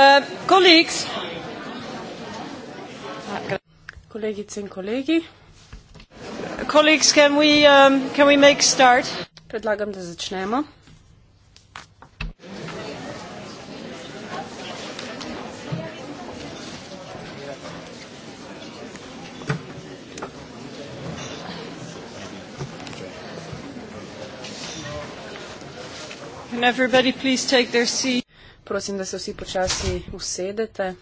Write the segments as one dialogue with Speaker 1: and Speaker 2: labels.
Speaker 1: Eh, colleagues. Kolegice in kolegi. Colleagues, can we, um, can we make start? Predlagam, da začnemo. Can everybody please take their seat? Prosim, da se vsi počasi usedete.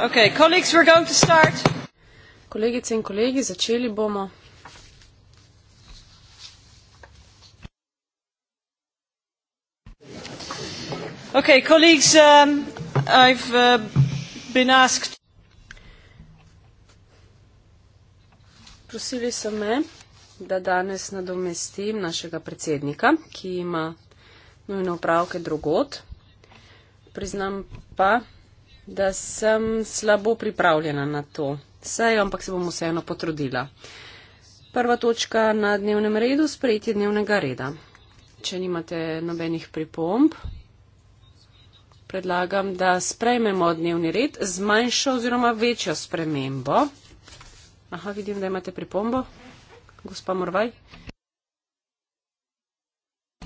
Speaker 1: Okay, colleagues, we're going to start. Kolegice in kolegi, začeli bomo. Okay, colleagues, um, I've uh, been asked. Prosili so me, da danes nadomestim našega predsednika, ki ima nujno upravke drugot. Priznam pa, da sem slabo pripravljena na to sejo, ampak se bom vseeno potrudila. Prva točka na dnevnem redu, sprejetje dnevnega reda. Če nimate nobenih pripomb, predlagam, da sprejmemo dnevni red z manjšo oziroma večjo spremembo. Aha, vidim, da imate pripombo. Gospa Morvaj.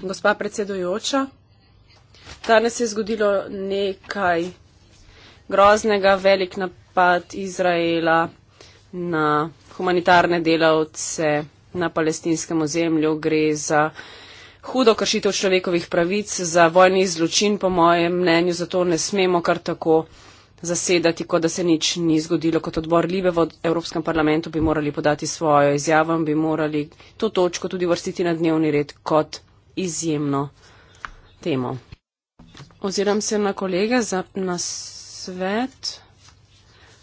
Speaker 1: Gospa predsedujoča, danes je zgodilo nekaj groznega, velik napad Izraela na humanitarne delavce na palestinskem ozemlju. Gre za hudo kršitev človekovih pravic, za vojni zločin, po mojem mnenju, zato ne smemo kar tako zasedati, kot da se nič ni zgodilo. Kot odbor Libe v Evropskem parlamentu bi morali podati svojo izjavo in bi morali to točko tudi vrstiti na dnevni red kot izjemno temo. Oziram se na kolege za nasvet,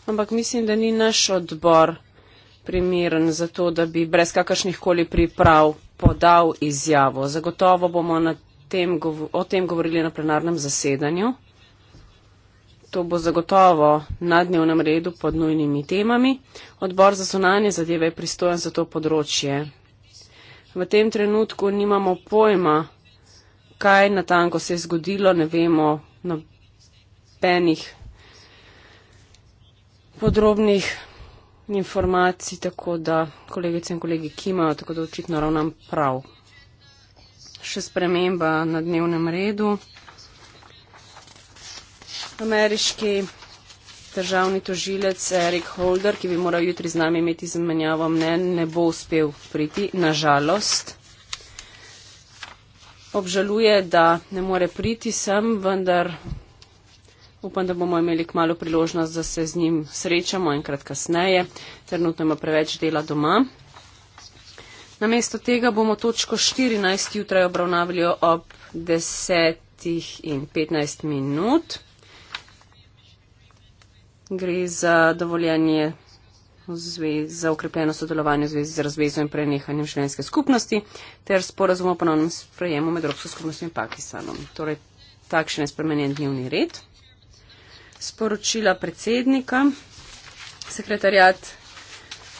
Speaker 1: ampak mislim, da ni naš odbor primeren za to, da bi brez kakršnih koli priprav podal izjavo. Zagotovo bomo tem, o tem govorili na plenarnem zasedanju. To bo zagotovo na dnevnem redu pod nujnimi temami. Odbor za sonanje zadeve je pristojen za to področje. V tem trenutku nimamo pojma, kaj na tanko se je zgodilo, ne vemo nobenih podrobnih informacij, tako da kolegice in kolegi kimajo, tako da očitno ravnam prav. Še sprememba na dnevnem redu. Ameriški državni tožilec Erik Holder, ki bi moral jutri z nami imeti zamenjavo mnen, ne bo uspel priti, nažalost. Obžaluje, da ne more priti sem, vendar Upam, da bomo imeli kmalo priložnost, da se z njim srečamo enkrat kasneje. Trenutno ima preveč dela doma. Namesto tega bomo točko 14 jutraj obravnavali ob 10 in 15 minut. Gre za dovoljenje za ukrepljeno sodelovanje v zvezi z razvezo in prenehanjem šlenske skupnosti ter sporazum o ponovnem sprejemu med Evropsko skupnostjo in Pakistanom. Torej, takšen je spremenjen dnevni red sporočila predsednika. Sekretarjat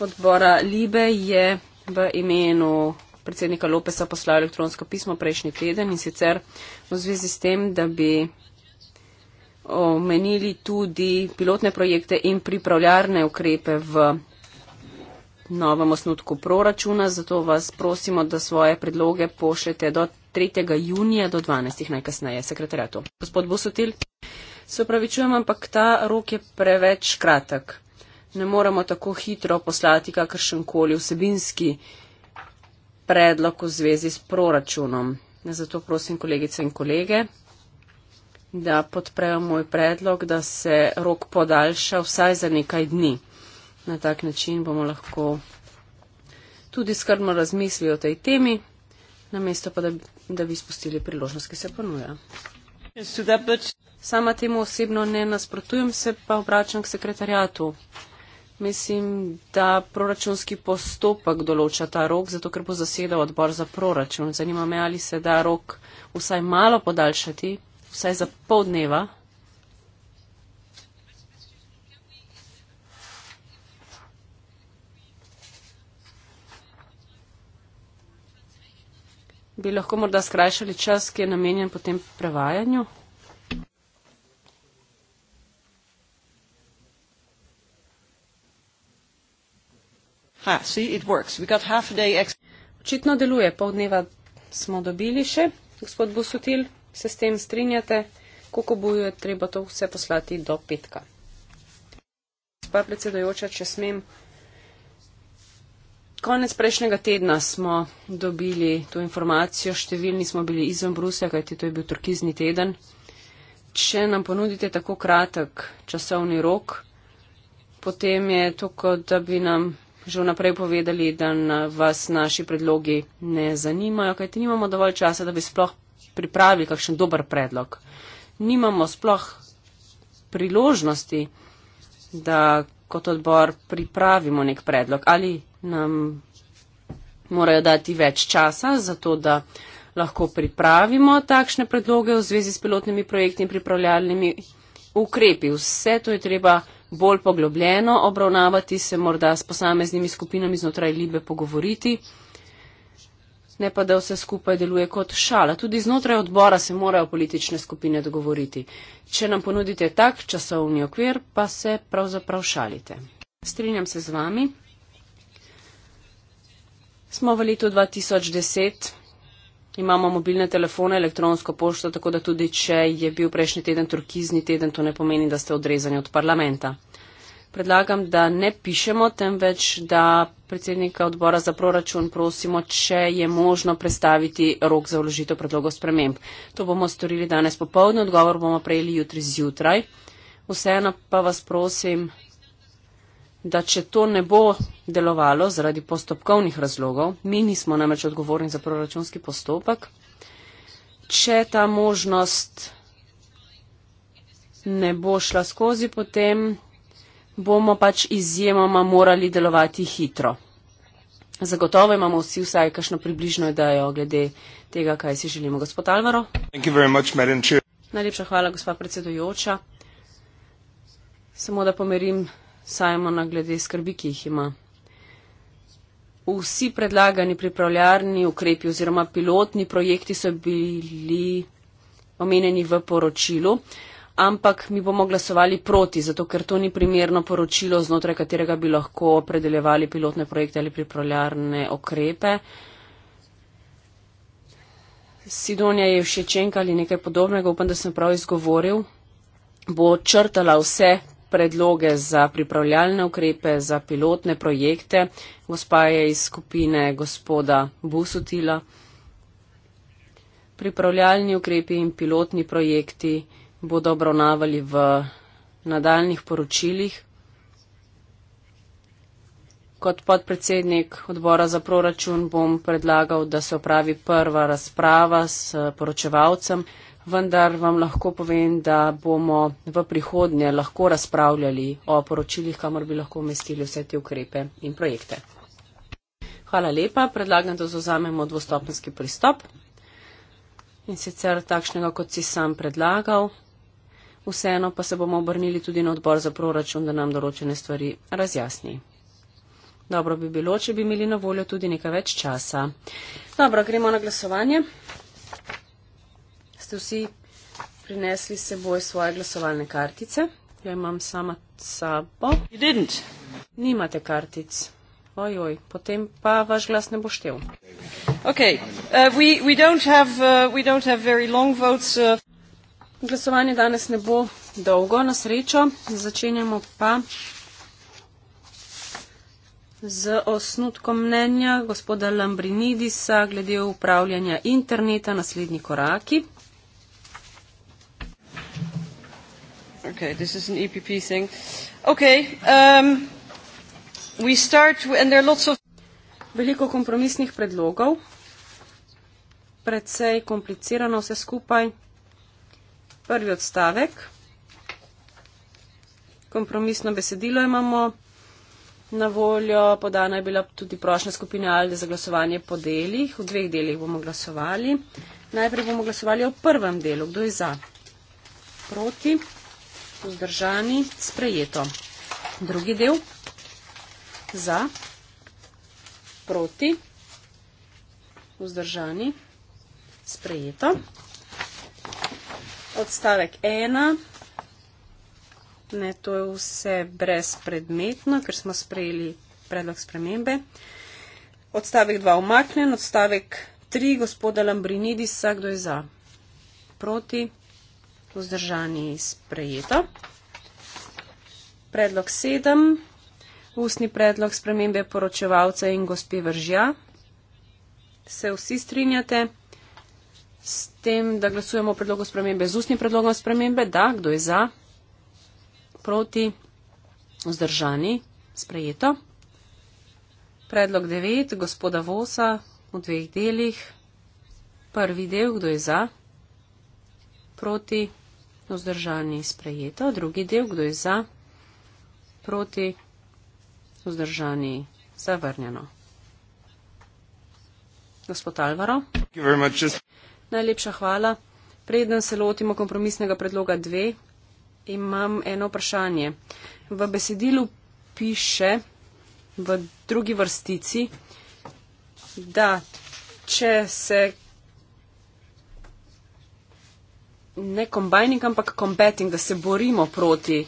Speaker 1: odbora Libe je v imenu predsednika Lopesa poslal elektronsko pismo prejšnji teden in sicer v zvezi s tem, da bi omenili tudi pilotne projekte in pripravljarne ukrepe v novem osnutku proračuna. Zato vas prosimo, da svoje predloge pošljete do 3. junija do 12. najkasneje. Sekretarjatu. Gospod Busutil. Se upravičujem, ampak ta rok je preveč kratek. Ne moremo tako hitro poslati kakršen koli vsebinski predlog v zvezi s proračunom. Zato prosim kolegice in kolege, da podprejo moj predlog, da se rok podaljša vsaj za nekaj dni. Na tak način bomo lahko tudi skrbno razmislili o tej temi, namesto pa da bi, da bi spustili priložnost, ki se ponuja. Yes, Sama temu osebno ne nasprotujem, se pa obračam k sekretarjatu. Mislim, da proračunski postopek določa ta rok, zato ker bo zasedal odbor za proračun. Zanima me, ali se da rok vsaj malo podaljšati, vsaj za pol dneva. Bi lahko morda skrajšali čas, ki je namenjen potem prevajanju? Ah, see, it works. We got half a day extra. Očitno deluje, pol dneva smo dobili še, gospod Busutil, se s tem strinjate, koliko bo je treba to vse poslati do petka. Gospa predsedojoča, če smem, konec prejšnjega tedna smo dobili to informacijo, številni smo bili izven Bruslja, kajti to je bil turkizni teden. Če nam ponudite tako kratek časovni rok, potem je to, kot da bi nam že vnaprej povedali, da vas naši predlogi ne zanimajo, kajti nimamo dovolj časa, da bi sploh pripravili kakšen dober predlog. Nimamo sploh priložnosti, da kot odbor pripravimo nek predlog ali nam morajo dati več časa za to, da lahko pripravimo takšne predloge v zvezi s pilotnimi projekti in pripravljalnimi ukrepi. Vse to je treba bolj poglobljeno obravnavati, se morda s posameznimi skupinami znotraj Libe pogovoriti, ne pa da vse skupaj deluje kot šala. Tudi znotraj odbora se morajo politične skupine dogovoriti. Če nam ponudite tak časovni okvir, pa se pravzaprav šalite. Strinjam se z vami. Smo v letu 2010. Imamo mobilne telefone, elektronsko pošto, tako da tudi, če je bil prejšnji teden turkizni teden, to ne pomeni, da ste odrezani od parlamenta. Predlagam, da ne pišemo, temveč, da predsednika odbora za proračun prosimo, če je možno predstaviti rok za vložitev predlogov sprememb. To bomo storili danes popovdne, odgovor bomo prejeli jutri zjutraj. Vseeno pa vas prosim, da če to ne bo delovalo zaradi postopkovnih razlogov, mi nismo namreč odgovorni za proračunski postopek, če ta možnost ne bo šla skozi, potem bomo pač izjemoma morali delovati hitro. Zagotovo imamo vsi vsaj kakšno približno idejo glede tega, kaj si želimo, gospod Alvaro. Much, Najlepša hvala, gospod predsedujoča. Samo da pomerim Simona glede skrbi, ki jih ima. Vsi predlagani pripravljarni ukrepi oziroma pilotni projekti so bili omenjeni v poročilu, ampak mi bomo glasovali proti, zato ker to ni primerno poročilo, znotraj katerega bi lahko opredeljevali pilotne projekte ali pripravljarne okrepe. Sidonja je všečenka ali nekaj podobnega, upam, da sem prav izgovoril, bo črtala vse predloge za pripravljalne ukrepe, za pilotne projekte. Gospa je iz skupine gospoda Busutila. Pripravljalni ukrepi in pilotni projekti bodo obravnavali v nadaljnih poročilih. Kot podpredsednik odbora za proračun bom predlagal, da se opravi prva razprava s poročevalcem vendar vam lahko povem, da bomo v prihodnje lahko razpravljali o poročilih, kamor bi lahko umestili vse te ukrepe in projekte. Hvala lepa, predlagam, da zauzamemo dvostopenski pristop in sicer takšnega, kot si sam predlagal. Vseeno pa se bomo obrnili tudi na odbor za proračun, da nam določene stvari razjasni. Dobro bi bilo, če bi imeli na voljo tudi nekaj več časa. Dobro, gremo na glasovanje ste vsi prinesli seboj svoje glasovalne kartice. Jo imam sama sabo. Nimate kartic. Oj, oj, potem pa vaš glas ne bo štev. Okay. Uh, we, we have, uh, votes, uh. Glasovanje danes ne bo dolgo, na srečo. Začenjamo pa z osnutkom mnenja gospoda Lambrinidisa glede upravljanja interneta naslednji koraki. Okay, this is an EPP thing. Okay, um, we start and there are lots of. Veliko kompromisnih predlogov, predvsej komplicirano vse skupaj. Prvi odstavek, kompromisno besedilo imamo na voljo, podana je bila tudi prošnja skupine Alde za glasovanje po delih, v dveh delih bomo glasovali. Najprej bomo glasovali o prvem delu, kdo je za, proti vzdržani, sprejeto. Drugi del, za, proti, vzdržani, sprejeto. Odstavek ena, ne, to je vse brezpredmetno, ker smo sprejeli predlog spremembe. Odstavek dva umaknen, odstavek tri, gospoda Lambrinidisa, kdo je za, proti, vzdržani vzdržani sprejeto. Predlog sedem, ustni predlog spremembe poročevalca in gospe Vržja. Se vsi strinjate s tem, da glasujemo o predlogu spremembe z ustnim predlogom spremembe? Da, kdo je za? Proti? Vzdržani? Sprejeto. Predlog devet, gospoda Vosa v dveh delih. Prvi del, kdo je za? Proti? vzdržani sprejeto. Drugi del, kdo je za, proti, vzdržani zavrnjeno. Gospod Alvaro. Najlepša hvala. Preden se lotimo kompromisnega predloga 2, imam eno vprašanje. V besedilu piše v drugi vrstici, da če se ne combining, ampak combating, da se borimo proti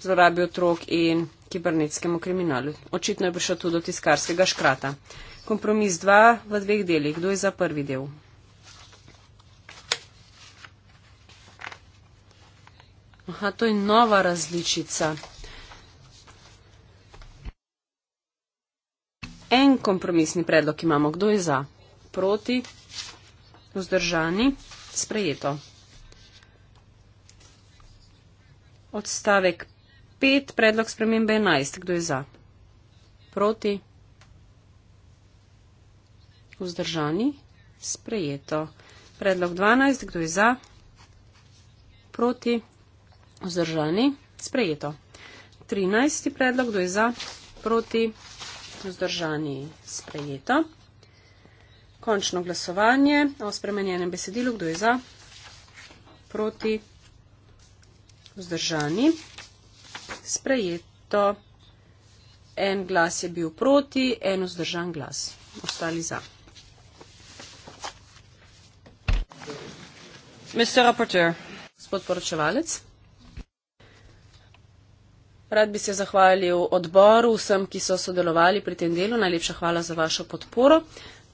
Speaker 1: zlorabi otrok in kibernetskemu kriminalu. Očitno je prišel tudi do tiskarskega škrata. Kompromis 2 v dveh delih. Kdo je za prvi del? Aha, to je nova različica. En kompromisni predlog imamo. Kdo je za? Proti? Vzdržani? sprejeto. Odstavek 5, predlog spremembe 11. Kdo je za? Proti? Vzdržani? Sprejeto. Predlog 12. Kdo je za? Proti? Vzdržani? Sprejeto. 13. predlog. Kdo je za? Proti? Vzdržani? Sprejeto končno glasovanje o spremenjenem besedilu. Kdo je za? Proti? Vzdržani? Sprejeto. En glas je bil proti, en vzdržan glas. Ostali za. Mr. Rapporteur. Gospod poročevalec. Rad bi se zahvalil odboru vsem, ki so sodelovali pri tem delu. Najlepša hvala za vašo podporo.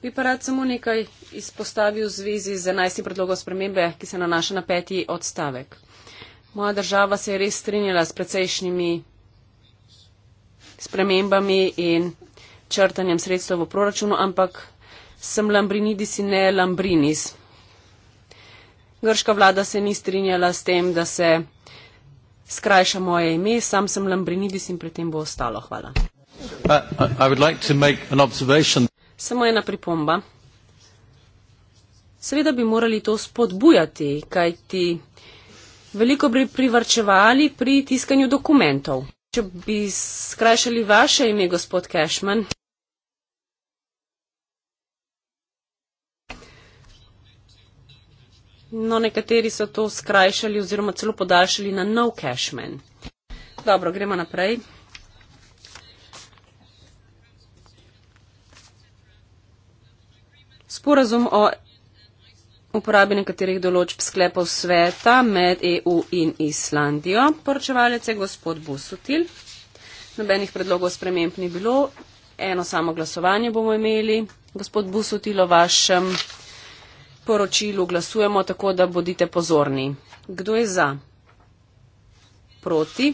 Speaker 1: Bi pa rad samo nekaj izpostavil v zvezi z 11. predlogom spremembe, ki se nanaša na peti odstavek. Moja država se je res strinjala s precejšnjimi spremembami in črtanjem sredstev v proračunu, ampak sem lambrinidis in ne lambrinis. Grška vlada se ni strinjala s tem, da se skrajša moje ime, sam sem lambrinidis in pri tem bo ostalo. Hvala. Uh, Samo ena pripomba. Seveda bi morali to spodbujati, kajti veliko bi privrčevali pri tiskanju dokumentov. Če bi skrajšali vaše ime, gospod Cashman. No, nekateri so to skrajšali oziroma celo podaljšali na no cashman. Dobro, gremo naprej. Sporazum o uporabi nekaterih določb sklepov sveta med EU in Islandijo, poročevalec je gospod Busutil. Nobenih predlogov sprememb ni bilo, eno samo glasovanje bomo imeli. Gospod Busutil, o vašem poročilu glasujemo, tako da bodite pozorni. Kdo je za? Proti?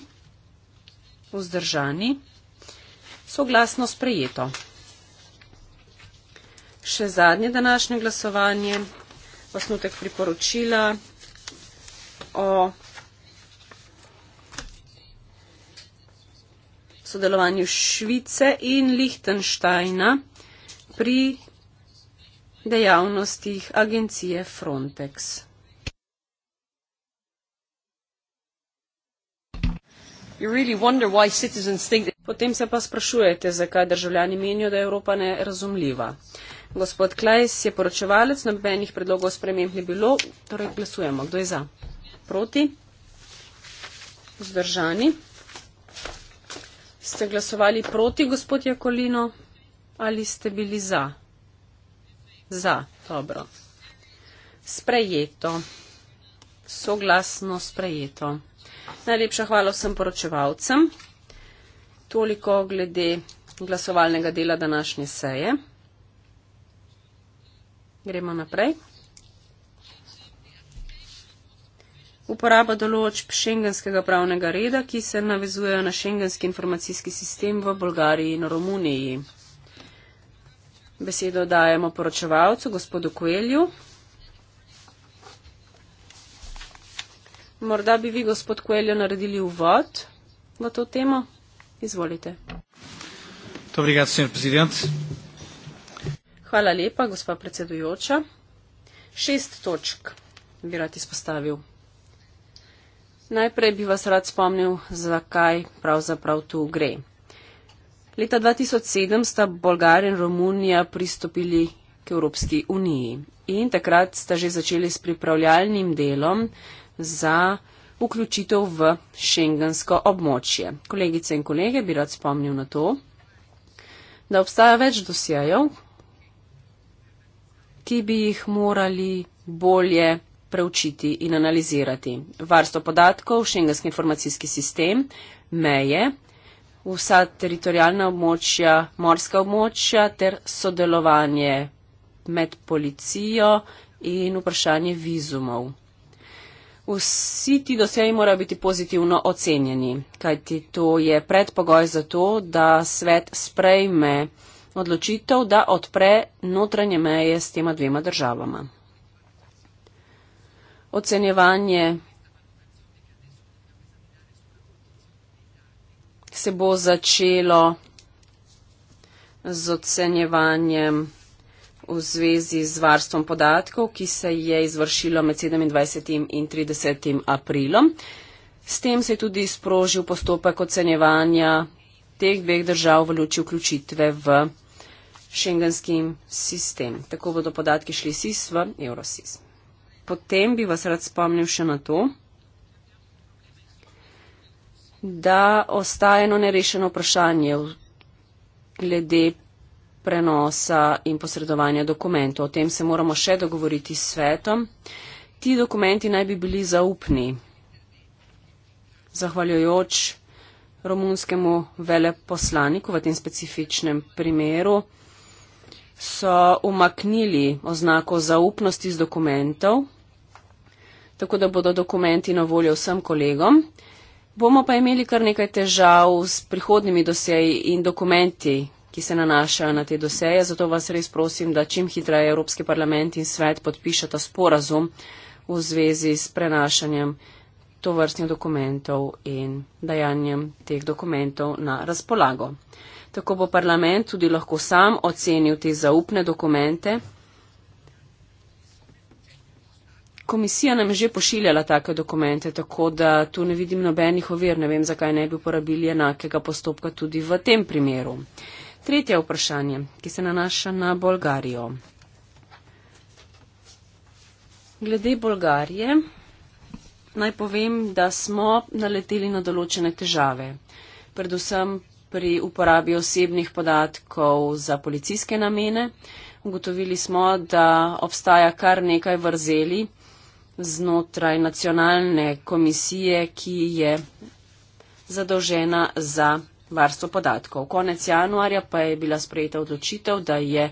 Speaker 1: Vzdržani? Soglasno sprejeto še zadnje današnje glasovanje, osnutek priporočila o sodelovanju Švice in Lihtenštajna pri dejavnostih agencije Frontex. Potem se pa sprašujete, zakaj državljani menijo, da je Evropa nerazumljiva. Gospod Klajs je poročevalec, nobenih predlogov sprememb ni bilo, torej glasujemo. Kdo je za? Proti? Zdržani? Ste glasovali proti, gospod Jakolino, ali ste bili za? Za, dobro. Sprejeto. Soglasno sprejeto. Najlepša hvala vsem poročevalcem. Toliko glede glasovalnega dela današnje seje. Gremo naprej. Uporaba določb šengenskega pravnega reda, ki se navezujejo na šengenski informacijski sistem v Bolgariji in Romuniji. Besedo dajemo poročevalcu, gospodu Koelju. Morda bi vi, gospod Koelju, naredili uvod v to temo. Izvolite.
Speaker 2: Obrigado, senhor Presidente.
Speaker 1: Hvala lepa, gospa predsedujoča. Šest točk bi rad izpostavil. Najprej bi vas rad spomnil, zakaj pravzaprav tu gre. Leta 2007 sta Bolgarija in Romunija pristopili k Evropski uniji in takrat sta že začeli s pripravljalnim delom za vključitev v šengensko območje. Kolegice in kolege, bi rad spomnil na to, da obstaja več dosjejev, ti bi jih morali bolje preučiti in analizirati. Varstvo podatkov, šengenski informacijski sistem, meje, vsa teritorijalna območja, morska območja ter sodelovanje med policijo in vprašanje vizumov. Vsi ti dosej morajo biti pozitivno ocenjeni, kajti to je predpogoj za to, da svet sprejme odločitev, da odpre notranje meje s tema dvema državama. Ocenjevanje se bo začelo z ocenjevanjem v zvezi z varstvom podatkov, ki se je izvršilo med 27. in 30. aprilom. S tem se je tudi sprožil postopek ocenjevanja teh dveh držav v luči vključitve v šengenski sistem. Tako bodo podatki šli SIS v Eurosis. Potem bi vas rad spomnil še na to, da ostaje eno nerešeno vprašanje glede prenosa in posredovanja dokumentov. O tem se moramo še dogovoriti s svetom. Ti dokumenti naj bi bili zaupni, zahvaljujoč romunskemu veleposlaniku v tem specifičnem primeru, so umaknili oznako zaupnosti z dokumentov, tako da bodo dokumenti na voljo vsem kolegom. Bomo pa imeli kar nekaj težav s prihodnimi doseji in dokumenti, ki se nanašajo na te doseje, zato vas res prosim, da čim hitreje Evropski parlament in svet podpišeta sporazum v zvezi s prenašanjem to vrstnih dokumentov in dajanjem teh dokumentov na razpolago. Tako bo parlament tudi lahko sam ocenil te zaupne dokumente. Komisija nam je že pošiljala take dokumente, tako da tu ne vidim nobenih ovir. Ne vem, zakaj ne bi uporabili enakega postopka tudi v tem primeru. Tretje vprašanje, ki se nanaša na Bolgarijo. Glede Bolgarije, naj povem, da smo naleteli na določene težave, predvsem pri uporabi osebnih podatkov za policijske namene. Ugotovili smo, da obstaja kar nekaj vrzeli znotraj nacionalne komisije, ki je zadolžena za varstvo podatkov. Konec januarja pa je bila sprejeta odločitev, da je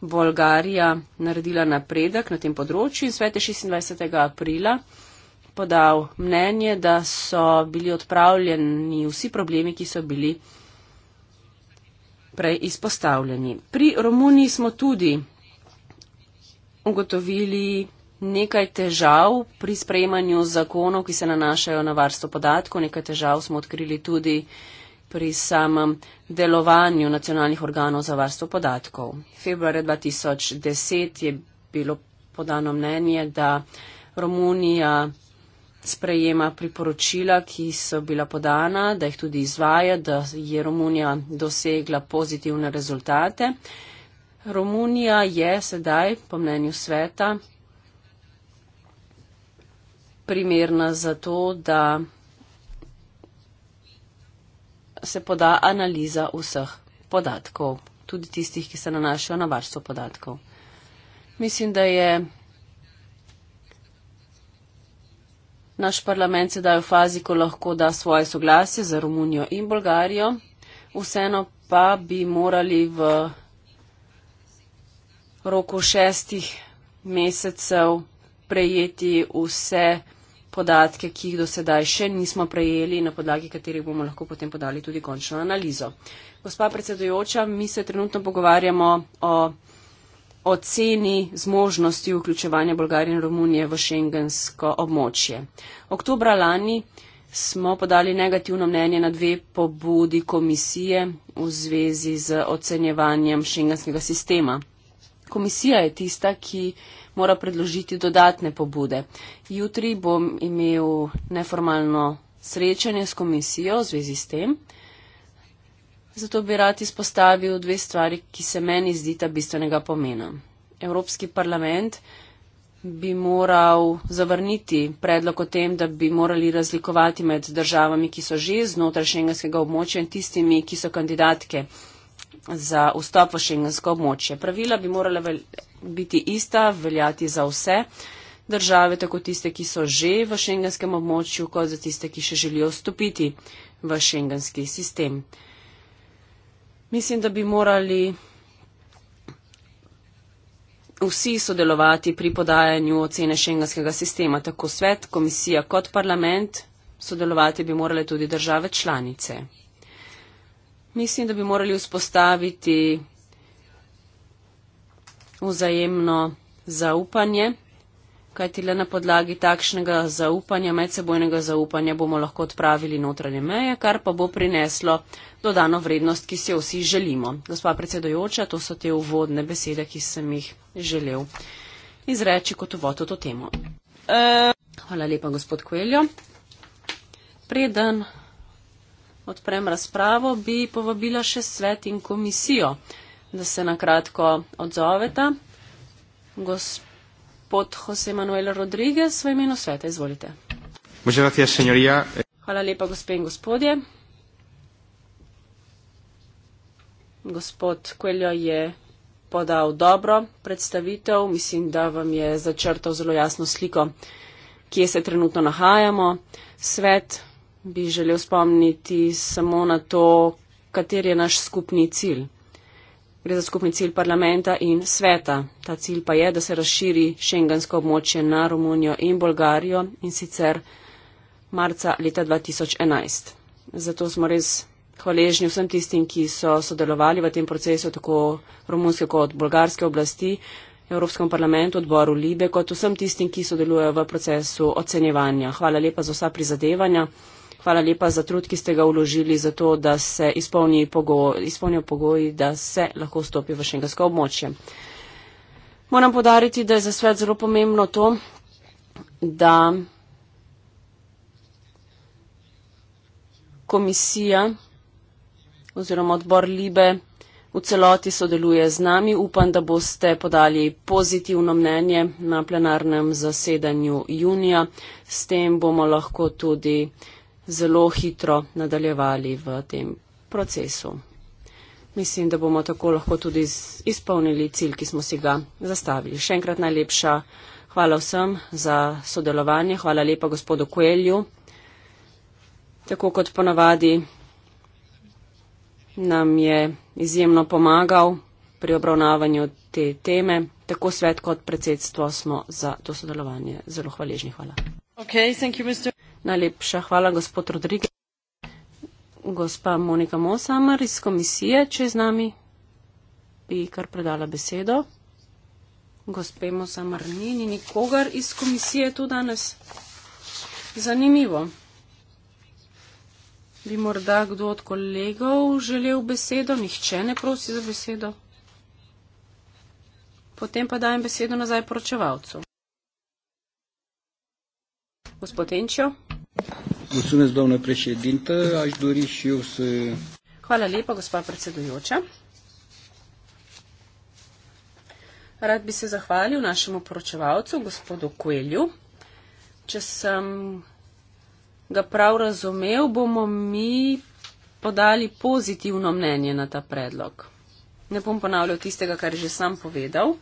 Speaker 1: Bolgarija naredila napredek na tem področju in svete 26. aprila podal mnenje, da so bili odpravljeni vsi problemi, ki so bili prej izpostavljeni. Pri Romuniji smo tudi ugotovili nekaj težav pri sprejemanju zakonov, ki se nanašajo na varstvo podatkov. Nekaj težav smo odkrili tudi pri samem delovanju nacionalnih organov za varstvo podatkov. Februarja 2010 je bilo podano mnenje, da Romunija sprejema priporočila, ki so bila podana, da jih tudi izvaja, da je Romunija dosegla pozitivne rezultate. Romunija je sedaj, po mnenju sveta, primerna za to, da se poda analiza vseh podatkov, tudi tistih, ki se nanašajo na varstvo podatkov. Mislim, da je Naš parlament se daje v fazi, ko lahko da svoje soglasje za Romunijo in Bolgarijo, vseeno pa bi morali v roku šestih mesecev prejeti vse podatke, ki jih do sedaj še nismo prejeli, na podlagi katerih bomo lahko potem podali tudi končno analizo. Gospa predsedujoča, mi se trenutno pogovarjamo o oceni zmožnosti vključevanja Bolgarije in Romunije v šengensko območje. Oktobra lani smo podali negativno mnenje na dve pobudi komisije v zvezi z ocenjevanjem šengenskega sistema. Komisija je tista, ki mora predložiti dodatne pobude. Jutri bom imel neformalno srečanje s komisijo v zvezi s tem. Zato bi rad izpostavil dve stvari, ki se meni zdita bistvenega pomena. Evropski parlament bi moral zavrniti predlog o tem, da bi morali razlikovati med državami, ki so že znotraj šengenskega območja in tistimi, ki so kandidatke za vstop v šengensko območje. Pravila bi morala vel biti ista, veljati za vse države, tako tiste, ki so že v šengenskem območju, kot za tiste, ki še želijo vstopiti v šengenski sistem. Mislim, da bi morali vsi sodelovati pri podajanju ocene šengenskega sistema, tako svet, komisija kot parlament, sodelovati bi morale tudi države članice. Mislim, da bi morali vzpostaviti vzajemno zaupanje kajti le na podlagi takšnega zaupanja, medsebojnega zaupanja bomo lahko odpravili notranje meje, kar pa bo prineslo dodano vrednost, ki si jo vsi želimo. Gospa predsedojoča, to so te uvodne besede, ki sem jih želel izreči kot uvod v to temo. Hvala lepa, gospod Kveljo. Preden odprem razpravo, bi povabila še svet in komisijo, da se nakratko odzoveta. Gospod gospod Jose Manuel Rodriguez, v imenu sveta, izvolite. Hvala lepa, gospe in gospodje. Gospod Kueljo je podal dobro predstavitev. Mislim, da vam je začrtal zelo jasno sliko, kje se trenutno nahajamo. Svet bi želel spomniti samo na to, kater je naš skupni cilj. Gre za skupni cilj parlamenta in sveta. Ta cilj pa je, da se razširi šengensko območje na Romunijo in Bolgarijo in sicer marca leta 2011. Zato smo res hvaležni vsem tistim, ki so sodelovali v tem procesu, tako romunske kot bolgarske oblasti, Evropskem parlamentu, odboru Libe, kot vsem tistim, ki sodelujejo v procesu ocenjevanja. Hvala lepa za vsa prizadevanja. Hvala lepa za trud, ki ste ga uložili, za to, da se izpolni pogo, izpolnijo pogoji, da se lahko vstopi v šengensko območje. Moram podariti, da je za svet zelo pomembno to, da komisija oziroma odbor Libe v celoti sodeluje z nami. Upam, da boste podali pozitivno mnenje na plenarnem zasedanju junija. S tem bomo lahko tudi zelo hitro nadaljevali v tem procesu. Mislim, da bomo tako lahko tudi izpolnili cilj, ki smo si ga zastavili. Še enkrat najlepša hvala vsem za sodelovanje, hvala lepa gospodu Koelju. Tako kot ponavadi nam je izjemno pomagal pri obravnavanju te teme, tako svet kot predsedstvo smo za to sodelovanje zelo hvaležni. Hvala. Okay, Najlepša hvala, gospod Rodrige. Gospa Monika Mosamar iz komisije, če je z nami, bi kar predala besedo. Gospe Mosamar, ni, ni nikogar iz komisije tu danes. Zanimivo. Bi morda kdo od kolegov želel besedo? Nihče ne prosi za besedo. Potem pa dajem besedo nazaj poročevalcu. Gospod Enčo. Mulțumesc, doamnă președintă. Aș dori și eu să... Hvala lepa, gospa predsedujoča. Rad bi se zahvalil našemu poročevalcu, gospodu Kuelju. Če sem ga prav razumel, bomo mi podali pozitivno mnenje na ta predlog. Ne bom ponavljal tistega, kar je že sam povedal. Uh,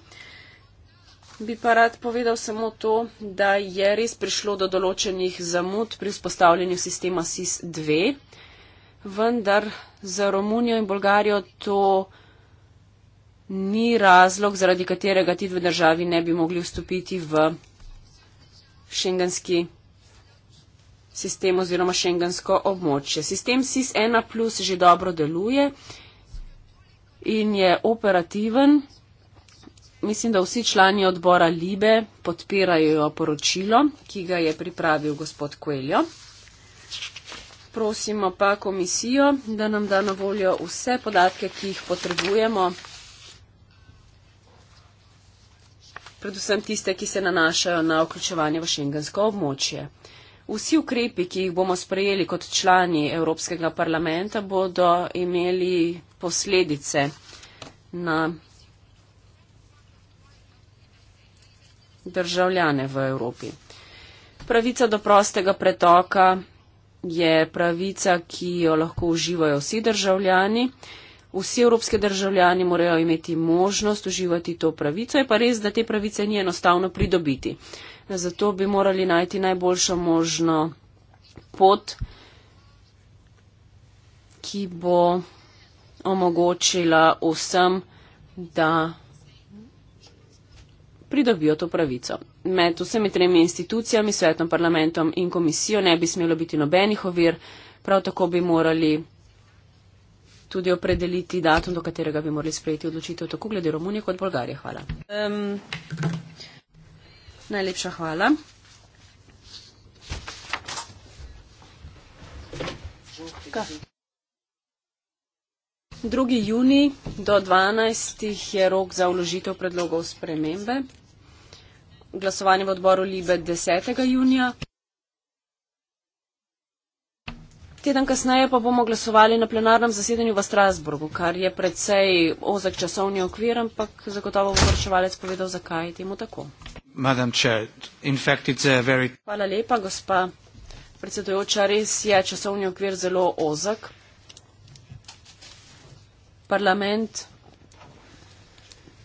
Speaker 1: bi pa rad povedal samo to, da je res prišlo do določenih zamud pri vzpostavljanju sistema SIS-2, vendar za Romunijo in Bolgarijo to ni razlog, zaradi katerega ti dve državi ne bi mogli vstopiti v šengenski sistem oziroma šengensko območje. Sistem SIS-1 plus že dobro deluje in je operativen mislim, da vsi člani odbora Libe podpirajo poročilo, ki ga je pripravil gospod Kueljo. Prosimo pa komisijo, da nam da na voljo vse podatke, ki jih potrebujemo, predvsem tiste, ki se nanašajo na vključevanje v šengensko območje. Vsi ukrepi, ki jih bomo sprejeli kot člani Evropskega parlamenta, bodo imeli posledice na državljane v Evropi. Pravica do prostega pretoka je pravica, ki jo lahko uživajo vsi državljani. Vsi evropske državljani morajo imeti možnost uživati to pravico, je pa res, da te pravice ni enostavno pridobiti. Zato bi morali najti najboljšo možno pot, ki bo omogočila vsem, da pridobijo to pravico. Med vsemi tremi institucijami, svetom, parlamentom in komisijo ne bi smelo biti nobenih ovir, prav tako bi morali tudi opredeliti datum, do katerega bi morali sprejeti odločitev, tako glede Romunije kot Bolgarije. Hvala. Um, najlepša hvala. Ka. 2. juni do 12. je rok za vložitev predlogov spremembe glasovanje v odboru Libe 10. junija. Teden kasneje pa bomo glasovali na plenarnem zasedanju v Strasburgu, kar je predvsej ozek časovni okvir, ampak zagotovo bo vrševalec povedal, zakaj je temu tako. Very... Hvala lepa, gospa predsedujoča. Res je časovni okvir zelo ozek. Parlament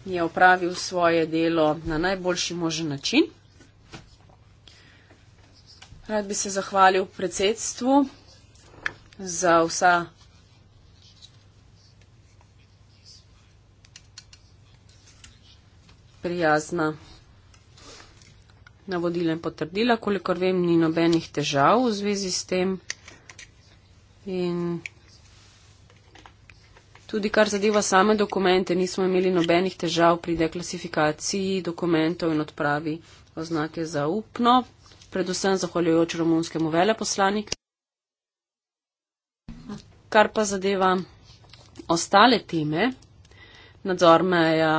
Speaker 1: je opravil svoje delo na najboljši možen način. Rad bi se zahvalil predsedstvu za vsa prijazna navodila in potrdila, kolikor vem, ni nobenih težav v zvezi s tem. In Tudi kar zadeva same dokumente, nismo imeli nobenih težav pri deklasifikaciji dokumentov in odpravi oznake za upno, predvsem zahvaljujoč romunskemu veleposlaniku. Kar pa zadeva ostale teme, nadzor meja,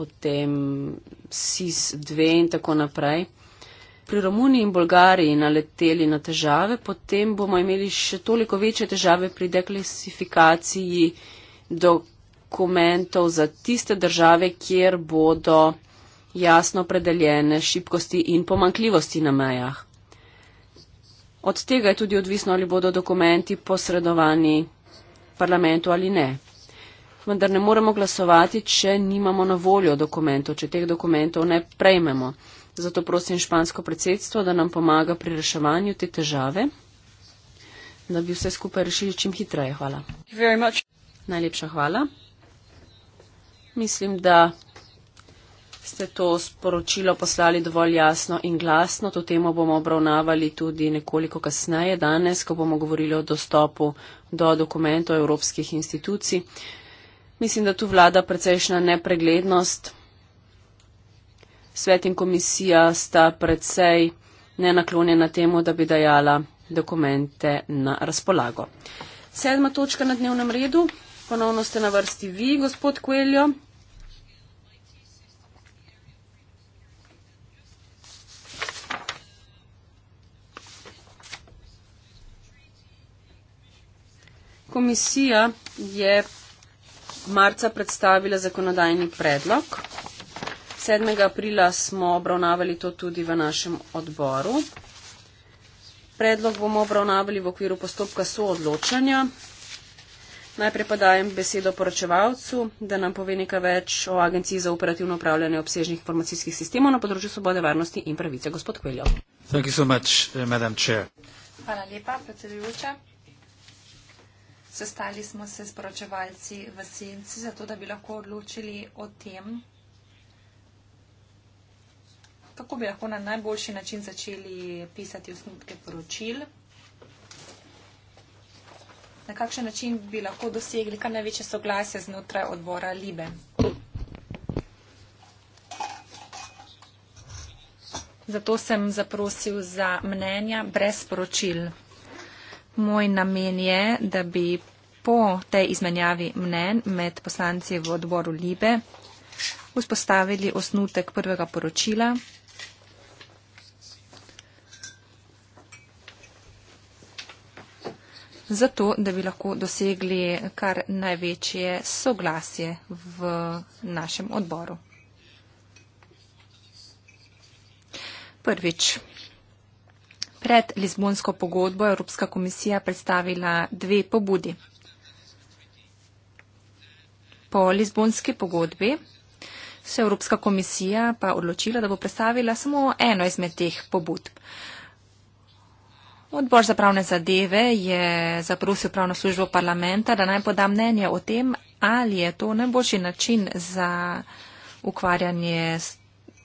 Speaker 1: potem SIS-2 in tako naprej, pri Romuniji in Bolgariji naleteli na težave, potem bomo imeli še toliko večje težave pri deklasifikaciji dokumentov za tiste države, kjer bodo jasno predeljene šibkosti in pomankljivosti na mejah. Od tega je tudi odvisno, ali bodo dokumenti posredovani parlamentu ali ne. Vendar ne moremo glasovati, če nimamo na voljo dokumentov, če teh dokumentov ne prejmemo. Zato prosim špansko predsedstvo, da nam pomaga pri reševanju te težave, da bi vse skupaj rešili čim hitreje. Hvala. Najlepša hvala. Mislim, da ste to sporočilo poslali dovolj jasno in glasno. To temo bomo obravnavali tudi nekoliko kasneje danes, ko bomo govorili o dostopu do dokumentov evropskih institucij. Mislim, da tu vlada precejšna nepreglednost. Svet in komisija sta precej nenaklonjena temu, da bi dajala dokumente na razpolago. Sedma točka na dnevnem redu. Ponovno ste na vrsti vi, gospod Kueljo. Komisija je marca predstavila zakonodajni predlog. 7. aprila smo obravnavali to tudi v našem odboru. Predlog bomo obravnavali v okviru postopka soodločanja. Najprej pa dajem besedo poročevalcu, da nam pove nekaj več o Agenciji za operativno upravljanje obsežnih informacijskih sistemov na področju svobode, varnosti in pravice. Gospod Kveljo. So
Speaker 3: much, eh,
Speaker 2: Hvala lepa, predsedujoča. Sestali smo se s poročevalci v senci, zato da bi lahko odločili o tem, kako bi lahko na najboljši način začeli pisati osnutke poročil na kakšen način bi lahko dosegli kar največje soglasje znotraj odbora Libe. Zato sem zaprosil za mnenja brez sporočil. Moj namen je, da bi po tej izmenjavi mnen med poslanci v odboru Libe vzpostavili osnutek prvega poročila, zato, da bi lahko dosegli kar največje soglasje v našem odboru. Prvič. Pred Lizbonsko pogodbo je Evropska komisija predstavila dve pobudi. Po Lizbonski pogodbi se je Evropska komisija pa odločila, da bo predstavila samo eno izmed teh pobud. Odbor za pravne zadeve je zaprosil pravno službo parlamenta, da naj poda mnenje o tem, ali je to najboljši način za ukvarjanje s,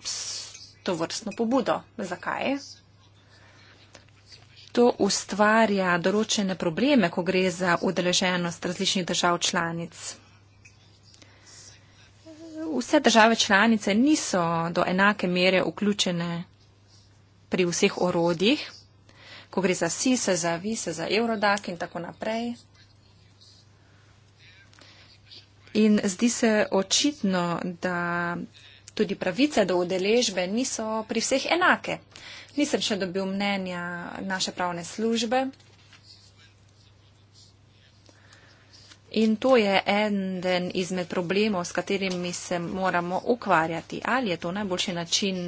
Speaker 2: s to vrstno pobudo. Zakaj? To ustvarja določene probleme, ko gre za udeleženost različnih držav članic. Vse države članice niso do enake mere vključene pri vseh orodjih ko gre za SISE, za VISE, za Eurodak in tako naprej. In zdi se očitno, da tudi pravice do udeležbe niso pri vseh enake. Nisem še dobil mnenja naše pravne službe. In to je eden izmed problemov, s katerimi se moramo ukvarjati. Ali je to najboljši način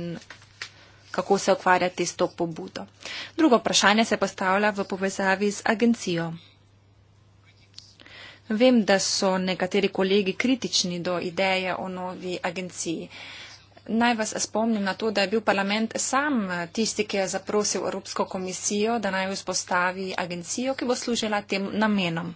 Speaker 2: kako se ukvarjati s to pobudo. Drugo vprašanje se postavlja v povezavi z agencijo. Vem, da so nekateri kolegi kritični do ideje o novi agenciji. Naj vas spomnim na to, da je bil parlament sam tisti, ki je zaprosil Evropsko komisijo, da naj vzpostavi agencijo, ki bo služila tem namenom.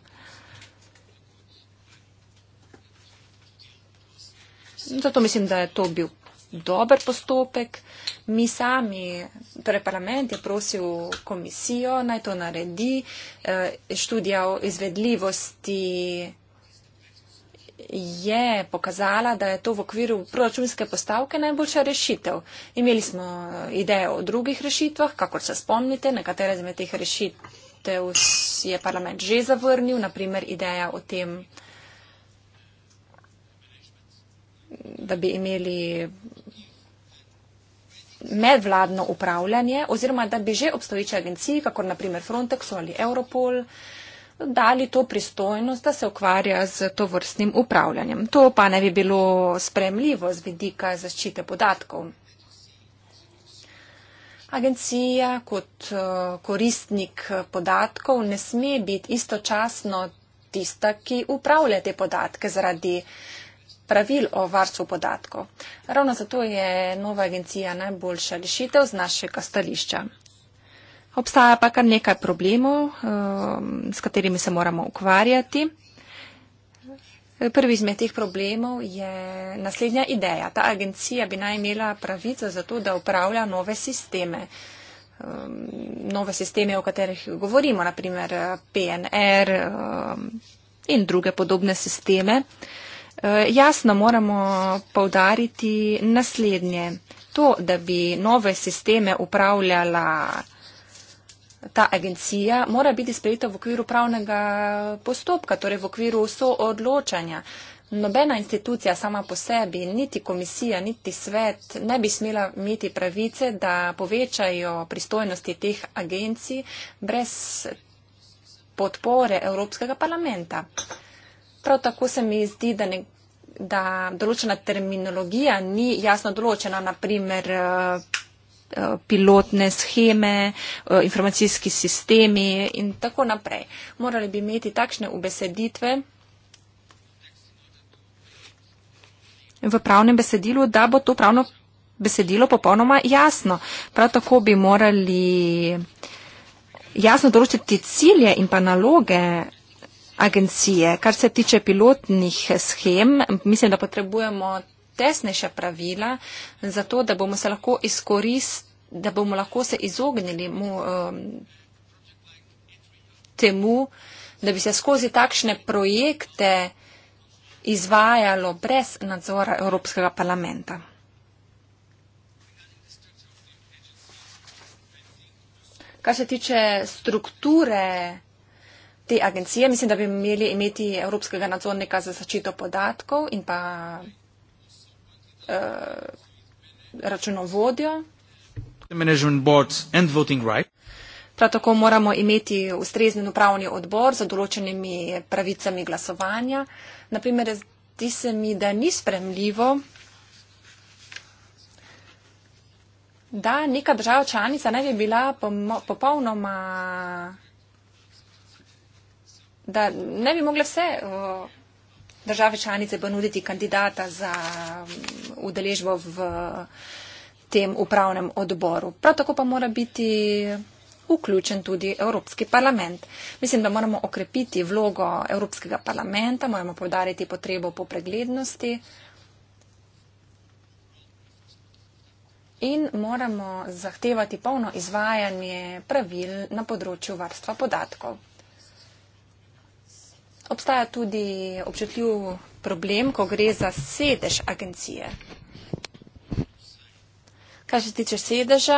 Speaker 2: Zato mislim, da je to bil dober postopek. Mi sami, torej parlament je prosil komisijo, naj to naredi. Eh, študija o izvedljivosti je pokazala, da je to v okviru proračunske postavke najboljša rešitev. Imeli smo eh, ideje o drugih rešitvah, kakor se spomnite, nekatere zmed teh rešitev je parlament že zavrnil, naprimer ideja o tem, da bi imeli medvladno upravljanje oziroma da bi že obstoječi agenciji, kako naprimer Frontex ali Europol, dali to pristojnost, da se ukvarja z to vrstnim upravljanjem. To pa ne bi bilo spremljivo z vidika zaščite podatkov. Agencija kot eh, koristnik podatkov ne sme biti istočasno tista, ki upravlja te podatke zaradi pravil o varstvu podatkov. Ravno zato je nova agencija najboljša rešitev z našega stališča. Obstaja pa kar nekaj problemov, ehm, s katerimi se moramo ukvarjati. Prvi izmed teh problemov je naslednja ideja. Ta agencija bi naj imela pravico za to, da upravlja nove sisteme. Ehm, nove sisteme, o katerih govorimo, naprimer PNR ehm, in druge podobne sisteme. Eh, jasno moramo povdariti naslednje. To, da bi nove sisteme upravljala ta agencija, mora biti sprejeta v okviru pravnega postopka, torej v okviru soodločanja. Nobena institucija sama po sebi, niti komisija, niti svet ne bi smela imeti pravice, da povečajo pristojnosti teh agencij brez podpore Evropskega parlamenta prav tako se mi zdi, da, ne, da določena terminologija ni jasno določena, naprimer eh, eh, pilotne scheme, eh, informacijski sistemi in tako naprej. Morali bi imeti takšne ubeseditve v pravnem besedilu, da bo to pravno besedilo popolnoma jasno. Prav tako bi morali jasno določiti cilje in pa naloge agencije. Kar se tiče pilotnih schem, mislim, da potrebujemo tesnejša pravila, zato da bomo se lahko, izkorist, da bomo lahko se izognili mu, um, temu, da bi se skozi takšne projekte izvajalo brez nadzora Evropskega parlamenta. Kar se tiče strukture, te agencije, mislim, da bi imeli imeti evropskega nadzornika za zaščito podatkov in pa uh, računovodjo. Prav tako moramo imeti ustrezen upravni odbor za določenimi pravicami glasovanja. Naprimer, zdi se mi, da ni spremljivo, da neka država članica ne bi bila popolnoma da ne bi mogle vse eh, države članice ponuditi kandidata za mm, udeležbo v tem upravnem odboru. Prav tako pa mora biti vključen tudi Evropski parlament. Mislim, da moramo okrepiti vlogo Evropskega parlamenta, moramo povdariti potrebo po preglednosti in moramo zahtevati polno izvajanje pravil na področju varstva podatkov. Obstaja tudi občutljiv problem, ko gre za sedež agencije. Kar se tiče sedeža,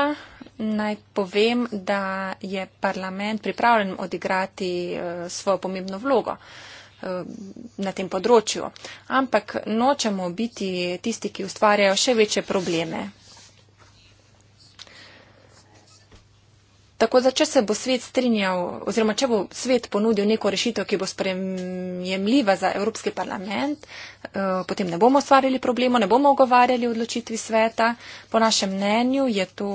Speaker 2: naj povem, da je parlament pripravljen odigrati eh, svojo pomembno vlogo eh, na tem področju. Ampak nočemo biti tisti, ki ustvarjajo še večje probleme. Tako da, če se bo svet strinjal, oziroma če bo svet ponudil neko rešitev, ki bo sprejemljiva za Evropski parlament, eh, potem ne bomo ustvarjali problemov, ne bomo ogovarjali odločitvi sveta. Po našem mnenju je to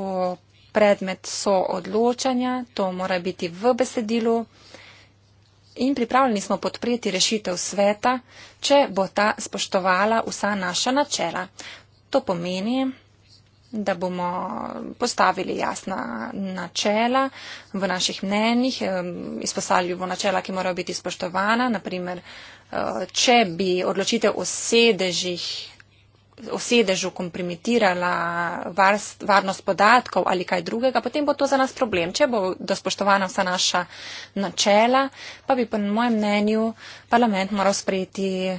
Speaker 2: predmet soodločanja, to mora biti v besedilu in pripravljeni smo podpreti rešitev sveta, če bo ta spoštovala vsa naša načela. To pomeni, da bomo postavili jasna načela v naših mnenjih, izpostavili bomo načela, ki morajo biti spoštovana. Naprimer, eh, če bi odločitev o, sedežih, o sedežu kompromitirala varnost podatkov ali kaj drugega, potem bo to za nas problem. Če bo dospoštovana vsa naša načela, pa bi po mojem mnenju parlament moral sprejeti eh,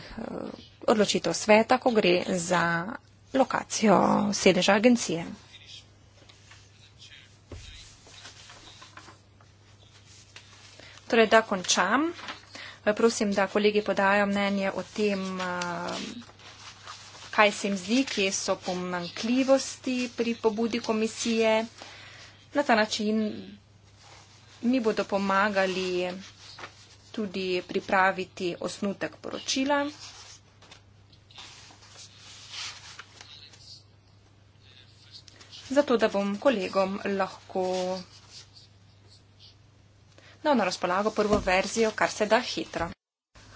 Speaker 2: odločitev sveta, ko gre za lokacijo sedeža agencije. Torej, da končam. Prosim, da kolegi podajo mnenje o tem, eh, kaj se jim zdi, kje so pomankljivosti pri pobudi komisije. Na ta način mi bodo pomagali tudi pripraviti osnutek poročila. zato da bom kolegom lahko dal na razpolago prvo verzijo, kar se da hitro.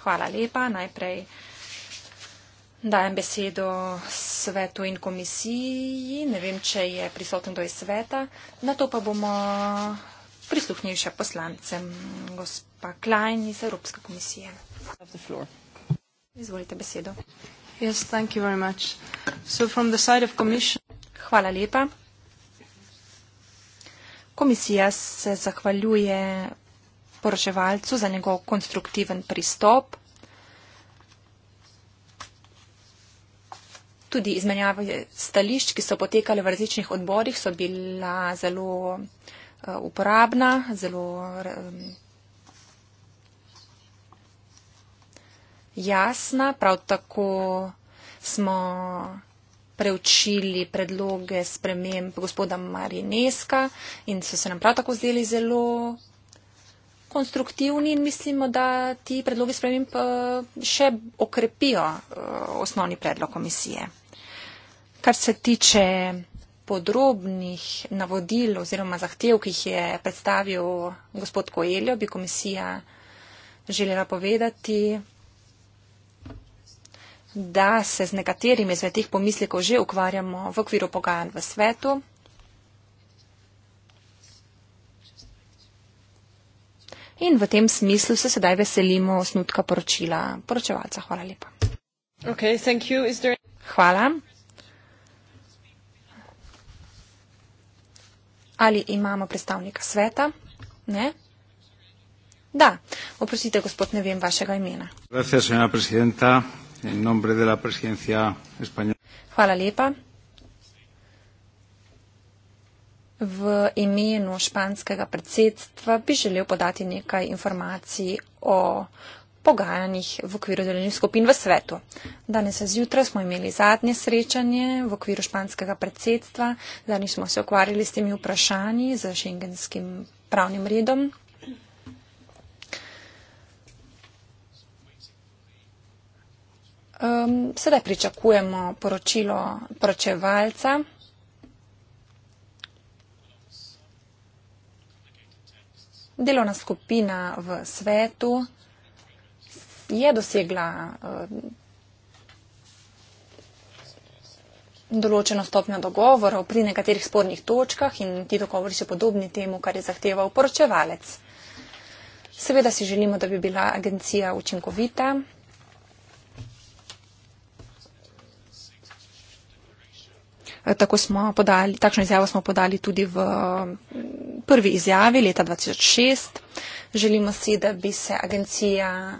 Speaker 2: Hvala lepa. Najprej dajem besedo svetu in komisiji. Ne vem, če je prisoten do iz sveta. Na to pa bomo prisluhnili še poslancem. Gospa Klein iz Evropske komisije. Izvolite besedo. Yes, thank you very much. So from the side of commission. Hvala lepa. Komisija se zahvaljuje poroževalcu za njegov konstruktiven pristop. Tudi izmenjave stališč, ki so potekale v različnih odborih, so bila zelo eh, uporabna, zelo eh, jasna. Prav tako smo preučili predloge sprememb gospoda Marineska in so se nam prav tako zdeli zelo konstruktivni in mislimo, da ti predlogi sprememb eh, še okrepijo eh, osnovni predlog komisije. Kar se tiče podrobnih navodil oziroma zahtev, ki jih je predstavil gospod Koeljo, bi komisija želela povedati, da se z nekaterimi izmed teh pomislekov že ukvarjamo v okviru pogajanj v svetu. In v tem smislu se sedaj veselimo osnutka poročila poročevalca. Hvala lepa. Okay, thank you. Is there... Hvala. Ali imamo predstavnika sveta? Ne? Da. Oprostite, gospod, ne vem vašega imena.
Speaker 3: Gracias, en nombre de la presidencia española.
Speaker 2: Hvala lepa. V imenu španskega predsedstva bi želel podati nekaj informacij o pogajanjih v okviru delovnih skupin v svetu. Danes zjutraj smo imeli zadnje srečanje v okviru španskega predsedstva, zadnji smo se okvarjali s temi vprašanji za šengenskim pravnim redom, Um, sedaj pričakujemo poročilo poročevalca. Delovna skupina v svetu je dosegla um, določeno stopnjo dogovorov pri nekaterih spornih točkah in ti dogovori so podobni temu, kar je zahteval poročevalec. Seveda si želimo, da bi bila agencija učinkovita, Eh, tako smo podali, takšno izjavo smo podali tudi v mm, prvi izjavi leta 2006. Želimo si, da bi se agencija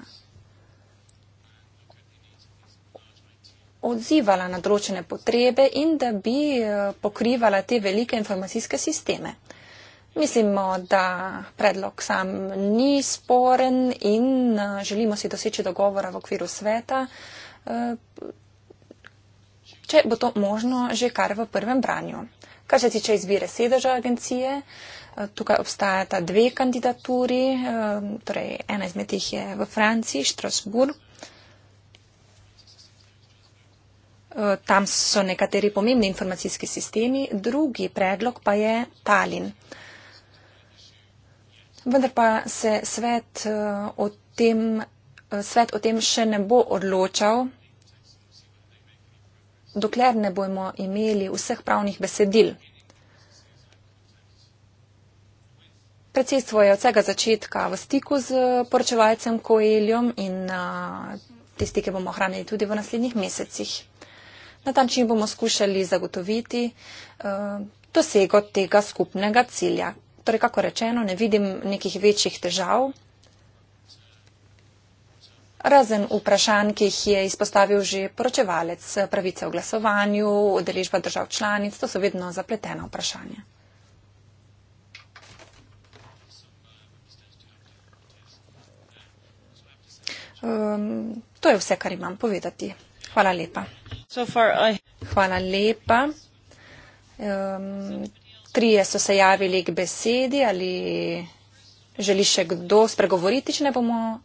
Speaker 2: odzivala na določene potrebe in da bi eh, pokrivala te velike informacijske sisteme. Mislimo, da predlog sam ni sporen in eh, želimo si doseči dogovora v okviru sveta če bo to možno že kar v prvem branju. Kar se tiče izbire sedeža agencije, eh, tukaj obstajata dve kandidaturi, eh, torej ena izmed tih je v Franciji, Štrasburg. Eh, tam so nekateri pomembni informacijski sistemi, drugi predlog pa je Talin. Vendar pa se svet o tem, svet o tem še ne bo odločal dokler ne bomo imeli vseh pravnih besedil. Predsedstvo je od vsega začetka v stiku z poročevalcem Koeljom in te stike bomo ohranili tudi v naslednjih mesecih. Na ta način bomo skušali zagotoviti dosego tega skupnega cilja. Torej, kako rečeno, ne vidim nekih večjih težav. Razen vprašanj, ki jih je izpostavil že poročevalec, pravice v glasovanju, odeležba držav članic, to so vedno zapletena vprašanja. Um, to je vse, kar imam povedati. Hvala lepa. Hvala lepa. Um, trije so se javili k besedi ali želi še kdo spregovoriti, če ne bomo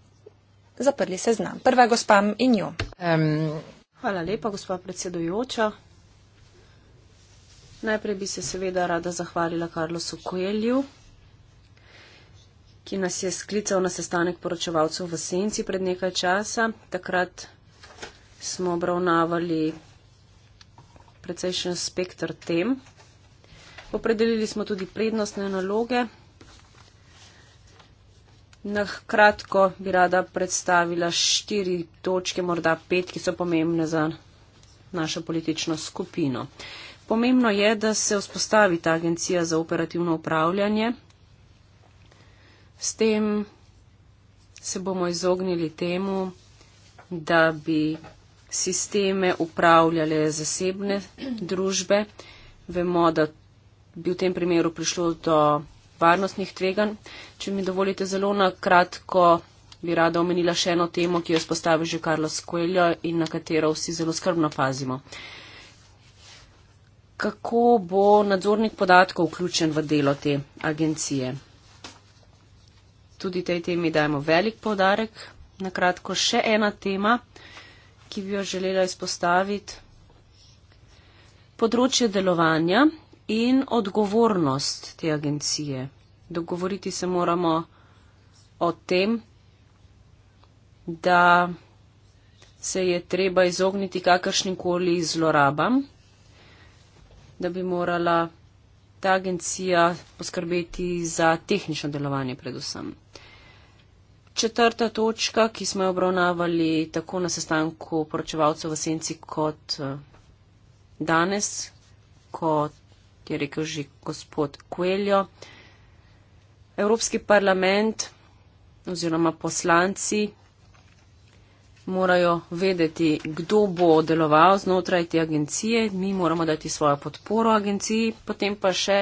Speaker 2: zaprli se znam.
Speaker 1: Prva gospa in jo. Um. Hvala lepa, gospa predsedujoča. Najprej bi se seveda rada zahvalila Karlosu Koelju, ki nas je sklical na sestanek poročevalcev v Senci pred nekaj časa. Takrat smo obravnavali precejšen spektr tem. Opredelili smo tudi prednostne naloge Na kratko bi rada predstavila štiri točke, morda pet, ki so pomembne za našo politično skupino. Pomembno je, da se vzpostavi ta agencija za operativno upravljanje. S tem se bomo izognili temu, da bi sisteme upravljale zasebne družbe. Vemo, da bi v tem primeru prišlo do varnostnih tvegan. Če mi dovolite zelo na kratko, bi rada omenila še eno temo, ki jo spostavi že Carlos Coelho in na katero vsi zelo skrbno pazimo. Kako bo nadzornik podatkov vključen v delo te agencije? Tudi tej temi dajemo velik podarek. Na kratko še ena tema, ki bi jo želela izpostaviti. Področje delovanja in odgovornost te agencije. Dogovoriti se moramo o tem, da se je treba izogniti kakršnim koli zlorabam, da bi morala ta agencija poskrbeti za tehnično delovanje predvsem. Četrta točka, ki smo jo obravnavali tako na sestanku poročevalcev v Senci kot eh, danes, kot je rekel že gospod Kueljo. Evropski parlament oziroma poslanci morajo vedeti, kdo bo deloval znotraj te agencije. Mi moramo dati svojo podporo agenciji. Potem pa še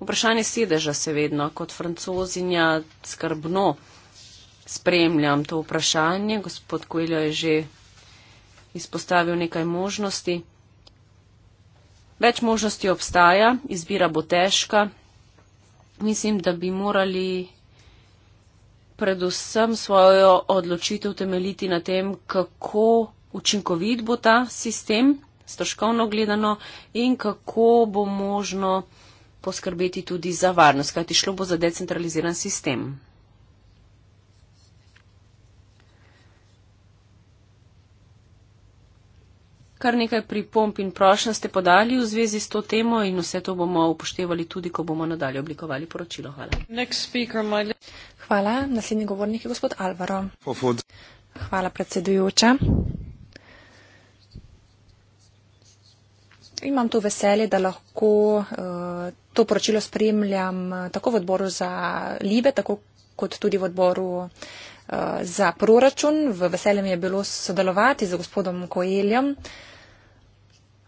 Speaker 1: vprašanje sedeža se vedno kot francozinja skrbno spremljam to vprašanje. Gospod Kueljo je že izpostavil nekaj možnosti. Več možnosti obstaja, izbira bo težka. Mislim, da bi morali predvsem svojo odločitev temeljiti na tem, kako učinkovit bo ta sistem, stroškovno gledano, in kako bo možno poskrbeti tudi za varnost, kajti šlo bo za decentraliziran sistem. Kar nekaj pripomp in prošen ste podali v zvezi s to temo in vse to bomo upoštevali tudi, ko bomo nadalje oblikovali poročilo. Hvala. Speaker,
Speaker 2: Hvala. Naslednji govornik je gospod Alvaro. Hvala, predsedujoča. Imam to veselje, da lahko uh, to poročilo spremljam eh, tako v odboru za Libe, tako kot tudi v odboru uh, za proračun. V veselje mi je bilo sodelovati z gospodom Koeljem. Uh,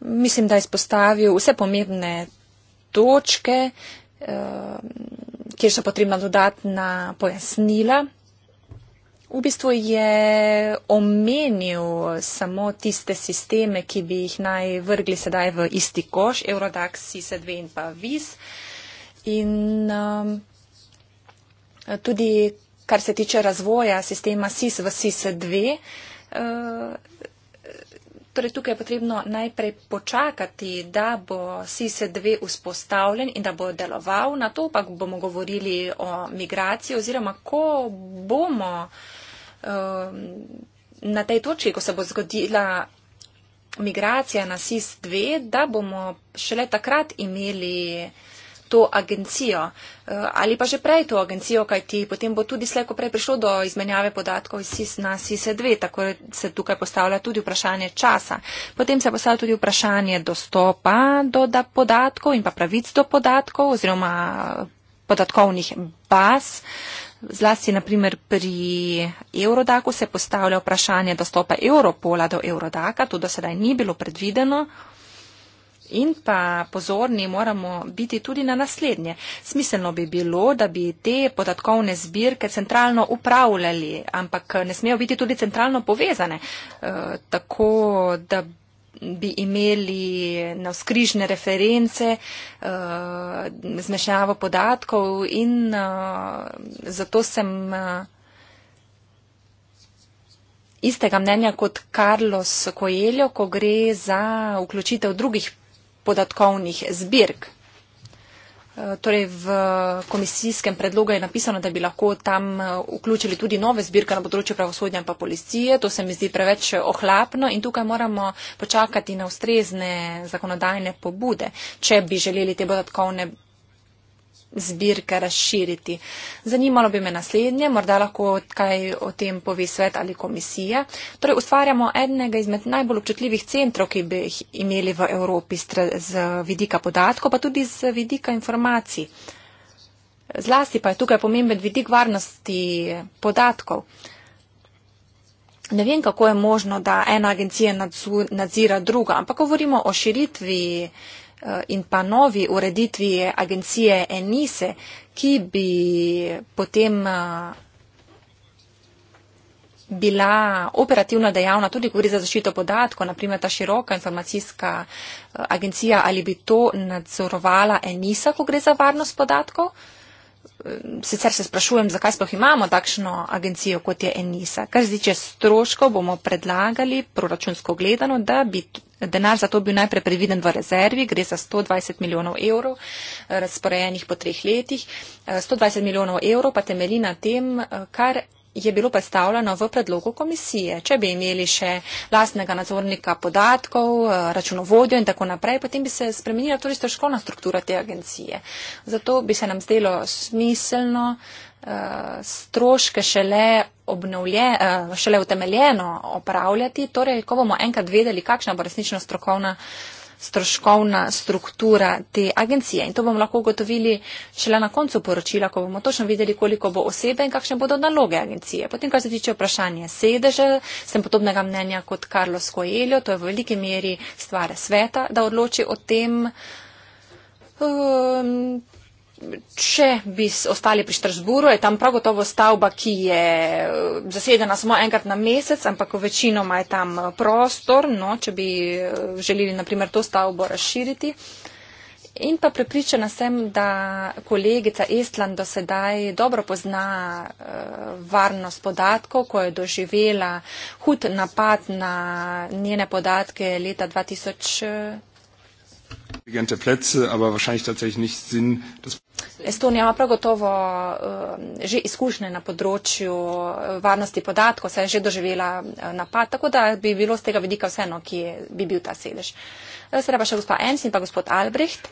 Speaker 2: mislim, da je izpostavil vse pomembne točke, eh, kjer so potrebna dodatna pojasnila. V bistvu je omenil samo tiste sisteme, ki bi jih naj vrgli sedaj v isti koš, Eurodax, CS2 in pa VIS. In um, tudi, kar se tiče razvoja sistema SIS v CS2, Torej, tukaj je potrebno najprej počakati, da bo SIS-2 e vzpostavljen in da bo deloval. Na to pa bomo govorili o migraciji oziroma ko bomo um, na tej točki, ko se bo zgodila migracija na SIS-2, e da bomo šele takrat imeli to agencijo eh, ali pa že prej to agencijo, kajti potem bo tudi slejko prej prišlo do izmenjave podatkov iz SIS na SIS-2, tako se tukaj postavlja tudi vprašanje časa. Potem se postavlja tudi vprašanje dostopa do podatkov in pa pravic do podatkov oziroma eh, podatkovnih baz. Zlasti naprimer pri Eurodaku se postavlja vprašanje dostopa Europola do Eurodaka, to do sedaj ni bilo predvideno. In pa pozorni moramo biti tudi na naslednje. Smiselno bi bilo, da bi te podatkovne zbirke centralno upravljali, ampak ne smejo biti tudi centralno povezane, eh, tako da bi imeli na skrižne reference eh, zmešnjavo podatkov in eh, zato sem istega mnenja kot Carlos Coelho, ko gre za vključitev drugih podatkov podatkovnih zbirk. E, torej v komisijskem predlogu je napisano, da bi lahko tam e, vključili tudi nove zbirke na področju pravosodja in pa policije. To se mi zdi preveč ohlapno in tukaj moramo počakati na ustrezne zakonodajne pobude, če bi želeli te podatkovne zbirke razširiti. Zanimalo bi me naslednje, morda lahko kaj o tem pove svet ali komisije. Torej, ustvarjamo enega izmed najbolj občutljivih centrov, ki bi jih imeli v Evropi z vidika podatkov, pa tudi z vidika informacij. Zlasti pa je tukaj pomemben vidik varnosti podatkov. Ne vem, kako je možno, da ena agencija nadzira druga, ampak govorimo o širitvi Eh, in pa novi ureditvi agencije Enise, ki bi potem eh, bila operativno dejavna, tudi govori za zaščito podatkov, naprimer ta široka informacijska eh, agencija, ali bi to nadzorovala Enisa, ko gre za varnost podatkov? Uh, sicer se sprašujem, zakaj sploh imamo takšno agencijo, kot je Enisa. Kar zdiče stroškov, bomo predlagali proračunsko gledano, da bi denar za to bil najprej previden v rezervi, gre za 120 milijonov evrov, eh, razporejenih po treh letih. 120 eh, milijonov evrov pa temeli na tem, eh, kar je bilo predstavljeno v predlogu komisije. Če bi imeli še lastnega nadzornika podatkov, eh, računovodjo in tako naprej, potem bi se spremenila tudi stroškovna struktura te agencije. Zato bi se nam zdelo smiselno eh, stroške šele, obnovlje, eh, šele utemeljeno opravljati, torej ko bomo enkrat vedeli, kakšna bo resnično strokovna struktura stroškovna struktura te agencije. In to bomo lahko ugotovili šele na koncu poročila, ko bomo točno videli, koliko bo osebe in kakšne bodo naloge agencije. Potem, kar se tiče vprašanja sedeža, sem podobnega mnenja kot Carlos Coelho, to je v veliki meri stvar sveta, da odloči o tem. Um, če bi ostali pri Štrasburu, je tam prav gotovo stavba, ki je eh, zasedena samo enkrat na mesec, ampak večinoma je tam eh, prostor, no, če bi eh, želeli naprimer to stavbo razširiti. In pa prepričana sem, da kolegica Estland do sedaj dobro pozna varnost podatkov, ko je doživela hud napad na njene podatke leta 2000
Speaker 1: inteligente Plätze, aber wahrscheinlich tatsächlich nicht Sinn. Dass
Speaker 2: Estonija ima prav gotovo uh, že izkušnje na področju eh, varnosti podatkov, saj je že doživela eh, napad, tako da bi bilo z tega vidika vseeno, ki je, bi bil ta sedež. Sedaj pa še gospod Ens in pa gospod Albrecht.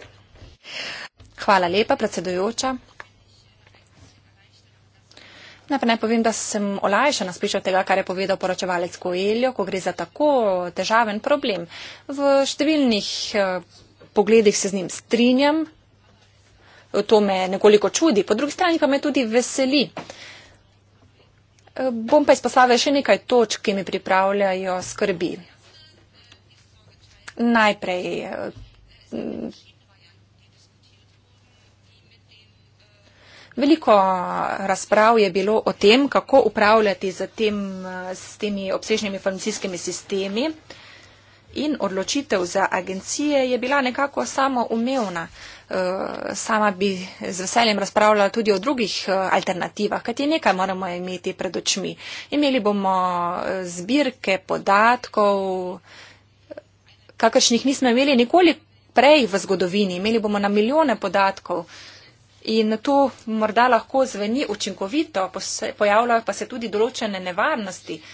Speaker 2: Hvala lepa, predsedujoča. Najprej naj povem, da sem olajšana spričal tega, kar je povedal poročevalec Koeljo, ko gre za tako težaven problem. V številnih. Uh, pogledih se z njim strinjam. To me nekoliko čudi, po drugi strani pa me tudi veseli. Bom pa izpostavila še nekaj točk, ki mi pripravljajo skrbi. Najprej. Veliko razprav je bilo o tem, kako upravljati z, tem, z temi obsežnimi informacijskimi sistemi in odločitev za agencije je bila nekako samoumevna. Eh, sama bi z veseljem razpravljala tudi o drugih eh, alternativah, kajti nekaj moramo imeti pred očmi. Imeli bomo eh, zbirke podatkov, kakršnih nismo imeli nikoli prej v zgodovini. Imeli bomo na milijone podatkov. In to morda lahko zveni učinkovito, pojavljajo pa se tudi določene nevarnosti. Uh,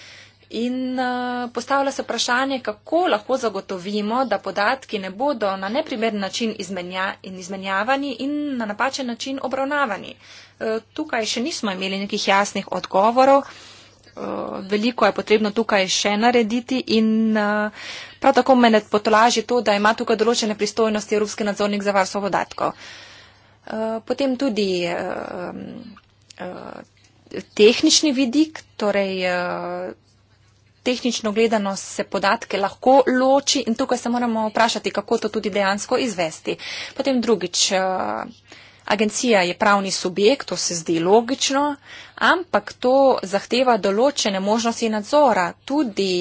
Speaker 2: In uh, postavlja se vprašanje, kako lahko zagotovimo, da podatki ne bodo na neprimeren način izmenja in izmenjavani in na napačen način obravnavani. Uh, tukaj še nismo imeli nekih jasnih odgovorov. Uh, veliko je potrebno tukaj še narediti in uh, prav tako me ne potolaži to, da ima tukaj določene pristojnosti Evropski nadzornik za varstvo podatkov. Uh, potem tudi. Uh, um, uh, tehnični vidik, torej uh, tehnično gledano se podatke lahko loči in tukaj se moramo vprašati, kako to tudi dejansko izvesti. Potem drugič, eh, agencija je pravni subjekt, to se zdi logično, ampak to zahteva določene možnosti nadzora tudi.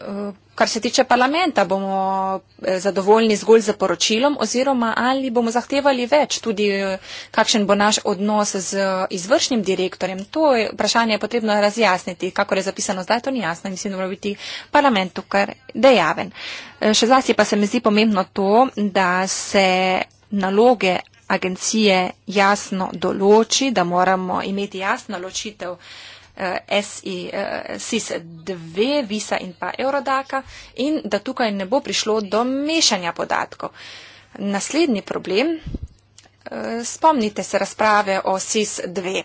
Speaker 2: Uh, Kar se tiče parlamenta, bomo eh, zadovoljni zgolj za poročilom oziroma ali bomo zahtevali več, tudi eh, kakšen bo naš odnos z eh, izvršnim direktorjem. To je, vprašanje je potrebno razjasniti. Kako je zapisano zdaj, to ni jasno in mislim, da mora biti parlament tukaj dejaven. Še zlasti pa se mi zdi pomembno to, da se naloge agencije jasno določi, da moramo imeti jasno ločitev. Eh, SI, eh, SIS-2 visa in pa Eurodaka in da tukaj ne bo prišlo do mešanja podatkov. Naslednji problem, eh, spomnite se razprave o SIS-2.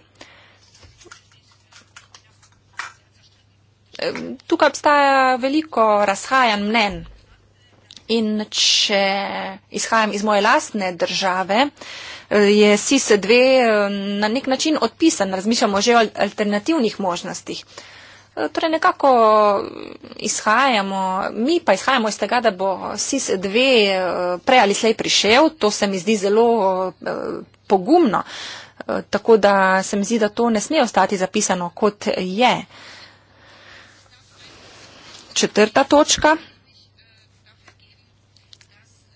Speaker 2: Tukaj obstaja veliko razhajan mnen in če izhajam iz moje lastne države, je SIS-2 eh, na nek način odpisan, razmišljamo že o alternativnih možnostih. Eh, torej nekako izhajamo, mi pa izhajamo iz tega, da bo SIS-2 eh, prej ali slej prišel, to se mi zdi zelo pogumno, tako da se mi zdi, da to ne sme ostati zapisano kot je. Četrta točka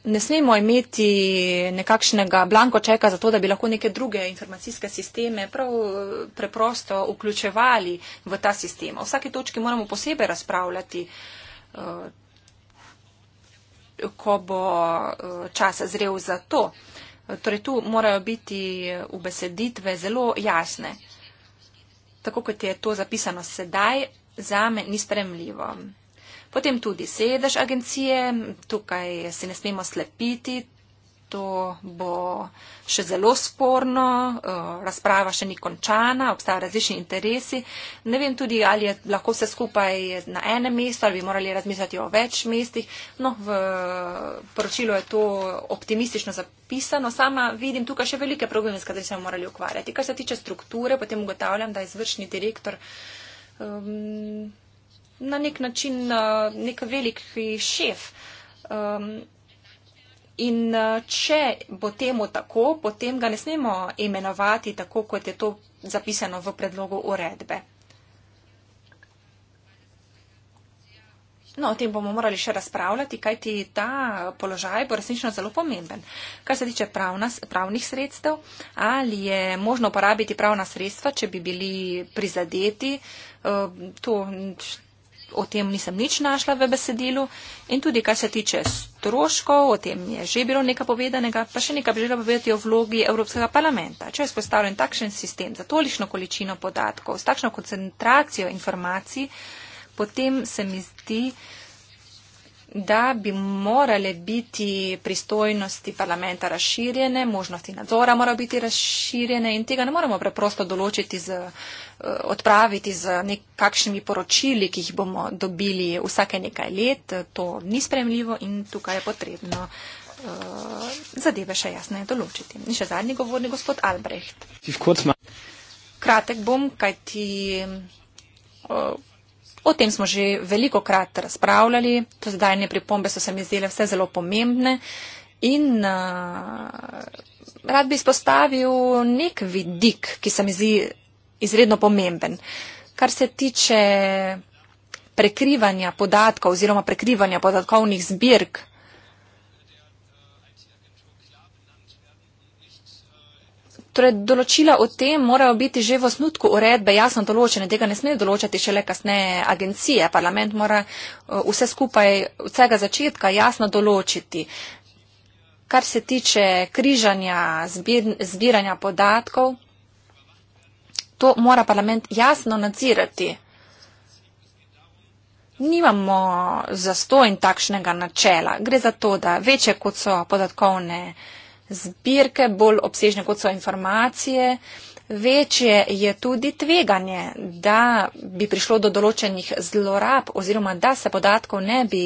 Speaker 2: ne smemo imeti nekakšnega blanko čeka za to, da bi lahko neke druge informacijske sisteme prav eh, preprosto vključevali v ta sistem. O vsake točki moramo posebej razpravljati, eh, ko bo eh, čas zrel za to. Torej, tu morajo biti ubeseditve zelo jasne. Tako kot je to zapisano sedaj, zame ni spremljivo. Potem tudi sedež agencije, tukaj se ne smemo slepiti, to bo še zelo sporno, eh, razprava še ni končana, obstajajo različni interesi. Ne vem tudi, ali je lahko vse skupaj na enem mestu, ali bi morali razmisliti o več mestih. No, v poročilu je to optimistično zapisano, sama vidim tukaj še velike probleme, s katerimi se bomo morali ukvarjati. Kar se tiče strukture, potem ugotavljam, da je izvršni direktor. Um, na nek način uh, nek veliki šef. Um, in uh, če bo temu tako, potem ga ne smemo imenovati tako, kot je to zapisano v predlogu uredbe. No, o tem bomo morali še razpravljati, kajti ta položaj bo resnično zelo pomemben. Kar se tiče pravna, pravnih sredstev, ali je možno uporabiti pravna sredstva, če bi bili prizadeti, uh, to o tem nisem nič našla v besedilu. In tudi, kar se tiče stroškov, o tem je že bilo nekaj povedanega, pa še nekaj bi želela povedati o vlogi Evropskega parlamenta. Če je spostavljen takšen sistem za tolično količino podatkov, s takšno koncentracijo informacij, potem se mi zdi, da bi morale biti pristojnosti parlamenta razširjene, možnosti nadzora morajo biti razširjene in tega ne moremo preprosto določiti z eh, odpraviti z nekakšnimi poročili, ki jih bomo dobili vsake nekaj let. To ni spremljivo in tukaj je potrebno uh, zadeve še jasneje določiti. In še zadnji govorni gospod Albrecht. Kratek bom, kajti uh, O tem smo že veliko krat razpravljali, to zdajne pripombe so se mi zdele vse zelo pomembne in uh, rad bi izpostavil nek vidik, ki se mi zdi izredno pomemben. Kar se tiče prekrivanja podatkov oziroma prekrivanja podatkovnih zbirk, Torej, določila o tem morajo biti že v osnutku uredbe jasno določene, tega ne sme določati šele kasneje agencije. Parlament mora eh, vse skupaj od vsega začetka jasno določiti. Kar se tiče križanja, zbiranja podatkov, to mora parlament jasno nadzirati. Nimamo zastojn takšnega načela. Gre za to, da večje kot so podatkovne zbirke, bolj obsežne kot so informacije, večje je tudi tveganje, da bi prišlo do določenih zlorab oziroma da se podatkov ne bi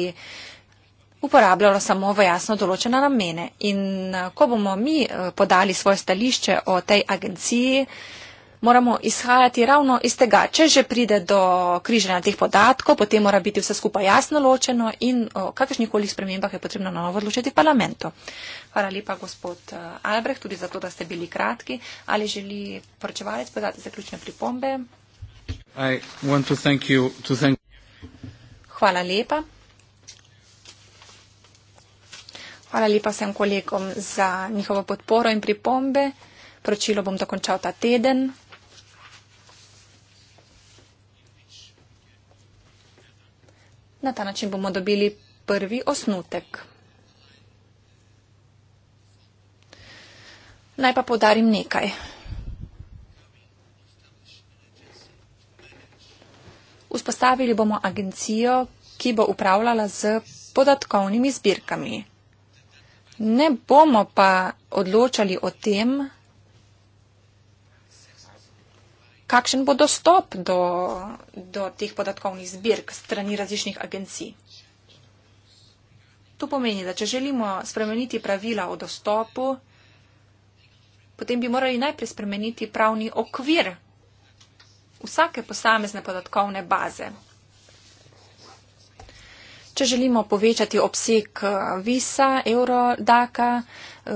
Speaker 2: uporabljalo samo v jasno določene namene. In eh, ko bomo mi eh, podali svoje stališče o tej agenciji, moramo izhajati ravno iz tega, če že pride do križanja teh podatkov, potem mora biti vse skupaj jasno ločeno in o kakršnikoli spremembah je potrebno na novo odločiti parlamentu. Hvala lepa, gospod eh, Albreh, tudi za to, da ste bili kratki. Ali želi poročevalec podati zaključne pripombe?
Speaker 3: To thank you, to thank...
Speaker 2: Hvala lepa. Hvala lepa vsem kolegom za njihovo podporo in pripombe. Pročilo bom dokončal ta teden. Na ta način bomo dobili prvi osnutek. Naj pa podarim nekaj. Vzpostavili bomo agencijo, ki bo upravljala z podatkovnimi zbirkami. Ne bomo pa odločali o tem, kakšen bo dostop do, do teh podatkovnih zbirk strani različnih agencij. To pomeni, da če želimo spremeniti pravila o dostopu, potem bi morali najprej spremeniti pravni okvir vsake posamezne podatkovne baze. Če želimo povečati obseg eh, visa, eurodaka, eh,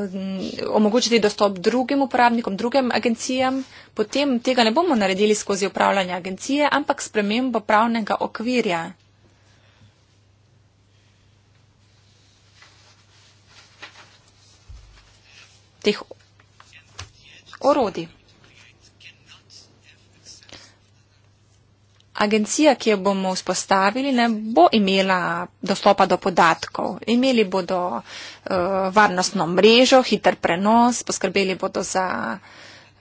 Speaker 2: omogočiti dostop drugim uporabnikom, drugim agencijam, potem tega ne bomo naredili skozi upravljanje agencije, ampak spremembo pravnega okvirja. Teh orodi. Agencija, ki jo bomo vzpostavili, ne bo imela dostopa do podatkov. Imeli bodo uh, varnostno mrežo, hiter prenos, poskrbeli bodo za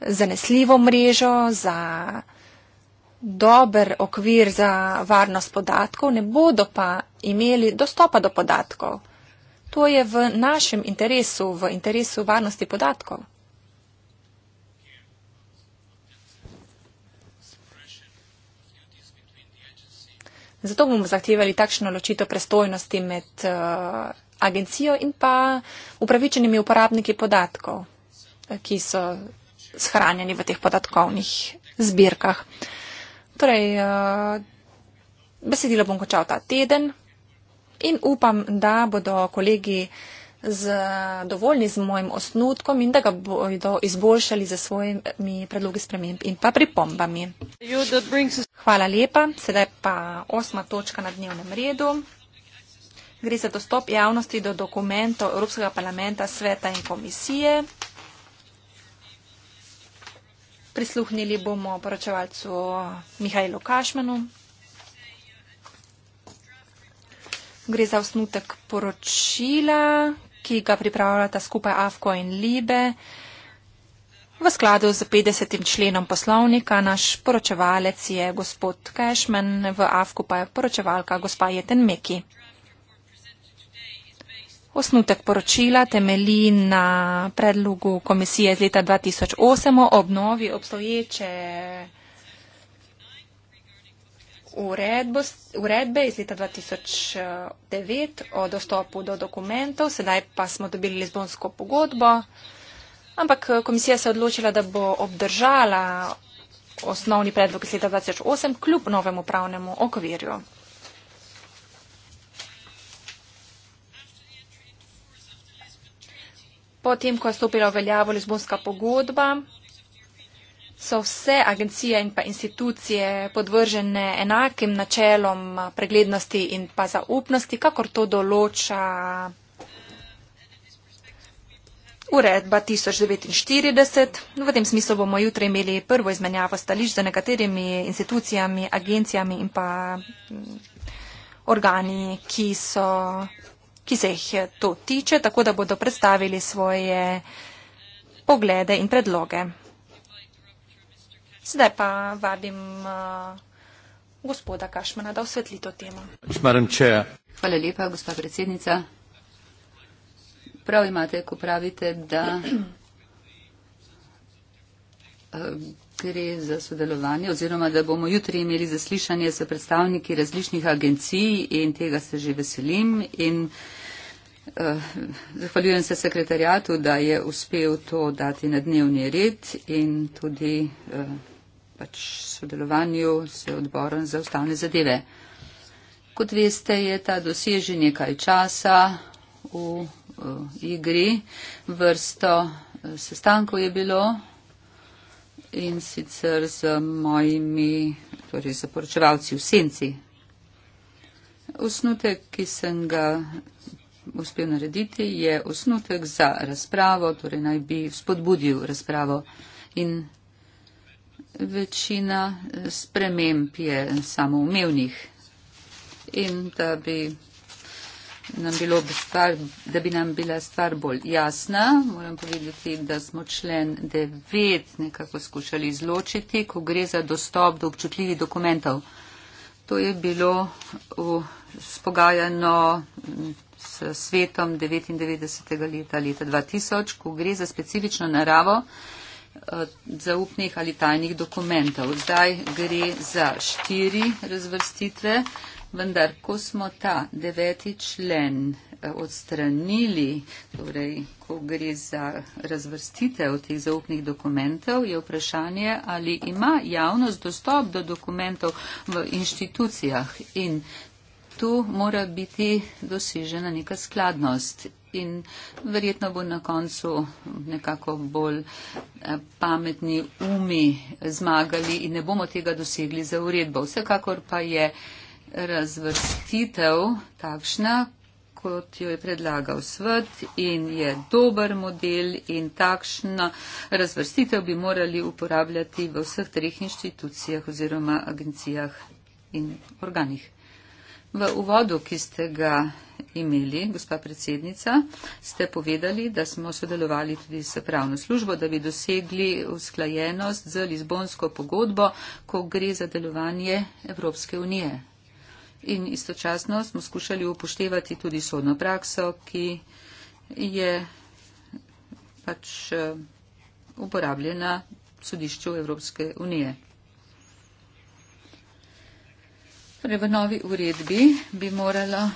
Speaker 2: zanesljivo mrežo, za dober okvir za varnost podatkov, ne bodo pa imeli dostopa do podatkov. To je v našem interesu, v interesu varnosti podatkov. Zato bomo zahtevali takšno ločitev prestojnosti med uh, agencijo in pa upravičenimi uporabniki podatkov, ki so shranjeni v teh podatkovnih zbirkah. Torej, uh, besedilo bom končal ta teden in upam, da bodo kolegi uh, zadovoljni z mojim osnutkom in da ga bodo izboljšali za svojimi predlogi sprememb in pa pripombami. Hvala lepa. Sedaj pa osma točka na dnevnem redu. Gre za dostop javnosti do dokumentov Evropskega parlamenta, sveta in komisije. Prisluhnili bomo poročevalcu Mihajlu Kašmenu. Gre za osnutek poročila, ki ga pripravljata skupaj Afko in Libe. V skladu z 50. členom poslovnika naš poročevalec je gospod Cashman, v Afku pa je poročevalka gospa Jeten Meki. Osnutek poročila temelji na predlogu komisije iz leta 2008 o obnovi obstoječe uredbo, uredbe iz leta 2009 o dostopu do dokumentov, sedaj pa smo dobili Lizbonsko pogodbo, ampak eh, komisija se je odločila, da bo obdržala osnovni predlog iz leta 2008 kljub novemu pravnemu okvirju. Potem, ko je stopila v veljavo Lizbonska pogodba, so vse agencije in pa institucije podvržene enakim načelom preglednosti in pa zaupnosti, kakor to določa uredba 1049. V tem smislu bomo jutri imeli prvo izmenjavo stališč za nekaterimi institucijami, agencijami in pa mm, organi, ki, so, ki se jih to tiče, tako da bodo predstavili svoje poglede in predloge. Zdaj pa vabim uh, gospoda Kašmana, da osvetli to temo.
Speaker 3: Hvala lepa, gospa predsednica. Prav imate, ko pravite, da eh, gre za sodelovanje oziroma da bomo jutri imeli zaslišanje s predstavniki različnih agencij in tega se že veselim. In uh, zahvaljujem se sekretarjatu, da je uspel to dati na dnevni red in tudi. Uh, pač sodelovanju z odborom za ustavne zadeve. Kot veste, je ta dosežen nekaj časa v, v eh, igri, vrsto eh, sestankov je bilo in sicer z mojimi, torej z poročevalci v senci. Osnutek, ki sem ga uspel narediti, je osnutek za razpravo, torej naj bi spodbudil razpravo in večina eh, sprememb je samoumevnih in da bi nam, bilo stvar, da bi nam bila stvar bolj jasna, moram povedati, da smo člen 9 nekako skušali izločiti, ko gre za dostop do občutljivih dokumentov. To je bilo spogajano mm, s svetom 99. leta, leta 2000, ko gre za specifično naravo Eh, zaupnih ali tajnih dokumentov. Zdaj gre za štiri razvrstitve, vendar ko smo ta deveti člen eh, odstranili, torej ko gre za razvrstitev teh zaupnih dokumentov, je vprašanje, ali ima javnost dostop do dokumentov v inštitucijah in tu mora biti dosežena neka skladnost in verjetno bo na koncu nekako bolj eh, pametni umi zmagali in ne bomo tega dosegli za uredbo. Vsekakor pa je razvrstitev takšna, kot jo je predlagal svet in je dober model in takšna razvrstitev bi morali uporabljati v vseh treh inštitucijah oziroma agencijah in organih. V uvodu, ki ste ga imeli, gospa predsednica, ste povedali, da smo sodelovali tudi s pravno službo, da bi dosegli usklajenost z Lizbonsko pogodbo, ko gre za delovanje Evropske unije. In istočasno smo skušali upoštevati tudi sodno prakso, ki je pač eh, uporabljena v sodišču Evropske unije. Torej, v novi uredbi bi morala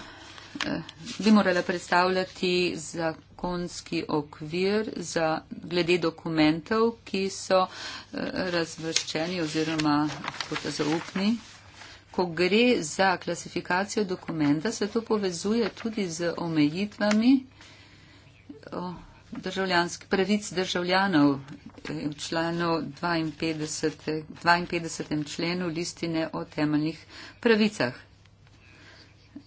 Speaker 3: Eh, bi morala predstavljati zakonski okvir za glede dokumentov, ki so eh, razvrščeni oziroma kot zaupni. Ko gre za klasifikacijo dokumenta, se to povezuje tudi z omejitvami državljansk, pravic državljanov eh, v članu 52, 52. členu listine o temeljnih pravicah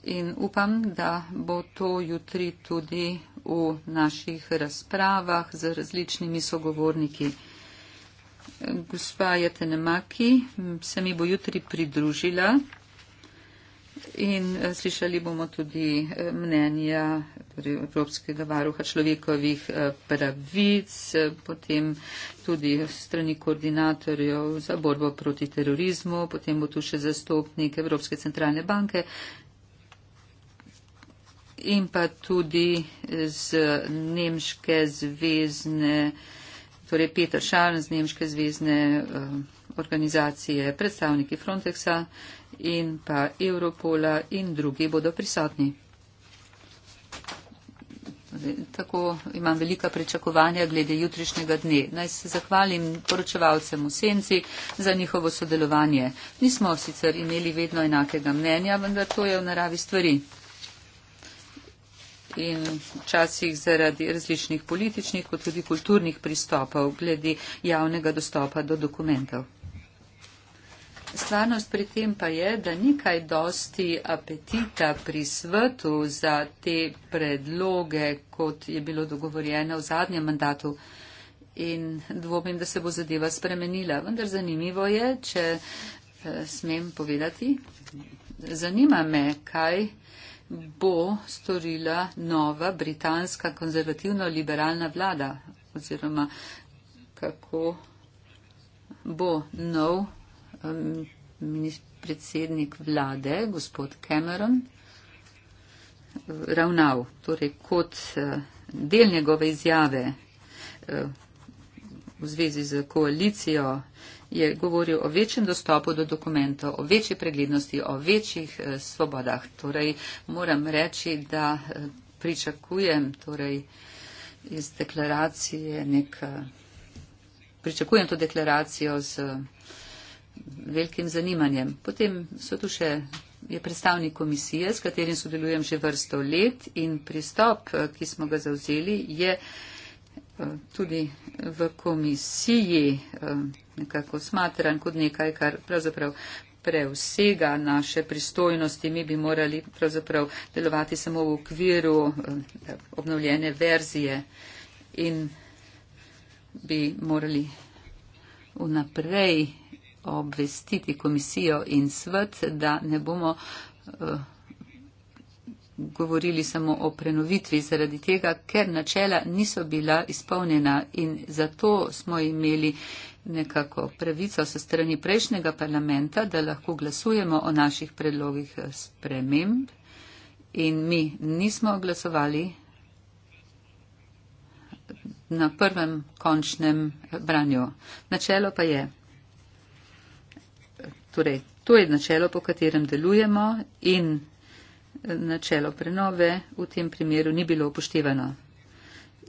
Speaker 3: in upam, da bo to jutri tudi v naših razpravah z različnimi sogovorniki. Gospa Jatenemaki se mi bo jutri pridružila in eh, slišali bomo tudi eh, mnenja torej, Evropskega varuha človekovih eh, pravic, potem tudi strani koordinatorjev za borbo proti terorizmu, potem bo tu še zastopnik Evropske centralne banke, in pa tudi z Nemške zvezne, torej Peter Šalen z Nemške zvezne eh, organizacije, predstavniki Frontexa in pa Europola in drugi bodo prisotni. Torej, tako imam velika pričakovanja glede jutrišnjega dne. Naj se zahvalim poročevalcem v Senci za njihovo sodelovanje. Nismo sicer imeli vedno enakega mnenja, vendar to je v naravi stvari in včasih zaradi različnih političnih, kot tudi kulturnih pristopov glede javnega dostopa do dokumentov. Stvarnost pri tem pa je, da ni kaj dosti apetita pri svetu za te predloge, kot je bilo dogovorjeno v zadnjem mandatu. In dvomim, da se bo zadeva spremenila. Vendar zanimivo je, če eh, smem povedati, zanima me, kaj bo storila nova britanska konzervativno-liberalna vlada oziroma kako bo nov um, predsednik vlade, gospod Cameron, ravnal. Torej, kot uh, del njegove izjave uh, v zvezi z koalicijo uh, je govoril o večjem dostopu do dokumentov, o večji preglednosti, o večjih eh, svobodah. Torej, moram reči, da eh, pričakujem torej, iz deklaracije nek. Eh, pričakujem to deklaracijo z velikim zanimanjem. Potem so tu še je predstavnik komisije, s katerim sodelujem že vrsto let in pristop, ki smo ga zauzeli, je. Eh, tudi v komisiji eh, nekako smatran kot nekaj, kar pravzaprav prevsega naše pristojnosti. Mi bi morali pravzaprav delovati samo v okviru eh, obnovljene verzije in bi morali vnaprej obvestiti komisijo in svet, da ne bomo govorili samo o prenovitvi, zaradi tega, ker načela niso bila izpolnjena in zato smo imeli nekako pravico so strani prejšnjega parlamenta, da lahko glasujemo o naših predlogih sprememb in mi nismo glasovali na prvem končnem branju. Načelo pa je, torej, to je načelo, po katerem delujemo in načelo prenove v tem primeru ni bilo upoštevano.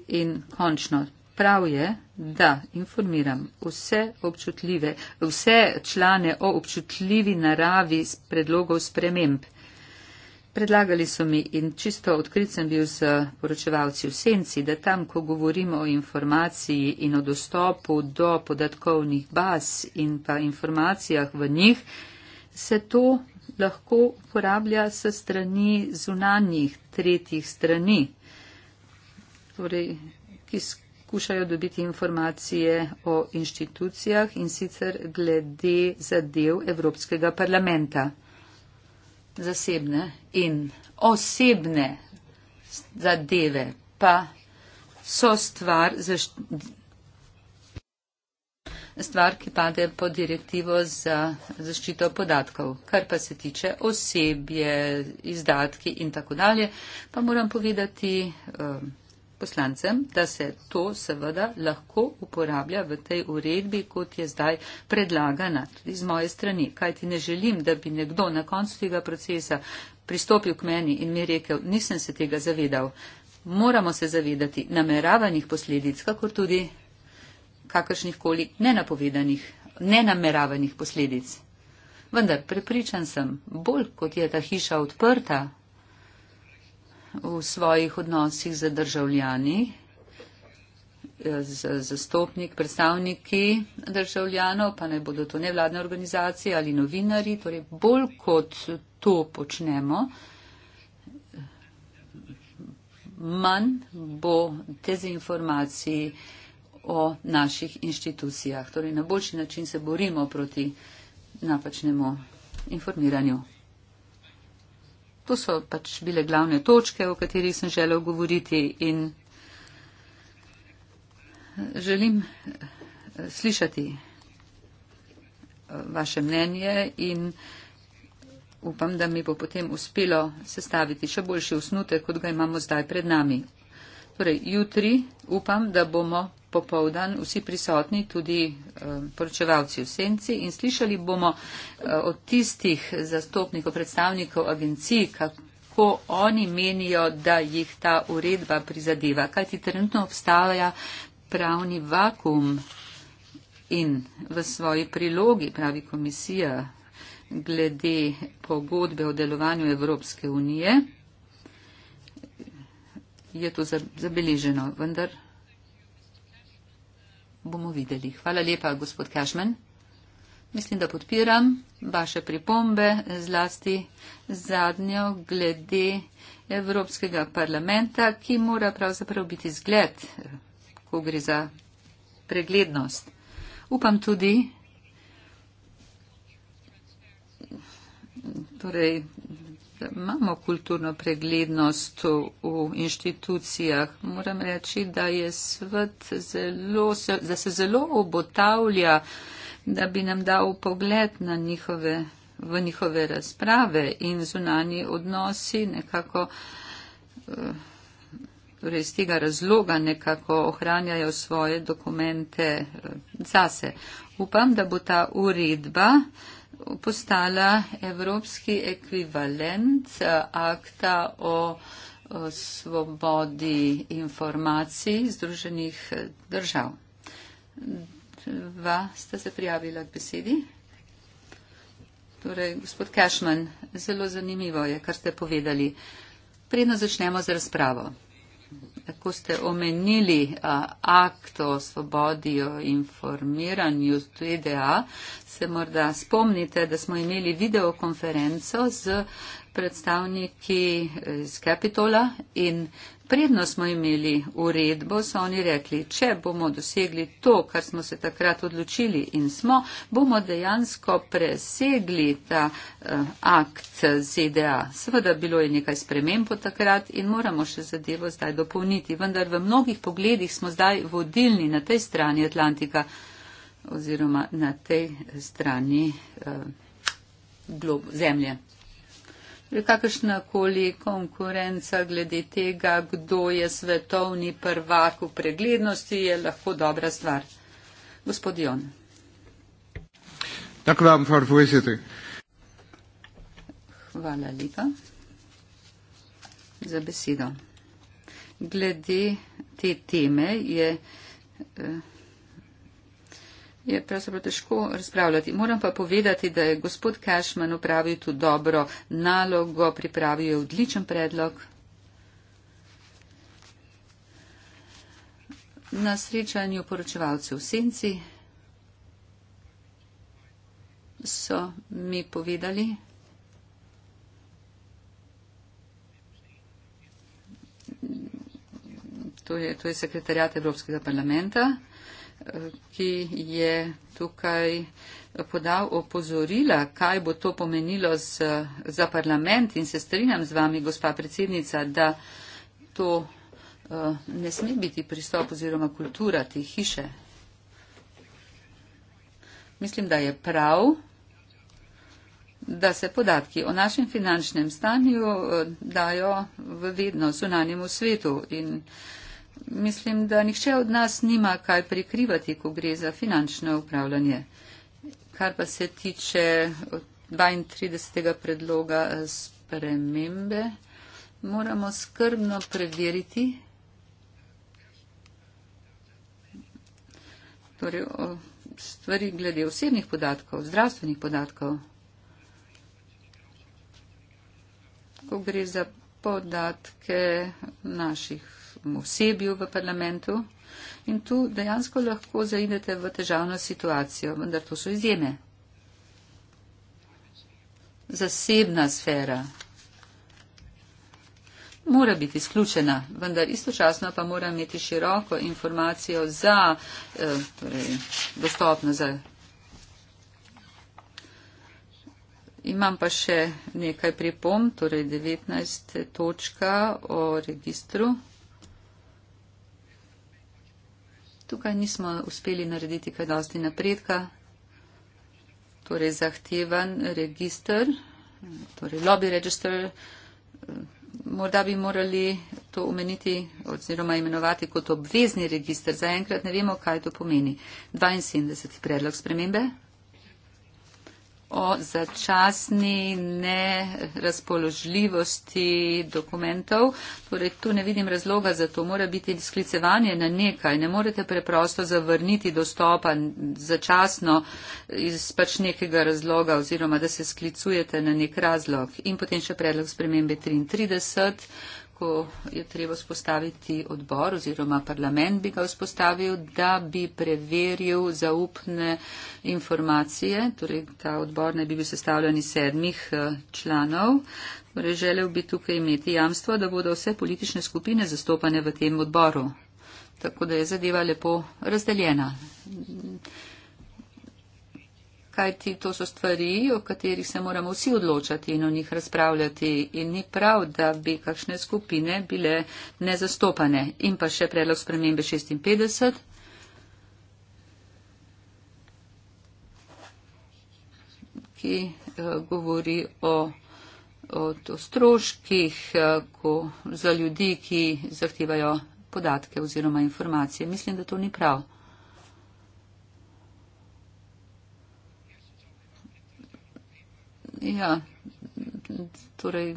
Speaker 3: In končno, prav je, da informiram vse občutljive, vse člane o občutljivi naravi predlogov sprememb. Predlagali so mi in čisto odkrit sem bil z poročevalci v senci, da tam, ko govorimo o informaciji in o dostopu do podatkovnih baz in pa informacijah v njih, se to lahko uporablja s strani zunanjih tretjih strani, torej, ki skušajo dobiti informacije o inštitucijah in sicer glede zadev Evropskega parlamenta. Zasebne in osebne zadeve pa so stvar zaščitne stvar, ki pade pod direktivo za zaščito podatkov. Kar pa se tiče osebje, izdatki in tako dalje, pa moram povedati eh, poslancem, da se to seveda lahko uporablja v tej uredbi, kot je zdaj predlagana tudi z moje strani. Kaj ti ne želim, da bi nekdo na koncu tega procesa pristopil k meni in mi rekel, nisem se tega zavedal. Moramo se zavedati nameravanih posledic, kakor tudi kakršnih koli nenapovedanih, nenameravanih posledic. Vendar prepričan sem, bolj kot je ta hiša odprta v svojih odnosih z državljani, z zastopnik, predstavniki državljanov, pa naj bodo to nevladne organizacije ali novinari, torej bolj kot to počnemo, manj bo dezinformacij, informacij, o naših inštitucijah. Torej, na boljši način se borimo proti napačnemu informiranju. To so pač bile glavne točke, o katerih sem želel govoriti in želim eh, slišati eh, vaše mnenje in upam, da mi bo potem uspelo sestaviti še boljši osnutek, kot ga imamo zdaj pred nami. Torej, jutri upam, da bomo popovdan vsi prisotni, tudi eh, poročevalci v senci in slišali bomo eh, od tistih zastopnikov, predstavnikov agencij, kako oni menijo, da jih ta uredba prizadeva, kajti trenutno obstaja pravni vakum in v svoji prilogi pravi komisija glede pogodbe o delovanju Evropske unije. Je to zabeleženo, vendar bomo videli. Hvala lepa, gospod Kašmen. Mislim, da podpiram vaše pripombe, zlasti zadnjo glede Evropskega parlamenta, ki mora pravzaprav biti zgled, ko gre za preglednost. Upam tudi, torej, imamo kulturno preglednost v inštitucijah. Moram reči, da je svet zelo, da se zelo obotavlja, da bi nam dal pogled na njihove, v njihove razprave in zunani odnosi nekako eh, torej iz tega razloga nekako ohranjajo svoje dokumente eh, zase. Upam, da bo ta uredba uh, postala evropski ekvivalent eh, akta o svobodi informacij Združenih eh, držav. Dva sta se prijavila k besedi. Torej, gospod Cashman, zelo zanimivo je, kar ste povedali. Predno začnemo z razpravo ko ste omenili uh, akt o svobodi o informiranju ZDA, se morda spomnite, da smo imeli videokonferenco z uh, predstavniki z Capitola in predno smo imeli uredbo, so oni rekli, če bomo dosegli to, kar smo se takrat odločili in smo, bomo dejansko presegli ta uh, akt ZDA. Seveda bilo je nekaj sprememb od takrat in moramo še zadevo zdaj dopolniti, vendar v mnogih pogledih smo zdaj vodilni na tej strani Atlantika oziroma na tej strani uh, eh, globu, zemlje kakršna koli konkurenca glede tega, kdo je svetovni prvak v preglednosti, je lahko dobra stvar. Gospod Jon. Hvala lepa za besedo. Glede te teme je. Eh, Je pravzaprav težko razpravljati. Moram pa povedati, da je gospod Cashman upravil tu dobro nalogo, pripravil je odličen predlog. Na srečanju poročevalcev v Senci so mi povedali, to je, to je sekretarjat Evropskega parlamenta, ki je tukaj podal opozorila, kaj bo to pomenilo z, za parlament in se strinjam z vami, gospa predsednica, da to uh, ne sme biti pristop oziroma kultura te hiše. Mislim, da je prav, da se podatki o našem finančnem stanju uh, dajo v vedno zunanjemu svetu in uh, Mislim, da nihče od nas nima kaj prikrivati, ko gre za finančno upravljanje. Kar pa se tiče 32. predloga spremembe, moramo skrbno preveriti, torej stvari glede osebnih podatkov, zdravstvenih podatkov, ko gre za podatke naših osebju v parlamentu in tu dejansko lahko zaidete v težavno situacijo, vendar to so izjeme. Zasebna sfera mora biti izključena, vendar istočasno pa mora imeti široko informacijo za eh, torej, dostopno. Za Imam pa še nekaj pripom, torej 19. točka o registru. Tukaj nismo uspeli narediti kaj dosti napredka. Torej zahtevan register, torej lobby register, morda bi morali to omeniti oziroma imenovati kot obvezni register. Zaenkrat ne vemo, kaj to pomeni. 72. predlog spremembe o začasni nerazpoložljivosti dokumentov. Torej, tu ne vidim razloga za to. Mora biti sklicevanje na nekaj. Ne morete preprosto zavrniti dostopa začasno iz pač nekega razloga oziroma da se sklicujete na nek razlog. In potem še predlog spremembe 33 ko je treba spostaviti odbor oziroma parlament bi ga vzpostavil, da bi preveril zaupne informacije. Torej, ta odbor ne bi bil sestavljen iz sedmih eh, članov. Torej, želel bi tukaj imeti jamstvo, da bodo vse politične skupine zastopane v tem odboru. Tako da je zadeva lepo razdeljena kajti to so stvari, o katerih se moramo vsi odločati in o njih razpravljati in ni prav, da bi kakšne skupine bile nezastopane. In pa še predlog spremembe 56. ki eh, govori o, o, o stroških eh, ko, za ljudi, ki zahtevajo podatke oziroma informacije. Mislim, da to ni prav. Ja, torej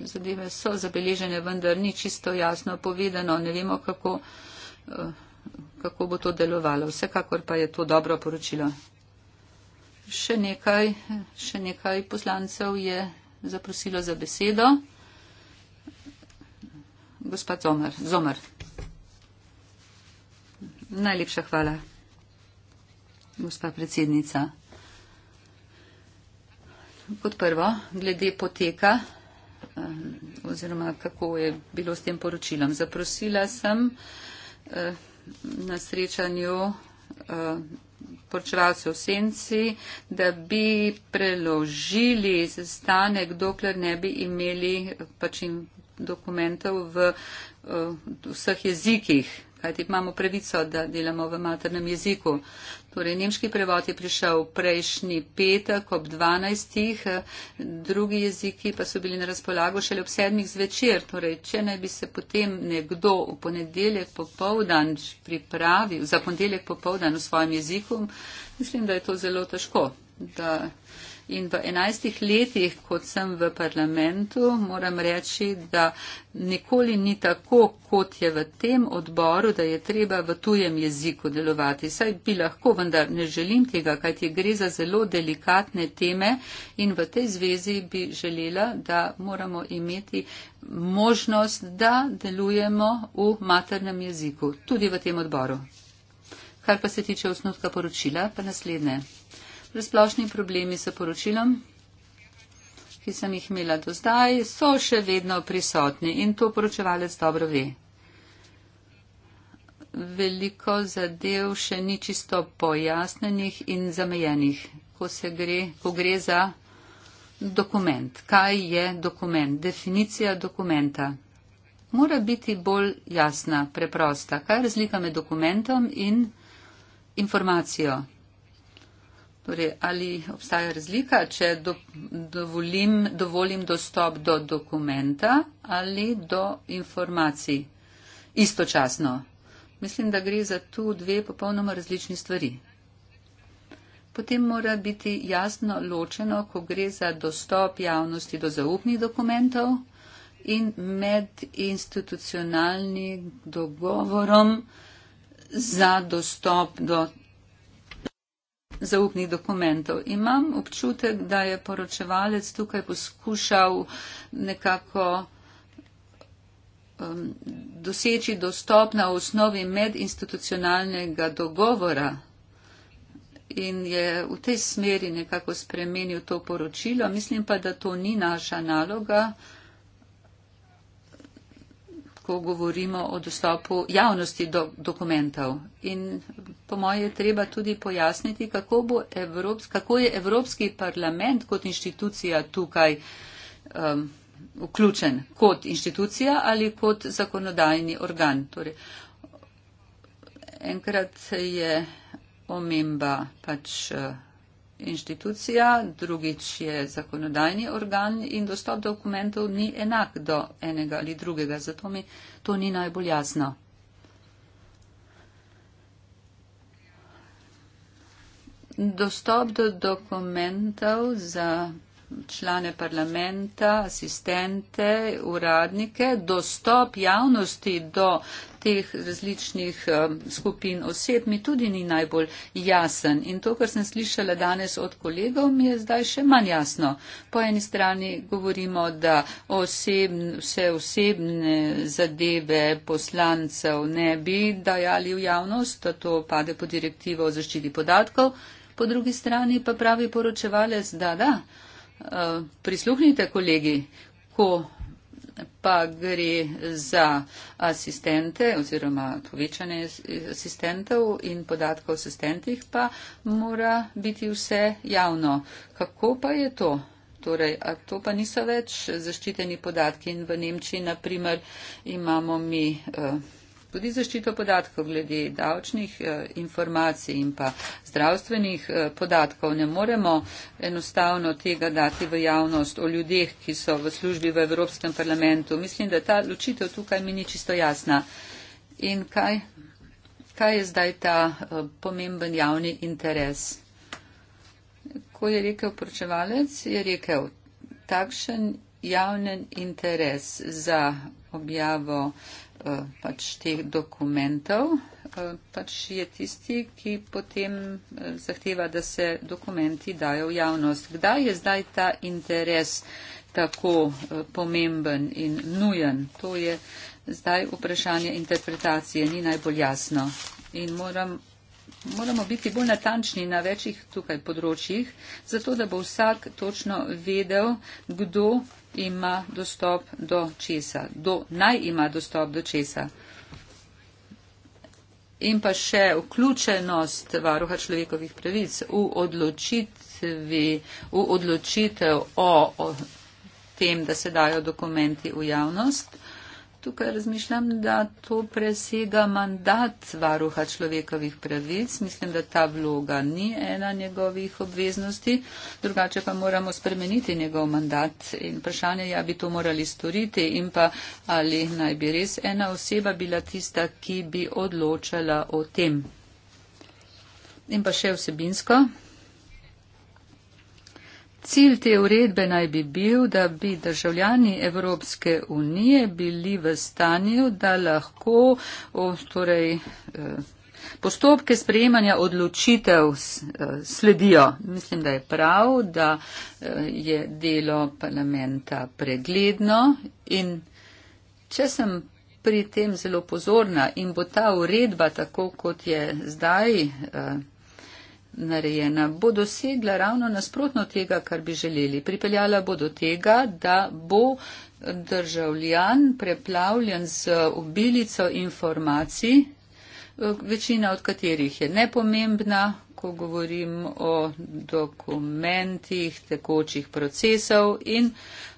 Speaker 3: zadeve so zabeležene, vendar ni čisto jasno povedano. Ne vemo, kako, eh, kako bo to delovalo. Vsekakor pa je to dobro poročilo. Še nekaj, še nekaj poslancev je zaprosilo za besedo. Gospod Zomer. Zomer. Najlepša hvala, gospa predsednica kot prvo, glede poteka eh, oziroma kako je bilo s tem poročilom. Zaprosila sem eh, na srečanju eh, poročevalcev Senci, da bi preložili zastanek, dokler ne bi imeli pač dokumentov v, v vseh jezikih kajti imamo pravico, da delamo v maternem jeziku. Torej, nemški prevod je prišel prejšnji petek ob 12. Drugi jeziki pa so bili na razpolago šele ob 7. zvečer. Torej, če naj bi se potem nekdo v ponedeljek popovdan pripravil, za ponedeljek popovdan v svojem jeziku, mislim, da je to zelo težko. Da, In v enajstih letih, kot sem v parlamentu, moram reči, da nikoli ni tako, kot je v tem odboru, da je treba v tujem jeziku delovati. Saj bi lahko, vendar ne želim tega, kajti gre za zelo delikatne teme in v tej zvezi bi želela, da moramo imeti možnost, da delujemo v maternem jeziku, tudi v tem odboru. Kar pa se tiče osnutka poročila, pa naslednje. Razplošni problemi s poročilom, ki sem jih imela do zdaj, so še vedno prisotni in to poročevalec dobro ve. Veliko zadev še ni čisto pojasnenih in zamejenih, ko, gre, ko gre za dokument. Kaj je dokument? Definicija dokumenta. Mora biti bolj jasna, preprosta. Kaj je razlika med dokumentom in informacijo? Torej, ali obstaja razlika, če do, dovolim, dovolim dostop do dokumenta ali do informacij istočasno? Mislim, da gre za tu dve popolnoma različni stvari. Potem mora biti jasno ločeno, ko gre za dostop javnosti do zaupnih dokumentov in med institucionalnim dogovorom za dostop do zaupnih dokumentov. Imam občutek, da je poročevalec tukaj poskušal nekako um, doseči dostop na osnovi medinstitucionalnega dogovora in je v tej smeri nekako spremenil to poročilo. Mislim pa, da to ni naša naloga. Uh, ko govorimo o dostopu javnosti do dokumentov. In po moje je treba tudi pojasniti, kako, Evrops, kako je Evropski parlament kot inštitucija tukaj um, vključen, kot inštitucija ali kot zakonodajni organ. Torej, enkrat je omemba pač. Uh, inštitucija, drugič je zakonodajni organ in dostop dokumentov ni enak do enega ali drugega, zato mi to ni najbolj jasno. Dostop do dokumentov za člane parlamenta, asistente, uradnike, dostop javnosti do teh različnih um, skupin oseb mi tudi ni najbolj jasen. In to, kar sem slišala danes od kolegov, mi je zdaj še manj jasno. Po eni strani govorimo, da osebn, vse osebne zadeve poslancev ne bi dajali v javnost, da to pade pod direktivo o zaščiti podatkov. Po drugi strani pa pravi poročevalec, da da, uh, prisluhnite kolegi, ko pa gre za asistente oziroma povečanje asistentov in podatkov o asistentih, pa mora biti vse javno. Kako pa je to? Torej, a to pa niso več zaščiteni podatki in v Nemčiji, na primer, imamo mi. Uh, Tudi zaščito podatkov glede davčnih eh, informacij in pa zdravstvenih eh, podatkov ne moremo enostavno tega dati v javnost o ljudeh, ki so v službi v Evropskem parlamentu. Mislim, da ta ločitev tukaj mi ni čisto jasna. In kaj, kaj je zdaj ta eh, pomemben javni interes? Ko je rekel poročevalec, je rekel takšen javni interes za objavo Eh, pač teh dokumentov, eh, pač je tisti, ki potem eh, zahteva, da se dokumenti dajo v javnost. Kdaj je zdaj ta interes tako pomemben in nujen? To je zdaj vprašanje interpretacije, ni najbolj jasno. In moram, moramo biti bolj natančni na večjih tukaj področjih, zato da bo vsak točno vedel, kdo ima dostop do česa, do, naj ima dostop do česa. In pa še vključenost varuha človekovih pravic v, odločitvi, v odločitev o, o tem, da se dajo dokumenti v javnost. Tukaj razmišljam, da to presega mandat varuha človekovih pravic. Mislim, da ta vloga ni ena njegovih obveznosti, drugače pa moramo spremeniti njegov mandat. In vprašanje je, ja, bi to morali storiti in pa ali naj bi res ena oseba bila tista, ki bi odločala o tem. In pa še vsebinsko. Cilj te uredbe naj bi bil, da bi državljani Evropske unije bili v stanju, da lahko torej, e, postopke sprejemanja odločitev e, sledijo. Mislim, da je prav, da e, je delo parlamenta pregledno in če sem pri tem zelo pozorna in bo ta uredba tako, kot je zdaj narejena, bo dosegla ravno nasprotno tega, kar bi želeli. Pripeljala bo do tega, da bo državljan preplavljen z obilico informacij, večina od katerih je nepomembna, ko govorim o dokumentih tekočih procesov in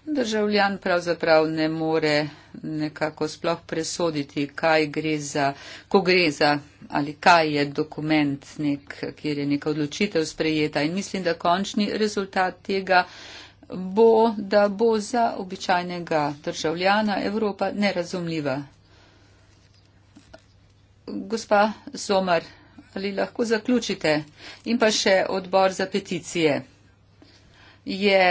Speaker 3: državljan pravzaprav ne more nekako sploh presoditi, kaj gre za, ko gre za ali kaj je dokument, nek, kjer je neka odločitev sprejeta. In mislim, da končni rezultat tega bo, da bo za običajnega državljana Evropa nerazumljiva. Gospa Somar ali lahko zaključite. In pa še odbor za peticije je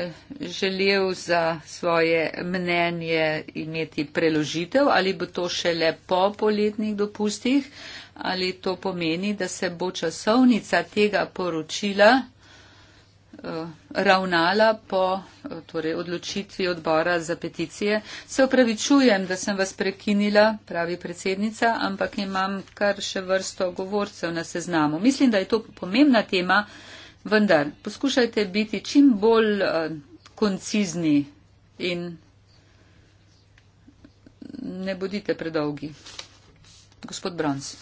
Speaker 3: eh, želel za svoje mnenje imeti preložitev, ali bo to šele po poletnih dopustih, ali to pomeni, da se bo časovnica tega poročila Eh, ravnala po eh, torej, odločitvi odbora za peticije. Se upravičujem, da sem vas prekinila, pravi predsednica, ampak imam kar še vrsto govorcev na seznamu. Mislim, da je to pomembna tema, vendar poskušajte biti čim bolj eh, koncizni in ne bodite predolgi. Gospod Brons.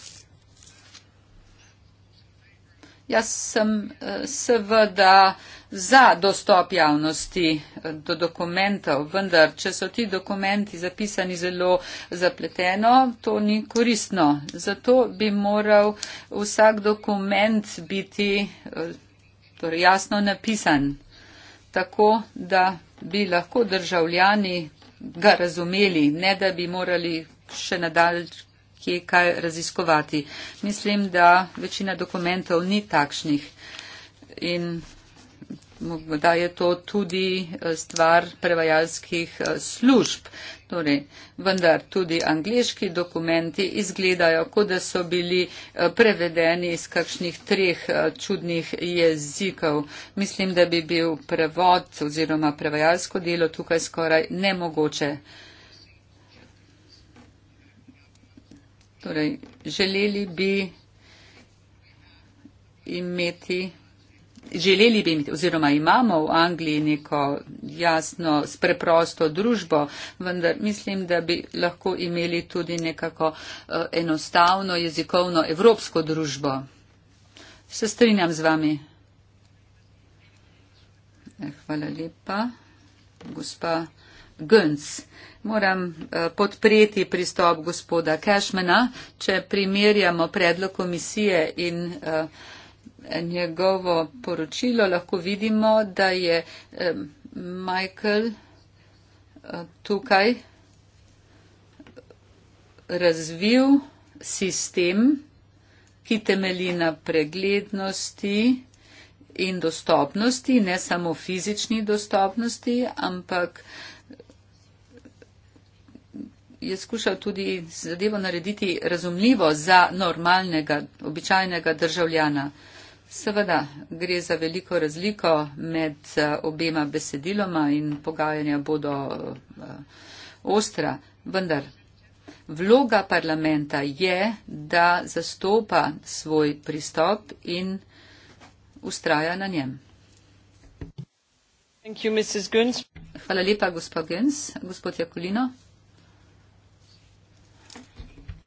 Speaker 3: Jaz sem eh, seveda za dostop javnosti eh, do dokumentov, vendar če so ti dokumenti zapisani zelo zapleteno, to ni koristno. Zato bi moral vsak dokument biti eh, torej jasno napisan, tako da bi lahko državljani ga razumeli, ne da bi morali še nadalje kje kaj raziskovati. Mislim, da večina dokumentov ni takšnih in da je to tudi eh, stvar prevajalskih eh, služb. Torej, vendar tudi angliški dokumenti izgledajo, kot da so bili eh, prevedeni iz kakšnih treh čudnih jezikov. Mislim, da bi bil prevod oziroma prevajalsko delo tukaj skoraj nemogoče. Torej, želeli bi imeti, želeli bi imeti, oziroma imamo v Angliji neko jasno, spreprosto družbo, vendar mislim, da bi lahko imeli tudi nekako uh, enostavno jezikovno evropsko družbo. Se strinjam z vami. Eh, hvala lepa. Gospa Guns. Moram eh, podpreti pristop gospoda Cashmana, če primerjamo predlog komisije in eh, njegovo poročilo, lahko vidimo, da je eh, Michael tukaj razvil sistem, ki temelji na preglednosti in dostopnosti, ne samo fizični dostopnosti, ampak uh, je skušal tudi zadevo narediti razumljivo za normalnega, običajnega državljana. Seveda gre za veliko razliko med eh, obema besediloma in pogajanja bodo eh, ostra, vendar vloga parlamenta je, da zastopa svoj pristop in ustraja na njem. Hvala lepa, gospod Gens, gospod
Speaker 1: Jakolino.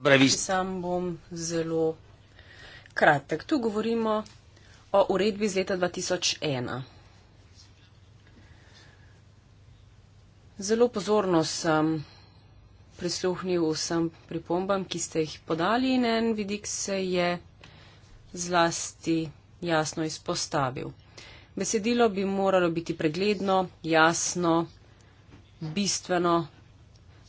Speaker 1: Brevist. Sam bom zelo kratek. Tu govorimo o uredbi iz leta 2001. Zelo pozorno sem prisluhnil vsem pripombam, ki ste jih podali in en vidik se je zlasti jasno izpostavil. Besedilo bi moralo biti pregledno, jasno, bistveno,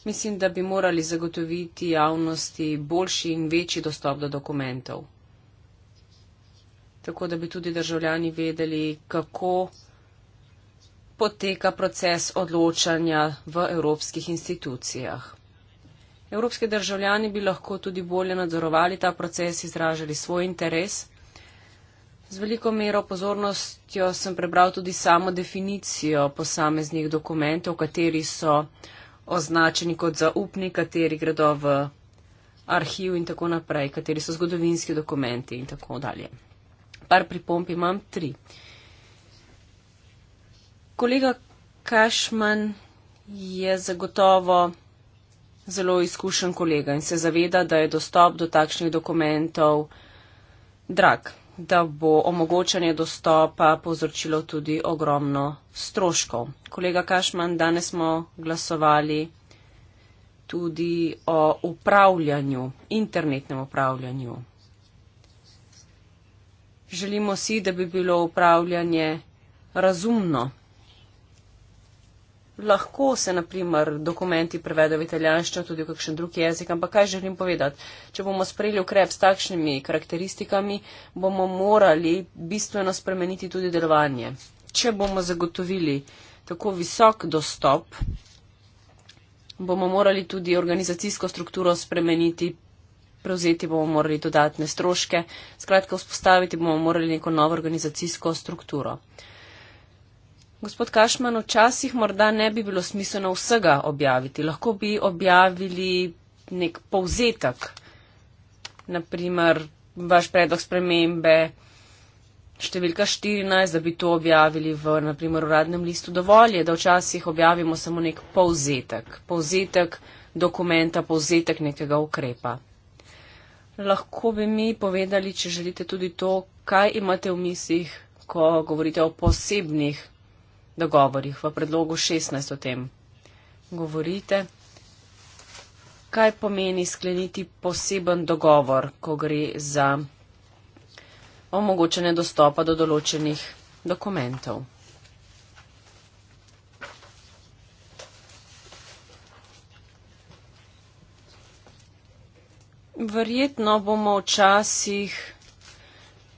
Speaker 1: Mislim, da bi morali zagotoviti javnosti boljši in večji dostop do dokumentov. Tako da bi tudi državljani vedeli, kako poteka proces odločanja v evropskih institucijah. Evropski državljani bi lahko tudi bolje nadzorovali ta proces, izražali svoj interes. Z veliko mero pozornostjo sem prebral tudi samo definicijo posameznih dokumentov, kateri so označeni kot zaupni, kateri gredo v arhiv in tako naprej, kateri so zgodovinski dokumenti in tako dalje. Par pripomp imam tri. Kolega Kašman je zagotovo zelo izkušen kolega in se zaveda, da je dostop do takšnih dokumentov drag da bo omogočanje dostopa povzročilo tudi ogromno stroškov. Kolega Kašman, danes smo glasovali tudi o upravljanju, internetnem upravljanju. Želimo si, da bi bilo upravljanje razumno, lahko se naprimer dokumenti prevedo v italijanščino, tudi v kakšen drug jezik, ampak kaj želim povedati? Če bomo sprejeli ukrep s takšnimi karakteristikami, bomo morali bistveno spremeniti tudi delovanje. Če bomo zagotovili tako visok dostop, bomo morali tudi organizacijsko strukturo spremeniti, prevzeti bomo morali dodatne stroške, skratka vzpostaviti bomo morali neko novo organizacijsko strukturo. Gospod Kašman, včasih morda ne bi bilo smiselno vsega objaviti. Lahko bi objavili nek povzetek, naprimer vaš predlog spremembe številka 14, da bi to objavili v naprimer, uradnem listu. Dovolj je, da včasih objavimo samo nek povzetek, povzetek dokumenta, povzetek nekega ukrepa. Lahko bi mi povedali, če želite tudi to, kaj imate v mislih, ko govorite o posebnih dogovorih, v predlogu 16 o tem govorite. Kaj pomeni skleniti poseben dogovor, ko gre za omogočene dostopa do določenih dokumentov? Verjetno bomo včasih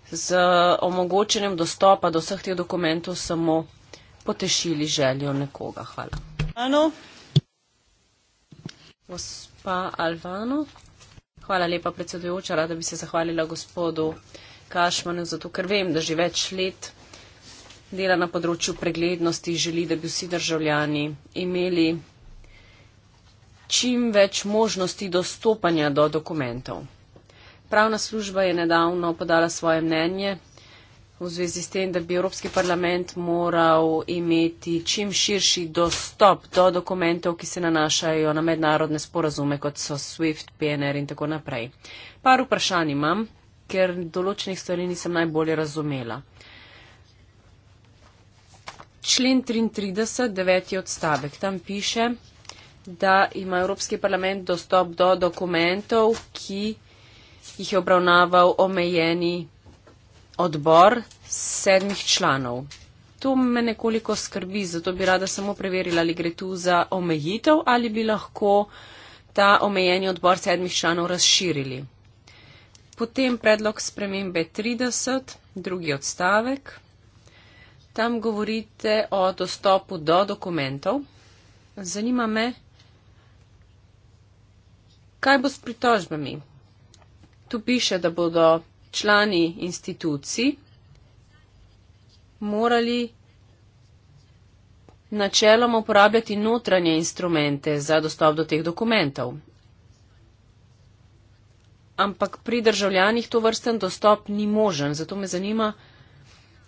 Speaker 1: z omogočenjem dostopa do vseh teh dokumentov samo potešili željo nekoga. Hvala. Ano. Gospa Alvano. Hvala lepa, predsedujoča. Rada bi se zahvalila gospodu Kašmanu, zato ker vem, da že več let dela na področju preglednosti, želi, da bi vsi državljani imeli čim več možnosti dostopanja do dokumentov. Pravna služba je nedavno podala svoje mnenje, v zvezi s tem, da bi Evropski parlament moral imeti čim širši dostop do dokumentov, ki se nanašajo na mednarodne sporazume, kot so SWIFT, PNR in tako naprej. Par vprašanj imam, ker določenih stvari nisem najbolje razumela. Člen 33, deveti odstavek, tam piše, da ima Evropski parlament dostop do dokumentov, ki jih je obravnaval omejeni odbor sedmih članov. To me nekoliko skrbi, zato bi rada samo preverila, ali gre tu za omejitev ali bi lahko ta omejeni odbor sedmih članov razširili. Potem predlog spremembe 30, drugi odstavek. Tam govorite o dostopu do dokumentov. Zanima me, kaj bo s pritožbami. Tu piše, da bodo člani institucij morali načeloma uporabljati notranje instrumente za dostop do teh dokumentov. Ampak pri državljanih to vrsten dostop ni možen. Zato me zanima,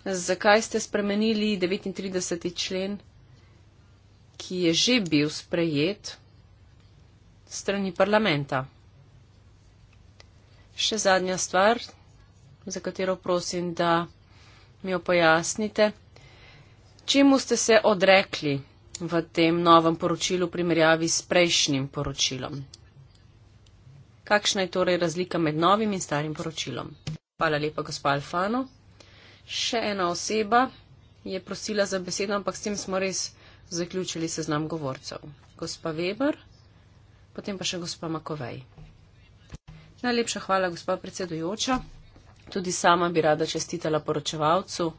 Speaker 1: zakaj ste spremenili 39. člen, ki je že bil sprejet strani parlamenta. Še zadnja stvar, za katero prosim, da mi jo pojasnite. Čemu ste se odrekli v tem novem poročilu v primerjavi s prejšnjim poročilom? Kakšna je torej razlika med novim in starim poročilom? Hvala lepa, gospod Alfano. Še ena oseba je prosila za besedo, ampak s tem smo res zaključili seznam govorcev. Gospa Weber, potem pa še gospa Makovej. Najlepša hvala, gospod predsedujoča. Tudi sama bi rada čestitala poročevalcu.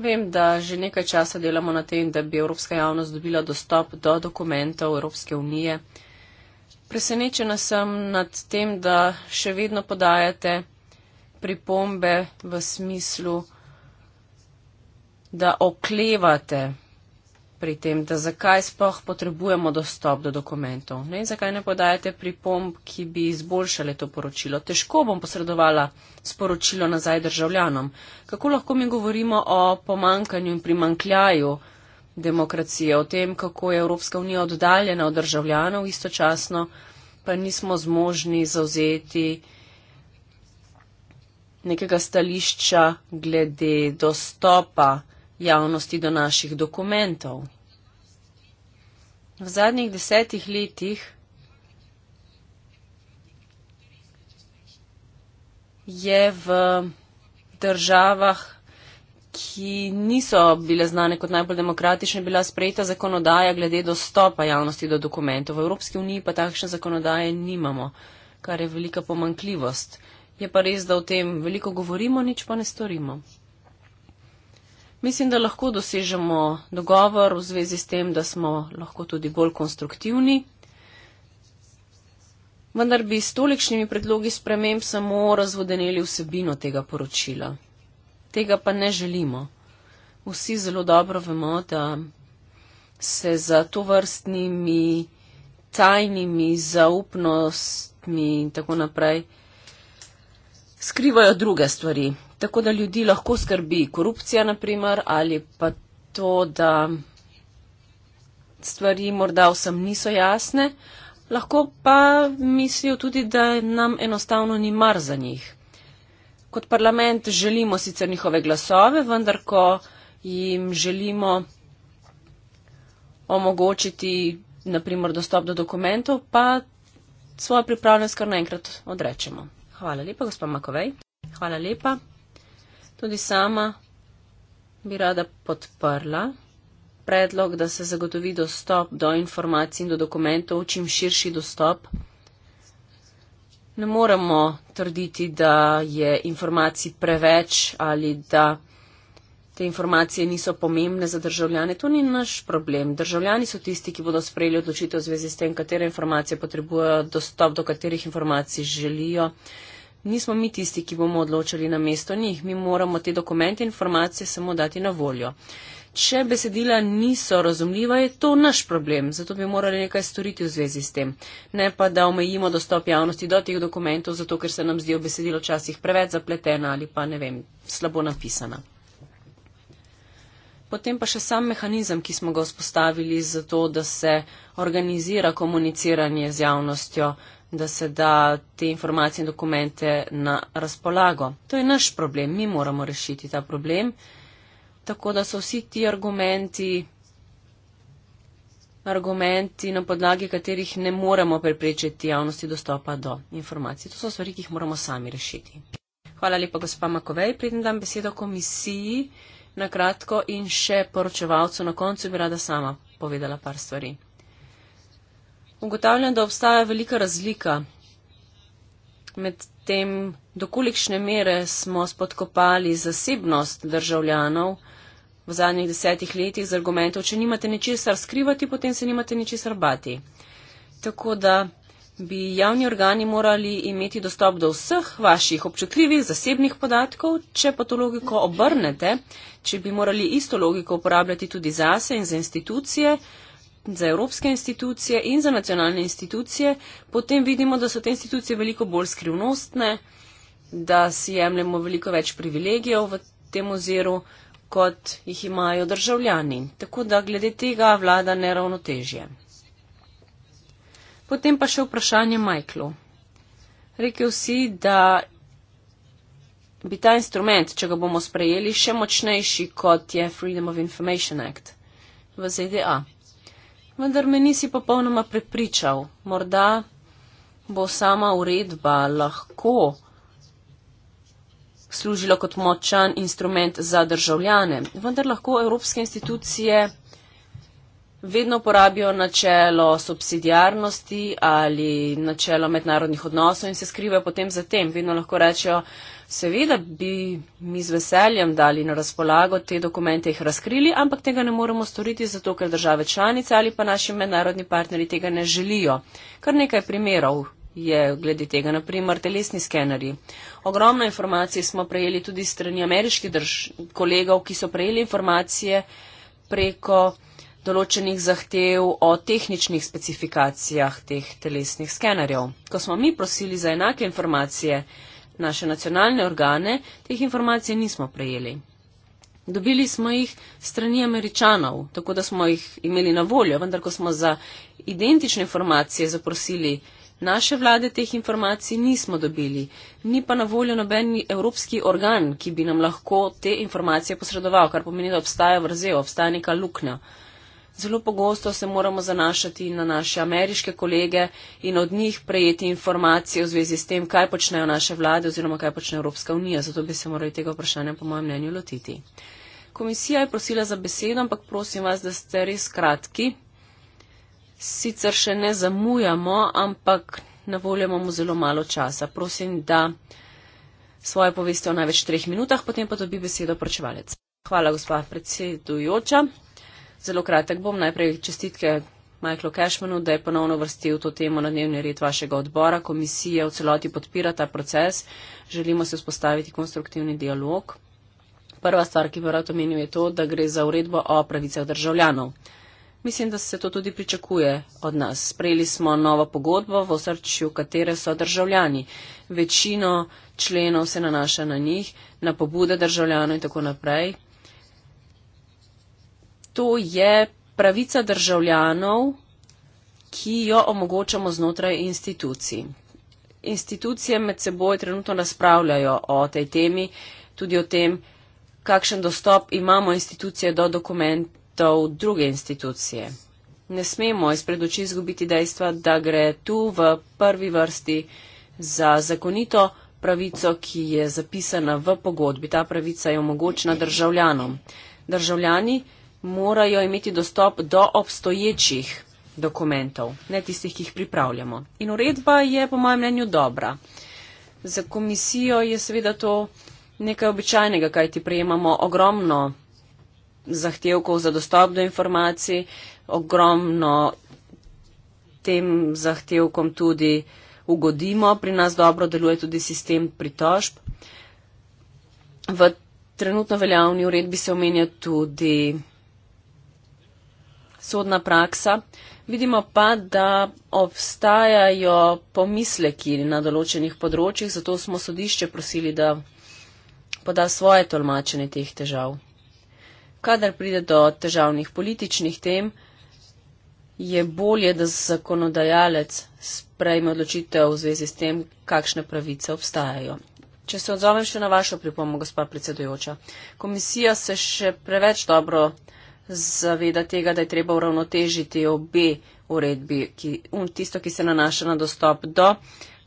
Speaker 1: Vem, da že nekaj časa delamo na tem, da bi evropska javnost dobila dostop do dokumentov Evropske unije. Presenečena sem nad tem, da še vedno podajate pripombe v smislu, da oklevate pri tem, da zakaj sploh potrebujemo dostop do dokumentov. Ne, zakaj ne podajate pripomb, ki bi izboljšale to poročilo? Težko bom posredovala sporočilo nazaj državljanom. Kako lahko mi govorimo o pomankanju in primankljaju demokracije, o tem, kako je Evropska unija oddaljena od državljanov istočasno, pa nismo zmožni zauzeti nekega stališča glede dostopa javnosti do naših dokumentov. V zadnjih desetih letih je v državah, ki niso bile znane kot najbolj demokratične, bila sprejeta zakonodaja glede dostopa javnosti do dokumentov. V Evropski uniji pa takšne zakonodaje nimamo, kar je velika pomankljivost. Je pa res, da o tem veliko govorimo, nič pa ne storimo. Mislim, da lahko dosežemo dogovor v zvezi s tem, da smo lahko tudi bolj konstruktivni. Vendar bi s tolikšnimi predlogi sprememb samo razvodenili vsebino tega poročila. Tega pa ne želimo. Vsi zelo dobro vemo, da se za to vrstnimi tajnimi zaupnostmi in tako naprej skrivajo druge stvari tako da ljudi lahko skrbi korupcija, naprimer, ali pa to, da stvari morda vsem niso jasne, lahko pa mislijo tudi, da nam enostavno ni mar za njih. Kot parlament želimo sicer njihove glasove, vendar ko jim želimo omogočiti naprimer dostop do dokumentov, pa svojo pripravljenost kar naenkrat odrečemo. Hvala lepa, gospod Makovej. Hvala lepa. Tudi sama bi rada podprla predlog, da se zagotovi dostop do informacij in do dokumentov, čim širši dostop. Ne moremo trditi, da je informacij preveč ali da te informacije niso pomembne za državljane. To ni naš problem. Državljani so tisti, ki bodo sprejeli odločitev v zvezi s tem, katere informacije potrebujejo, dostop do katerih informacij želijo nismo mi tisti, ki bomo odločili na mesto njih. Mi moramo te dokumente in informacije samo dati na voljo. Če besedila niso razumljiva, je to naš problem, zato bi morali nekaj storiti v zvezi s tem. Ne pa, da omejimo dostop javnosti do teh dokumentov, zato ker se nam zdijo besedilo včasih preveč zapletena ali pa, ne vem, slabo napisana. Potem pa še sam mehanizem, ki smo ga vzpostavili za to, da se organizira komuniciranje z javnostjo da se da te informacije in dokumente na razpolago. To je naš problem, mi moramo rešiti ta problem. Tako da so vsi ti argumenti, argumenti na podlagi katerih ne moremo preprečiti javnosti dostopa do informacij. To so stvari, ki jih moramo sami rešiti. Hvala lepa, gospa Makovej. Predem dam besedo komisiji na kratko in še poročevalcu na koncu bi rada sama povedala par stvari ugotavljam, da obstaja velika razlika med tem, dokolikšne mere smo spodkopali zasebnost državljanov v zadnjih desetih letih z argumentov, če nimate ničesar skrivati, potem se nimate ničesar bati. Tako da bi javni organi morali imeti dostop do vseh vaših občutljivih zasebnih podatkov, če pa to logiko obrnete, če bi morali isto logiko uporabljati tudi zase in za institucije, za evropske institucije in za nacionalne institucije, potem vidimo, da so te institucije veliko bolj skrivnostne, da si jemljemo veliko več privilegijev v tem oziru, kot jih imajo državljani. Tako da glede tega vlada neravnotežje. Potem pa še vprašanje Majklu. Rekel si, da bi ta instrument, če ga bomo sprejeli, še močnejši kot je Freedom of Information Act v ZDA vendar me nisi popolnoma prepričal. Morda bo sama uredba lahko služila kot močan instrument za državljane, vendar lahko evropske institucije vedno uporabijo načelo subsidiarnosti ali načelo mednarodnih odnosov in se skrivajo potem za tem. Vedno lahko rečejo, seveda bi mi z veseljem dali na razpolago te dokumente, jih razkrili, ampak tega ne moremo storiti zato, ker države članice ali pa naši mednarodni partneri tega ne želijo. Kar nekaj primerov je glede tega, naprimer telesni skeneri. Ogromno informacij smo prejeli tudi strani ameriških drž kolegov, ki so prejeli informacije preko določenih zahtev o tehničnih specifikacijah teh telesnih skenerjev. Ko smo mi prosili za enake informacije naše nacionalne organe, teh informacij nismo prejeli. Dobili smo jih strani američanov, tako da smo jih imeli na voljo, vendar ko smo za identične informacije zaprosili naše vlade, teh informacij nismo dobili. Ni pa na voljo noben evropski organ, ki bi nam lahko te informacije posredoval, kar pomeni, da obstaja vrzel, obstaja neka luknja. Uh, zelo pogosto se moramo zanašati na naše ameriške kolege in od njih prejeti informacije v zvezi s tem, kaj počnejo naše vlade oziroma kaj počne Evropska unija. Zato bi se morali tega vprašanja, po mojem mnenju, lotiti. Komisija je prosila za besedo, ampak prosim vas, da ste res kratki. Sicer še ne zamujamo, ampak na voljo imamo zelo malo časa. Prosim, da svoje poveste v največ treh minutah, potem pa dobi besedo pročevalec. Hvala, gospod predsedujoča. Zelo kratek bom. Najprej čestitke Michaelu Cashmanu, da je ponovno vrstil to temo na dnevni red vašega odbora. Komisija v celoti podpira ta proces. Želimo se vzpostaviti konstruktivni dialog. Prva stvar, ki bi rad omenil, je to, da gre za uredbo o pravicah državljanov. Mislim, da se to tudi pričakuje od nas. Sprejeli smo novo pogodbo, v osrčju katere so državljani. Večino členov se nanaša na njih, na pobude državljanov in tako naprej to je pravica državljanov, ki jo omogočamo znotraj institucij. Institucije med seboj trenutno razpravljajo o tej temi, tudi o tem, kakšen dostop imamo institucije do dokumentov druge institucije. Ne smemo izpred oči izgubiti dejstva, da gre tu v prvi vrsti za zakonito pravico, ki je zapisana v pogodbi. Ta pravica je omogočena državljanom. Državljani morajo imeti dostop do obstoječih dokumentov, ne tistih, ki jih pripravljamo. In uredba je, po mojem mnenju, dobra. Za komisijo je seveda to nekaj običajnega, kaj ti prejemamo ogromno zahtevkov za dostop do informacij, ogromno tem zahtevkom tudi ugodimo, pri nas dobro deluje tudi sistem pritožb. V trenutno veljavni uredbi se omenja tudi sodna praksa. Vidimo pa, da obstajajo pomisleki na določenih področjih, zato smo sodišče prosili, da poda svoje tolmačenje teh težav. Kadar pride do težavnih političnih tem, je bolje, da zakonodajalec sprejme odločitev v zvezi s tem, kakšne pravice obstajajo. Če se odzovem še na vašo pripomo, gospod predsedujoča, komisija se še preveč dobro zaveda tega, da je treba uravnotežiti obe uredbi, ki, um, tisto, ki se nanaša na dostop do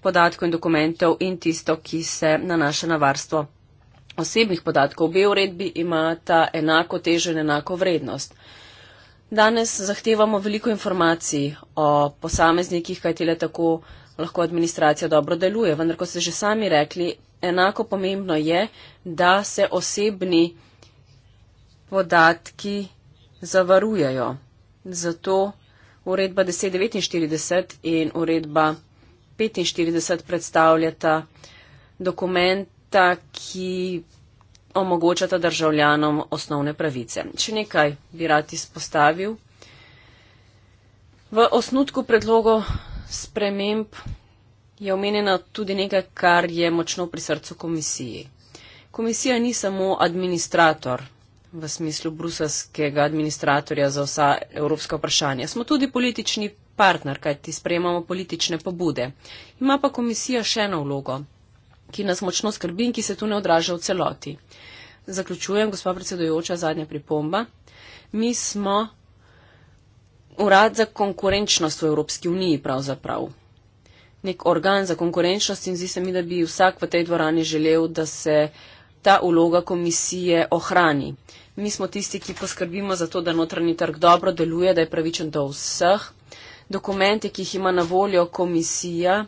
Speaker 1: podatkov in dokumentov in tisto, ki se nanaša na varstvo osebnih podatkov. Obe uredbi imata enako težo in enako vrednost. Danes zahtevamo veliko informacij o posameznikih, kaj tele tako lahko administracija dobro deluje. Vendar, kot ste že sami rekli, enako pomembno je, da se osebni podatki zavarujejo. Zato uredba 1049 in uredba 45 predstavljata dokumenta, ki omogočata državljanom osnovne pravice. Še nekaj bi rad izpostavil. V osnutku predlogov sprememb je omenjeno tudi nekaj, kar je močno pri srcu komisiji. Komisija ni samo administrator v smislu bruselskega administratorja za vsa evropska vprašanja. Smo tudi politični partner, kajti sprejemamo politične pobude. Ima pa komisija še eno vlogo, ki nas močno skrbi in ki se tu ne odraža v celoti. Zaključujem, gospa predsedojoča, zadnja pripomba. Mi smo urad za konkurenčnost v Evropski uniji pravzaprav. Nek organ za konkurenčnost in zdi se mi, da bi vsak v tej dvorani želel, da se ta uloga komisije ohrani mi smo tisti, ki poskrbimo za to, da notranji trg dobro deluje, da je pravičen do vseh. Dokumente, ki jih ima na voljo komisija,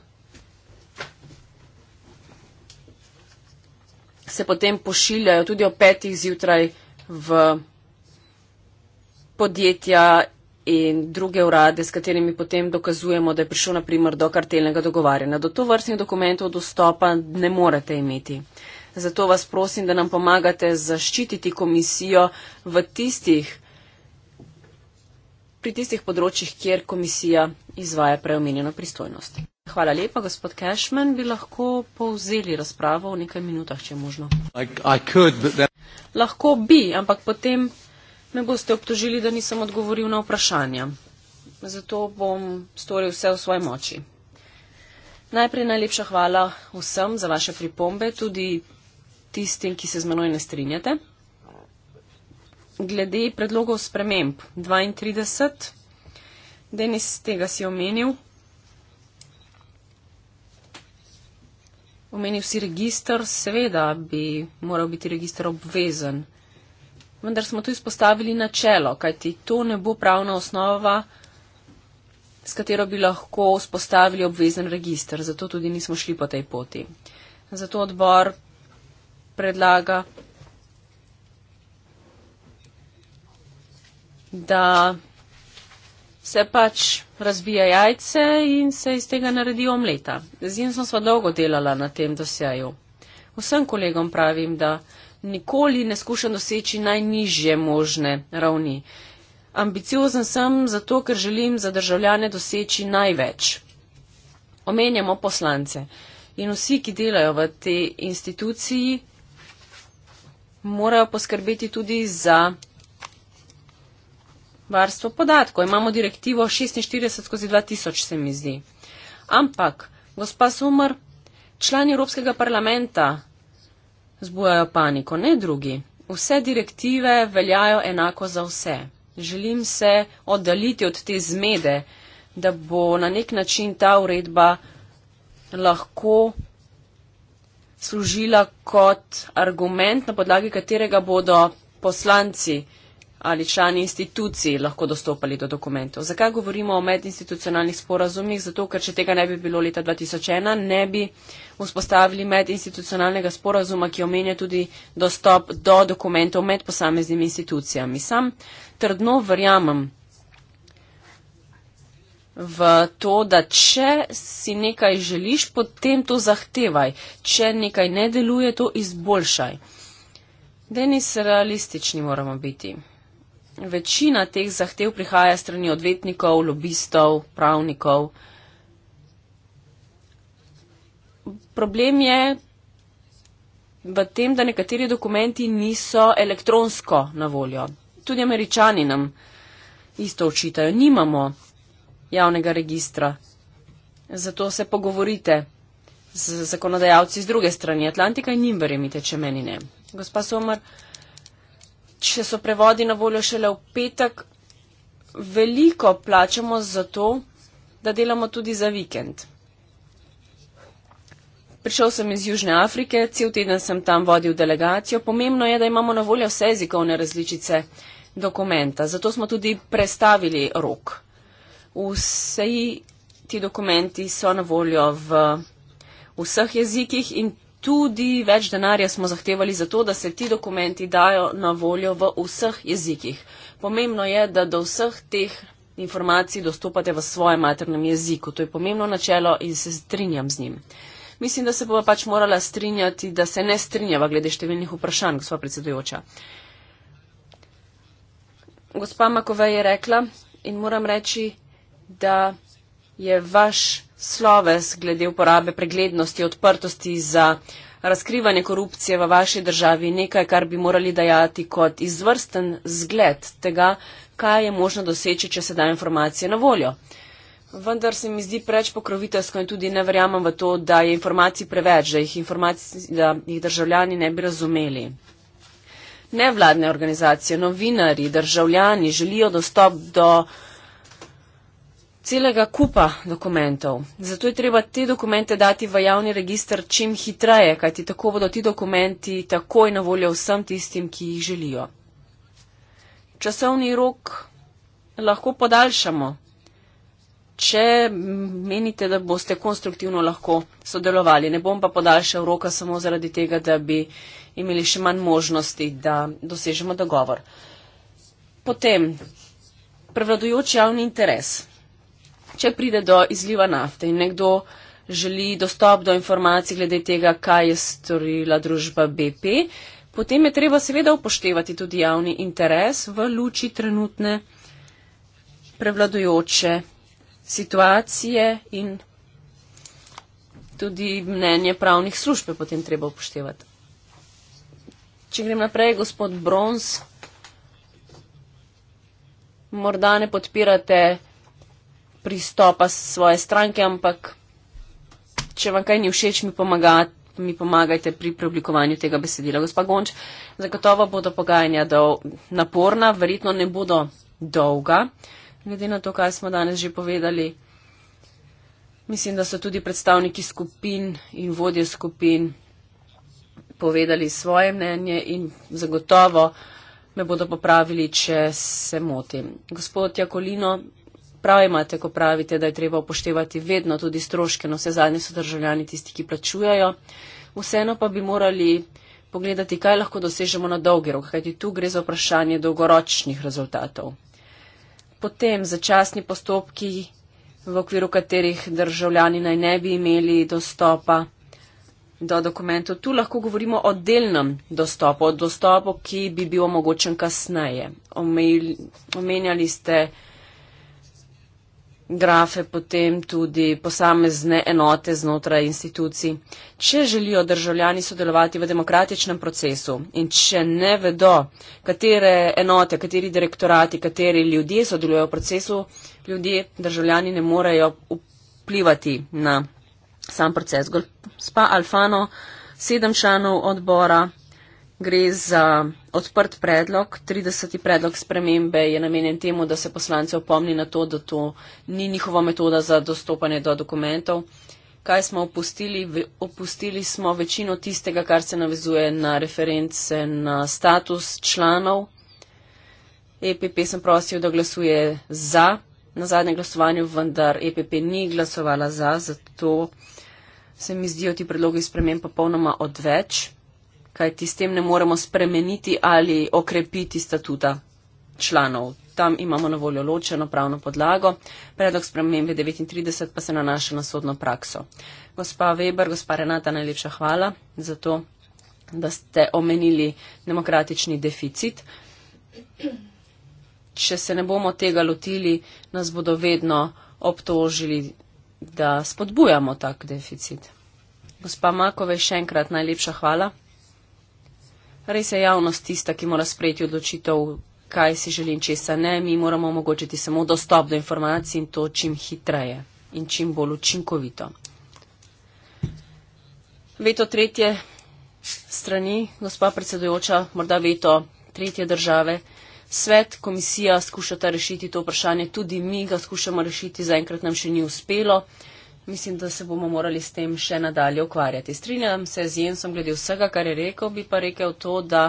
Speaker 1: se potem pošiljajo tudi o petih zjutraj v podjetja in druge urade, s katerimi potem dokazujemo, da je prišlo naprimer do kartelnega dogovarjanja. Do to vrstnih dokumentov dostopa ne morete imeti. Zato vas prosim, da nam pomagate zaščititi komisijo v tistih, pri tistih področjih, kjer komisija izvaja preomenjeno pristojnost. Hvala lepa, gospod Cashman. Bi lahko povzeli razpravo v nekaj minutah, če je možno. I, I could, then... Lahko bi, ampak potem me boste obtožili, da nisem odgovoril na vprašanja. Zato bom storil vse v svoji moči. Najprej najlepša hvala vsem za vaše pripombe, tudi tistim, ki se z menoj ne strinjate. Glede predlogov sprememb 32, Denis, tega si omenil. Omenil si registr, seveda bi moral biti registr obvezen. Vendar smo tu izpostavili načelo, kajti to ne bo pravna osnova, s katero bi lahko vzpostavili obvezen registr. Zato tudi nismo šli po tej poti. Zato odbor predlaga, da se pač razbija jajce in se iz tega naredi omleta. Z njim smo dolgo delala na tem dosjaju. Vsem kolegom pravim, da nikoli ne skušam doseči najnižje možne ravni. Ambiciozen sem zato, ker želim za državljane doseči največ. Omenjamo poslance in vsi, ki delajo v tej instituciji, morajo poskrbeti tudi za varstvo podatkov. Imamo direktivo 46 skozi 2000, se mi zdi. Ampak, gospa Sumr, člani Evropskega parlamenta zbujajo paniko, ne drugi. Vse direktive veljajo enako za vse. Želim se oddaliti od te zmede, da bo na nek način ta uredba lahko služila kot argument, na podlagi katerega bodo poslanci ali člani institucij lahko dostopali do dokumentov. Zakaj govorimo o medinstitucionalnih sporazumih? Zato, ker če tega ne bi bilo leta 2001, ne bi vzpostavili medinstitucionalnega sporazuma, ki omenja tudi dostop do dokumentov med posameznimi institucijami. Sam trdno verjamem, v to, da če si nekaj želiš, potem to zahtevaj. Če nekaj ne deluje, to izboljšaj. Denis, realistični moramo biti. Večina teh zahtev prihaja strani odvetnikov, lobistov, pravnikov. Problem je v tem, da nekateri dokumenti niso elektronsko na voljo. Tudi američani nam isto očitajo. Nimamo javnega registra. Zato se pogovorite z zakonodajalci z druge strani Atlantika in njim verjemite, če meni ne. Gospa Somar, če so prevodi na voljo šele v petek, veliko plačamo za to, da delamo tudi za vikend. Prišel sem iz Južne Afrike, cel teden sem tam vodil delegacijo. Pomembno je, da imamo na voljo vse jezikovne različice dokumenta. Zato smo tudi prestavili rok vsi ti dokumenti so na voljo v vseh jezikih in tudi več denarja smo zahtevali za to, da se ti dokumenti dajo na voljo v vseh jezikih. Pomembno je, da do vseh teh informacij dostopate v svojem maternem jeziku. To je pomembno načelo in se strinjam z njim. Mislim, da se bo pač morala strinjati, da se ne strinjava glede številnih vprašanj, gospa predsedujoča. Gospa Makovej je rekla in moram reči, da je vaš sloves glede uporabe preglednosti, odprtosti za razkrivanje korupcije v vaši državi nekaj, kar bi morali dajati kot izvrsten zgled tega, kaj je možno doseči, če se da informacije na voljo. Vendar se mi zdi preč pokroviteljsko in tudi ne verjamem v to, da je informacij preveč, da jih, da jih državljani ne bi razumeli. Nevladne organizacije, novinari, državljani želijo dostop do celega kupa dokumentov. Zato je treba te dokumente dati v javni registr čim hitreje, kajti tako bodo ti dokumenti takoj na voljo vsem tistim, ki jih želijo. Časovni rok lahko podaljšamo, če menite, da boste konstruktivno lahko sodelovali. Ne bom pa podaljšal roka samo zaradi tega, da bi imeli še manj možnosti, da dosežemo dogovor. Potem, prevladujoč javni interes če pride do izliva nafte in nekdo želi dostop do informacij glede tega, kaj je storila družba BP, potem je treba seveda upoštevati tudi javni interes v luči trenutne prevladojoče situacije in tudi mnenje pravnih služb je potem treba upoštevati. Če grem naprej, gospod Bronz, morda ne podpirate pristopa svoje stranke, ampak če vam kaj ni všeč, mi, pomaga, mi pomagajte pri preoblikovanju tega besedila. Gospa Gonč, zagotovo bodo pogajanja dol naporna, verjetno ne bodo dolga, glede na to, kaj smo danes že povedali. Mislim, da so tudi predstavniki skupin in vodje skupin povedali svoje mnenje in zagotovo me bodo popravili, če se motim. Gospod Jakolino, prav imate, ko pravite, da je treba upoštevati vedno tudi stroške, no vse zadnje so državljani tisti, ki plačujajo. Vseeno pa bi morali pogledati, kaj lahko dosežemo na dolgi rok, kajti tu gre za vprašanje dolgoročnih rezultatov. Potem začasni postopki, v okviru katerih državljani naj ne bi imeli dostopa do dokumentov. Tu lahko govorimo o delnem dostopu, o dostopu, ki bi bil omogočen kasneje. Omenjali ste grafe, potem tudi posamezne enote znotraj institucij. Če želijo državljani sodelovati v demokratičnem procesu in če ne vedo, katere enote, kateri direktorati, kateri ljudje sodelujejo v procesu, ljudje, državljani ne morejo vplivati na sam proces. Gospa Alfano, sedem članov odbora. Gre za odprt predlog. 30. predlog spremembe je namenjen temu, da se poslance opomni na to, da to ni njihova metoda za dostopanje do dokumentov. Kaj smo opustili? Opustili smo večino tistega, kar se navezuje na reference na status članov. EPP sem prosil, da glasuje za na zadnjem glasovanju, vendar EPP ni glasovala za, zato se mi zdijo ti predlogi spremem popolnoma odveč kajti s tem ne moremo spremeniti ali okrepiti statuta članov. Tam imamo na voljo ločeno pravno podlago. Predlog spremembe 39 pa se nanaša na sodno prakso. Gospa Weber, gospa Renata, najlepša hvala za to, da ste omenili demokratični deficit. Če se ne bomo tega lotili, nas bodo vedno obtožili, da spodbujamo tak deficit. Gospa Makove, še enkrat najlepša hvala. Res je javnost tista, ki mora sprejeti odločitev, kaj si želi in česa ne. Mi moramo omogočiti samo dostop do informacij in to čim hitreje in čim bolj učinkovito. Veto tretje strani, gospa predsedujoča, morda veto tretje države. Svet, komisija skušata rešiti to vprašanje, tudi mi ga skušamo rešiti, zaenkrat nam še ni uspelo. Mislim, da se bomo morali s tem še nadalje ukvarjati. Strinjam se z Jensom glede vsega, kar je rekel, bi pa rekel to, da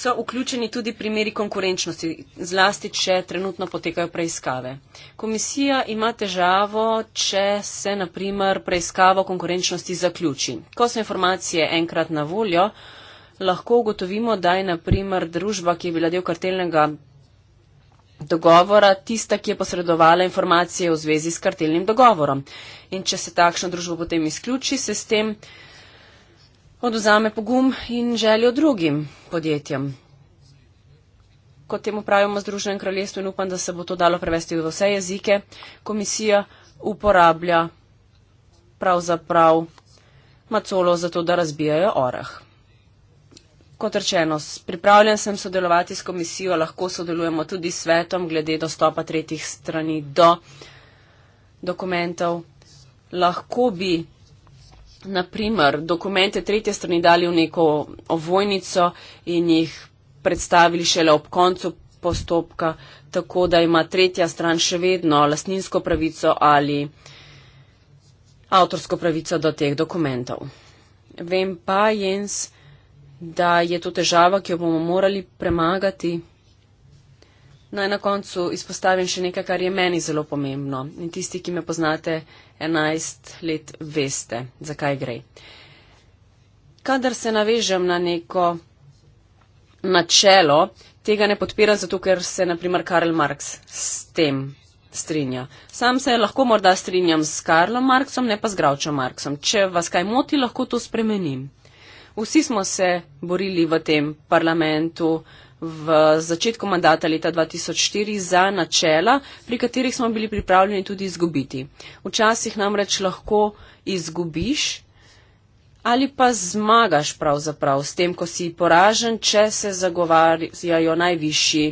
Speaker 1: so vključeni tudi primeri konkurenčnosti, zlasti, če trenutno potekajo preiskave. Komisija ima težavo, če se, na primer, preiskavo konkurenčnosti zaključi. Ko so informacije enkrat na voljo, lahko ugotovimo, da je, na primer, družba, ki je bila del kartelnega dogovora tista, ki je posredovala informacije v zvezi s kartelnim dogovorom. In če se takšna družba potem izključi, se s tem oduzame pogum in željo drugim podjetjem. Kot temu pravimo Združenem kraljestvu in upam, da se bo to dalo prevesti v vse jezike, komisija uporablja pravzaprav macolo za to, da razbijajo orah kot rečeno, pripravljen sem sodelovati s komisijo, lahko sodelujemo tudi s svetom glede dostopa tretjih strani do dokumentov. Lahko bi, naprimer, dokumente tretje strani dali v neko ovojnico in jih predstavili šele ob koncu postopka, tako da ima tretja stran še vedno lastninsko pravico ali avtorsko pravico do teh dokumentov. Vem pa, Jens, da je to težava, ki jo bomo morali premagati. Naj na koncu izpostavim še nekaj, kar je meni zelo pomembno in tisti, ki me poznate 11 let, veste, zakaj gre. Kadar se navežem na neko načelo, tega ne podpiram zato, ker se naprimer Karl Marx s tem strinja. Sam se lahko morda strinjam s Karlom Marxom, ne pa z Gravčom Marxom. Če vas kaj moti, lahko to spremenim. Vsi smo se borili v tem parlamentu v začetku mandata leta 2004 za načela, pri katerih smo bili pripravljeni tudi izgubiti. Včasih namreč lahko izgubiš ali pa zmagaš pravzaprav s tem, ko si poražen, če se zagovarjajo najvišji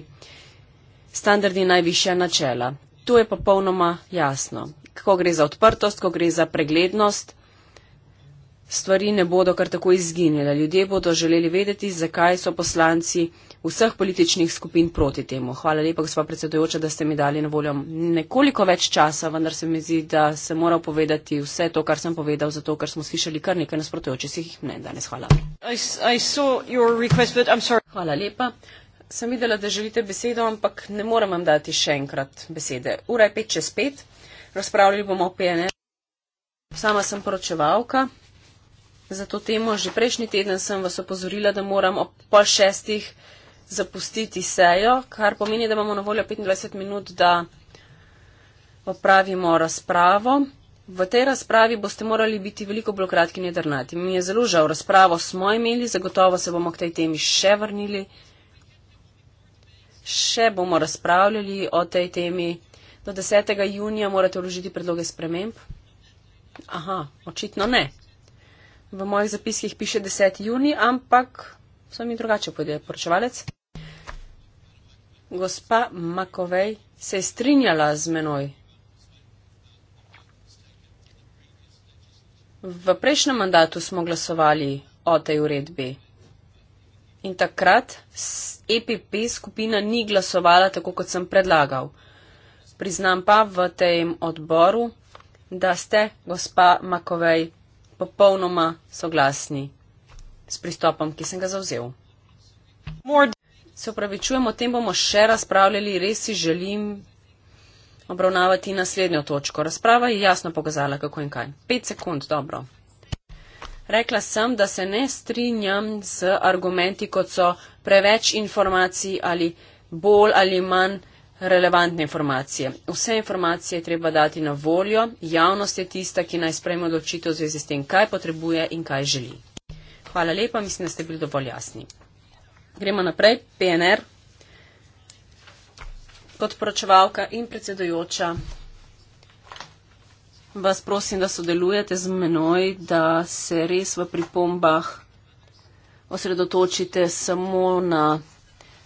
Speaker 1: standardi, najvišja načela. To je popolnoma jasno. Ko gre za odprtost, ko gre za preglednost, stvari ne bodo kar tako izginile. Ljudje bodo želeli vedeti, zakaj so poslanci vseh političnih skupin proti temu. Hvala lepa, gospod predsedujoča, da ste mi dali na voljo nekoliko več časa, vendar se mi zdi, da se mora povedati vse to, kar sem povedal, zato ker smo slišali kar nekaj nasprotujočih mnen danes. Hvala. I, I request, Hvala lepa. Sem videla, da želite besedo, ampak ne morem vam dati še enkrat besede. Ura je 5 čez 5. Razpravljali bomo o PNL. Sama sem poročevalka za to temo. Že prejšnji teden sem vas opozorila, da moram ob pol šestih zapustiti sejo, kar pomeni, da bomo na voljo 25 minut, da opravimo razpravo. V tej razpravi boste morali biti veliko bolj kratki in jedrnati. Mi je zelo žal, razpravo smo imeli, zagotovo se bomo k tej temi še vrnili. Še bomo razpravljali o tej temi. Do 10. junija morate vložiti predloge sprememb. Aha, očitno ne v mojih zapiskih piše 10. juni, ampak so mi drugače povedali poročevalec. Gospa Makovej se je strinjala z menoj. V prejšnjem mandatu smo glasovali o tej uredbi. In takrat EPP skupina ni glasovala tako, kot sem predlagal. Priznam pa v tem odboru, da ste, gospa Makovej, popolnoma soglasni s pristopom, ki sem ga zauzel. Se upravičujem, o tem bomo še razpravljali, res si želim obravnavati naslednjo točko. Razprava je jasno pokazala, kako in kaj. Pet sekund, dobro. Rekla sem, da se ne strinjam z argumenti, kot so preveč informacij ali bolj ali manj relevantne informacije. Vse informacije je treba dati na voljo, javnost je tista, ki naj sprejme odločitev v zvezi s tem, kaj potrebuje in kaj želi. Hvala lepa, mislim, da ste bili dovolj jasni. Gremo naprej. PNR. Kot poročevalka in predsedojoča vas prosim, da sodelujete z menoj, da se res v pripombah osredotočite samo na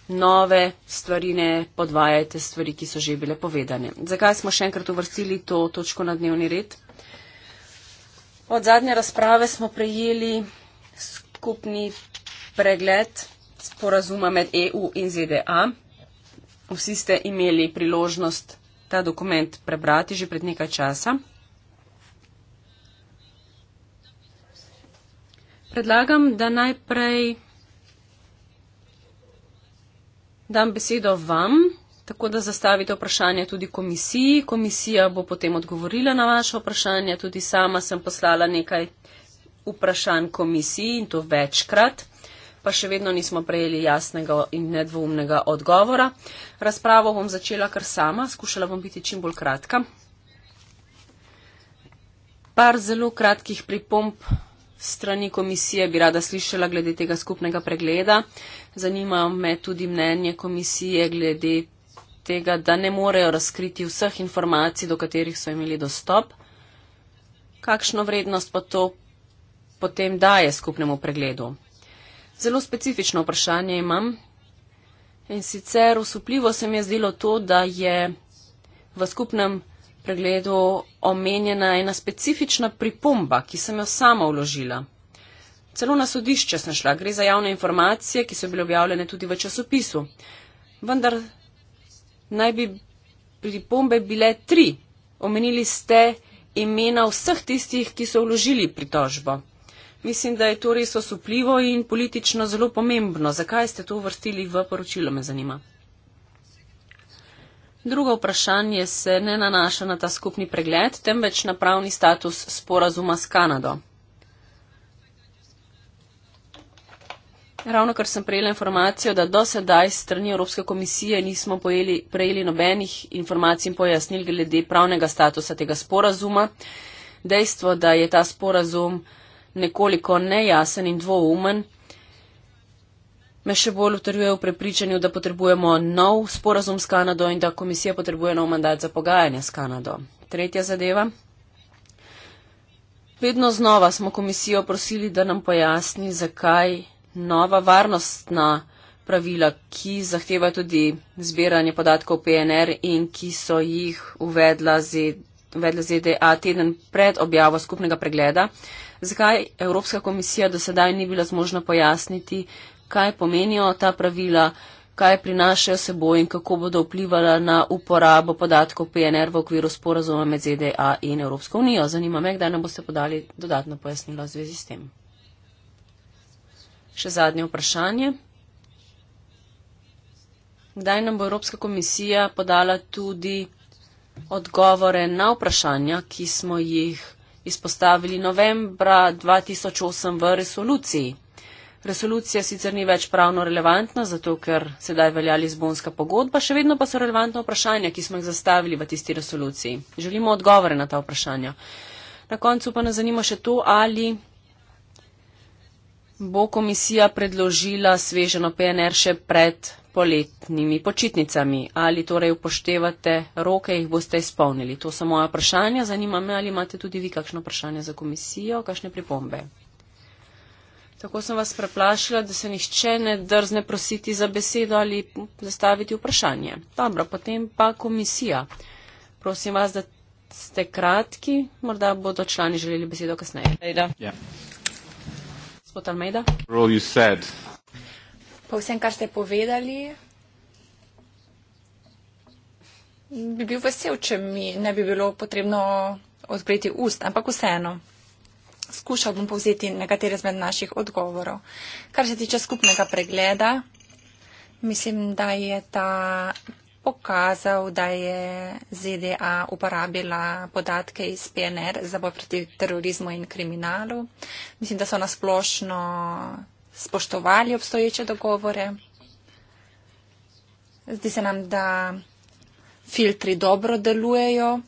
Speaker 1: nove stvari, ne podvajajte stvari, ki so že bile povedane. Zakaj smo še enkrat uvrstili to točko na dnevni red? Od zadnje razprave smo prejeli skupni pregled sporazuma med EU in ZDA. Vsi ste imeli priložnost ta dokument prebrati že pred nekaj časa. Predlagam, da najprej Dam besedo vam, tako da zastavite vprašanje tudi komisiji. Komisija bo potem odgovorila na vaše vprašanje. Tudi sama sem poslala nekaj vprašanj komisiji in to večkrat, pa še vedno nismo prejeli jasnega in nedvoumnega odgovora. Razpravo bom začela kar sama, skušala bom biti čim bolj kratka. Par zelo kratkih pripomp strani komisije bi rada slišala glede tega skupnega pregleda. Zanima me tudi mnenje komisije glede tega, da ne morejo razkriti vseh informacij, do katerih so imeli dostop. Kakšno vrednost pa to potem daje skupnemu pregledu? Zelo specifično vprašanje imam. In sicer usupljivo se mi je zdelo to, da je v skupnem pregledu omenjena ena specifična pripomba, ki sem jo sama vložila. Celo na sodišče sem šla, gre za javne informacije, ki so bile objavljene tudi v časopisu. Vendar naj bi pripombe bile tri. Omenili ste imena vseh tistih, ki so vložili pritožbo. Mislim, da je to res osupljivo in politično zelo pomembno. Zakaj ste to vrstili v poročilo, me zanima. Drugo vprašanje se ne nanaša na ta skupni pregled, temveč na pravni status sporazuma s Kanado. Ravno kar sem prejela informacijo, da do sedaj strani Evropske komisije nismo pojeli, prejeli nobenih informacij in pojasnil glede pravnega statusa tega sporazuma. Dejstvo, da je ta sporazum nekoliko nejasen in dvoumen, me še bolj utrjuje v prepričanju, da potrebujemo nov sporazum s Kanado in da komisija potrebuje nov mandat za pogajanje s Kanado. Tretja zadeva. Vedno znova smo komisijo prosili, da nam pojasni, zakaj nova varnostna pravila, ki zahteva tudi zbiranje podatkov PNR in ki so jih uvedla z uvedla ZDA teden pred objavo skupnega pregleda. Zakaj Evropska komisija do sedaj ni bila zmožna pojasniti, kaj pomenijo ta pravila, kaj prinašajo seboj in kako bodo vplivala na uporabo podatkov PNR v okviru sporazuma med ZDA in Evropsko unijo. Zanima me, kdaj nam boste podali dodatno pojasnilo v zvezi s tem. Še zadnje vprašanje. Kdaj nam bo Evropska komisija podala tudi odgovore na vprašanja, ki smo jih izpostavili novembra 2008 v resoluciji? Resolucija sicer ni več pravno relevantna, zato ker sedaj velja Lizbonska pogodba, še vedno pa so relevantna vprašanja, ki smo jih zastavili v tisti resoluciji. Želimo odgovore na ta vprašanja. Na koncu pa nas zanima še to, ali bo komisija predložila sveženo PNR še pred poletnimi počitnicami. Ali torej upoštevate roke, jih boste izpolnili? To so moja vprašanja. Zanima me, ali imate tudi vi kakšno vprašanje za komisijo, kakšne pripombe. Tako sem vas preplašila, da se nihče ne drzne prositi za besedo ali zastaviti vprašanje. Dobro, potem pa komisija. Prosim vas, da ste kratki, morda bodo člani želeli besedo kasneje. Ja gospod Almeida. Pa vsem, kar
Speaker 2: ste povedali, bi bil vesel, če mi ne bi bilo potrebno odpreti ust, ampak vseeno. Skušal bom povzeti nekatere zmed naših odgovorov. Kar se tiče skupnega pregleda, mislim, da je ta pokazal, da je ZDA uporabila podatke iz PNR za boj proti terorizmu in kriminalu. Mislim, da so nasplošno spoštovali obstoječe dogovore. Zdi se nam, da filtri dobro delujejo,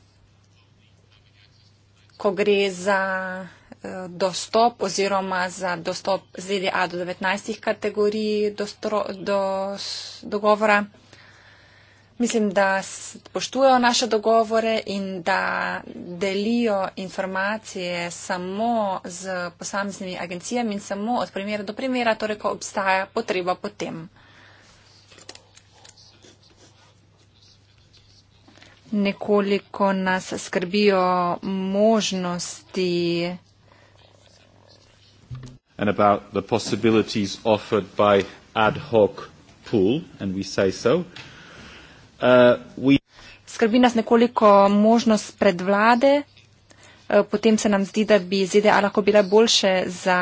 Speaker 2: ko gre za eh, dostop oziroma za dostop ZDA do 19 kategorij dostro, do, dogovora. Mislim, da poštujejo naše dogovore in da delijo informacije samo z posameznimi agencijami in samo od primera do primera, torej ko obstaja potreba potem. Nekoliko nas skrbijo možnosti.
Speaker 3: And about the possibilities offered by ad hoc pool, and we say so. Uh, Uh, Skrbi nas nekoliko
Speaker 2: možnost predvlade, uh, potem se nam zdi, da bi ZDA lahko bila boljše za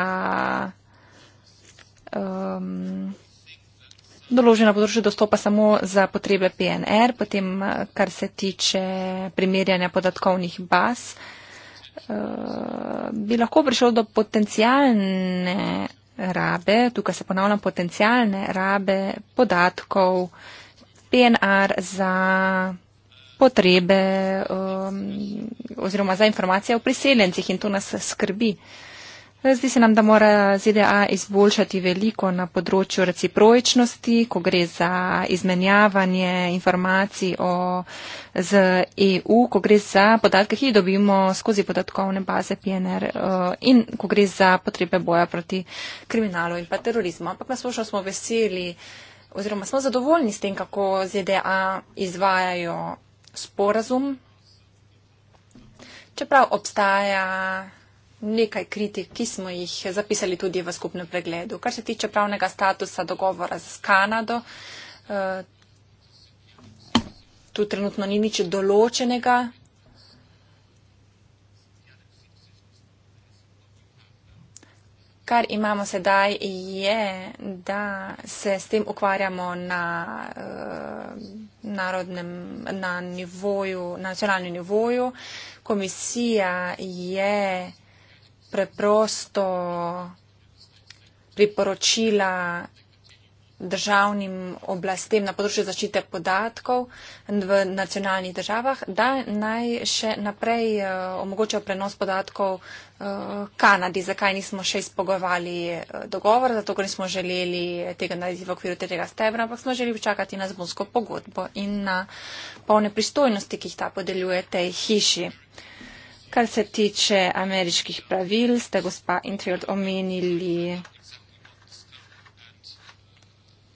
Speaker 2: um, doloženo področje dostopa samo za potrebe PNR, potem uh, kar se tiče primerjanja podatkovnih baz, bi lahko prišlo do potencijalne rabe, tukaj se ponavljam, potencijalne rabe podatkov, PNR za potrebe um, oziroma za informacije o priseljencih in to nas skrbi. Zdi se nam, da mora ZDA izboljšati veliko na področju recipročnosti, ko gre za izmenjavanje informacij o, z EU, ko gre za podatke, ki jih dobimo skozi podatkovne baze PNR uh, in ko gre za potrebe boja proti kriminalu in pa terorizmu. Ampak nasplošno smo veseli, oziroma smo zadovoljni s tem, kako ZDA izvajajo sporazum. Čeprav obstaja nekaj kritik, ki smo jih zapisali tudi v skupnem pregledu. Kar se tiče pravnega statusa dogovora z Kanado, eh, tu trenutno ni nič določenega, kar imamo sedaj, je, da se s tem ukvarjamo na, uh, narodnem, na nivoju, nacionalnem nivoju. Komisija je preprosto priporočila državnim oblastem na področju zaščite podatkov v nacionalnih državah, da naj še naprej eh, omogočajo prenos podatkov eh, Kanadi, zakaj nismo še izpogovali eh, dogovor, zato ker nismo želeli tega narediti v okviru tega stebra, ampak smo želeli počakati na zbunsko pogodbo in na polne pristojnosti, ki jih ta podeljuje tej hiši. Kar se tiče ameriških pravil, ste gospa Intriot omenili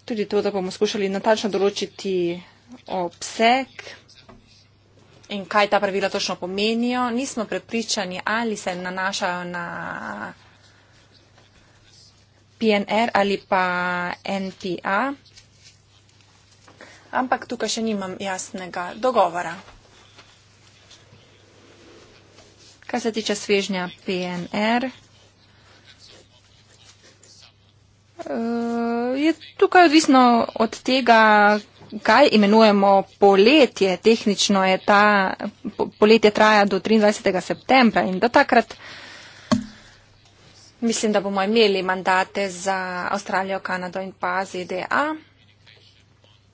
Speaker 2: tudi to, da bomo skušali natančno določiti obseg in kaj ta pravila točno pomenijo. Nismo prepričani, ali se nanašajo na PNR ali pa NPA. Ampak tukaj še nimam jasnega dogovora. Kar se tiče svežnja PNR. Eh, je tukaj odvisno od tega, kaj imenujemo poletje. Tehnično je ta poletje traja do 23. septembra in do takrat mislim, da bomo imeli mandate za Avstralijo, Kanado in pa ZDA.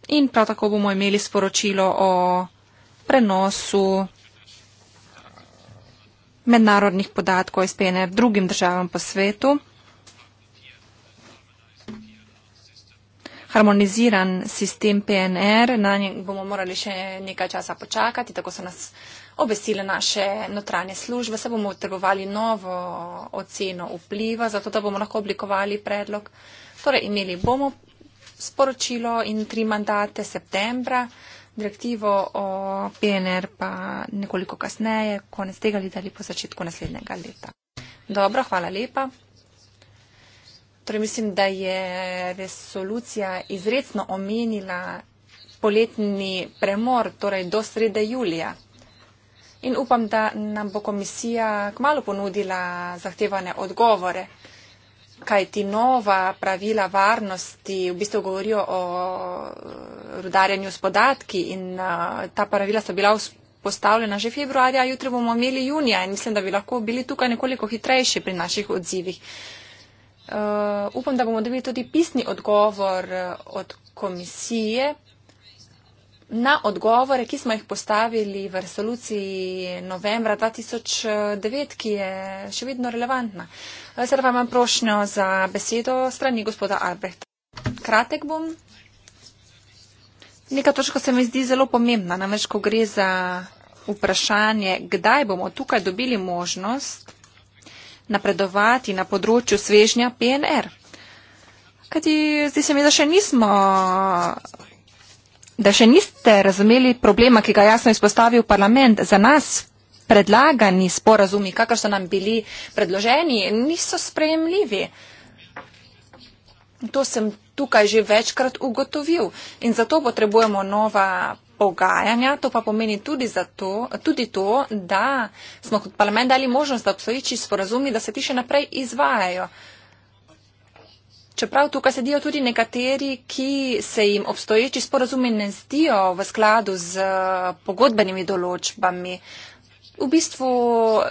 Speaker 2: In prav tako bomo imeli sporočilo o prenosu mednarodnih podatkov iz PNR drugim državam po svetu. harmoniziran sistem PNR, na njem bomo morali še nekaj časa počakati, tako so nas obesile naše notranje službe, se bomo trgovali novo oceno vpliva, zato da bomo lahko oblikovali predlog. Torej, imeli bomo sporočilo in tri mandate septembra, direktivo o PNR pa nekoliko kasneje, konec tega leta ali po začetku naslednjega leta. Dobro, hvala lepa. Torej, mislim, da je resolucija izredno omenila poletni premor, torej do srede julija. In upam, da nam bo komisija kmalo ponudila zahtevane odgovore, kaj ti nova pravila varnosti v bistvu govorijo o eh, rudarjenju s podatki in eh, ta pravila so bila postavljena že februarja, jutri bomo imeli junija in mislim, da bi lahko bili tukaj nekoliko hitrejši pri naših odzivih. Uh, upam, da bomo dobili tudi pisni odgovor uh, od komisije na odgovore, ki smo jih postavili v resoluciji novembra 2009, ki je še vedno relevantna. Zdaj uh, vam imam prošnjo za besedo strani gospoda Albrehta. Kratek bom. Neka točka se mi zdi zelo pomembna, namreč ko gre za vprašanje, kdaj bomo tukaj dobili možnost napredovati na področju svežnja PNR. Kajti zdi se mi, da še nismo, da še niste razumeli problema, ki ga jasno izpostavil parlament za nas. Predlagani sporazumi, kakor so nam bili predloženi, niso sprejemljivi. To sem tukaj že večkrat ugotovil in zato potrebujemo nova pogajanja, to pa pomeni tudi, zato, tudi to, da smo kot parlament dali možnost, da obstoječi sporazumi, da se ti še naprej izvajajo. Čeprav tukaj sedijo tudi nekateri, ki se jim obstoječi sporazumi ne zdijo v skladu z eh, pogodbenimi določbami. V bistvu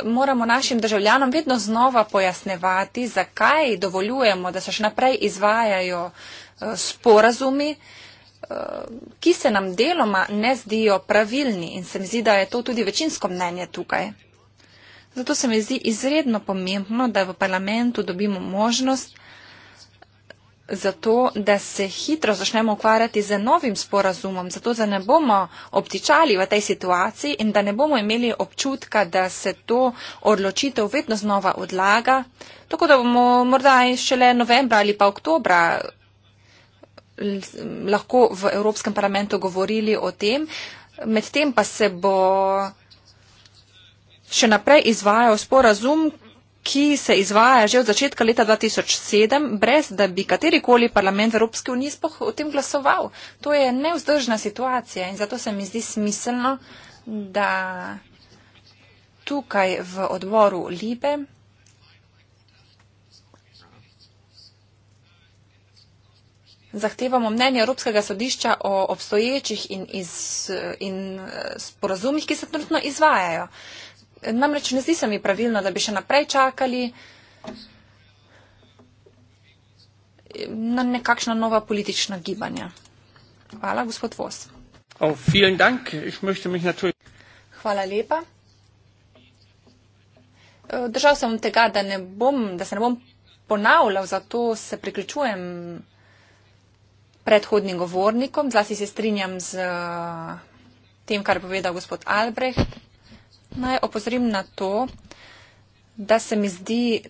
Speaker 2: moramo našim državljanom vedno znova pojasnevati, zakaj dovoljujemo, da se še naprej izvajajo eh, sporazumi ki se nam deloma ne zdijo pravilni in se mi zdi, da je to tudi večinsko mnenje tukaj. Zato se mi zdi izredno pomembno, da v parlamentu dobimo možnost za to, da se hitro začnemo ukvarjati z novim sporazumom, zato da ne bomo obtičali v tej situaciji in da ne bomo imeli občutka, da se to odločitev vedno znova odlaga, tako da bomo morda šele novembra ali pa oktobra lahko v Evropskem parlamentu govorili o tem. Medtem pa se bo še naprej izvajal sporazum, ki se izvaja že od začetka leta 2007, brez da bi katerikoli parlament v Evropski uniji spoh o tem glasoval. To je neuzdržna situacija in zato se mi zdi smiselno, da tukaj v odboru Libe zahtevamo mnenje Evropskega sodišča o obstoječih in, iz, in eh, sporozumih, ki se trenutno izvajajo. Namreč ne zdi se mi pravilno, da bi še naprej čakali na nekakšna nova politična gibanja. Hvala, gospod Vos. Oh, Hvala lepa. Eh, držal sem tega, da, ne bom, da se ne bom ponavljal, zato se priključujem predhodnim govornikom, zlasti se strinjam z eh, tem, kar je povedal gospod Albrecht. Naj opozorim na to, da se mi zdi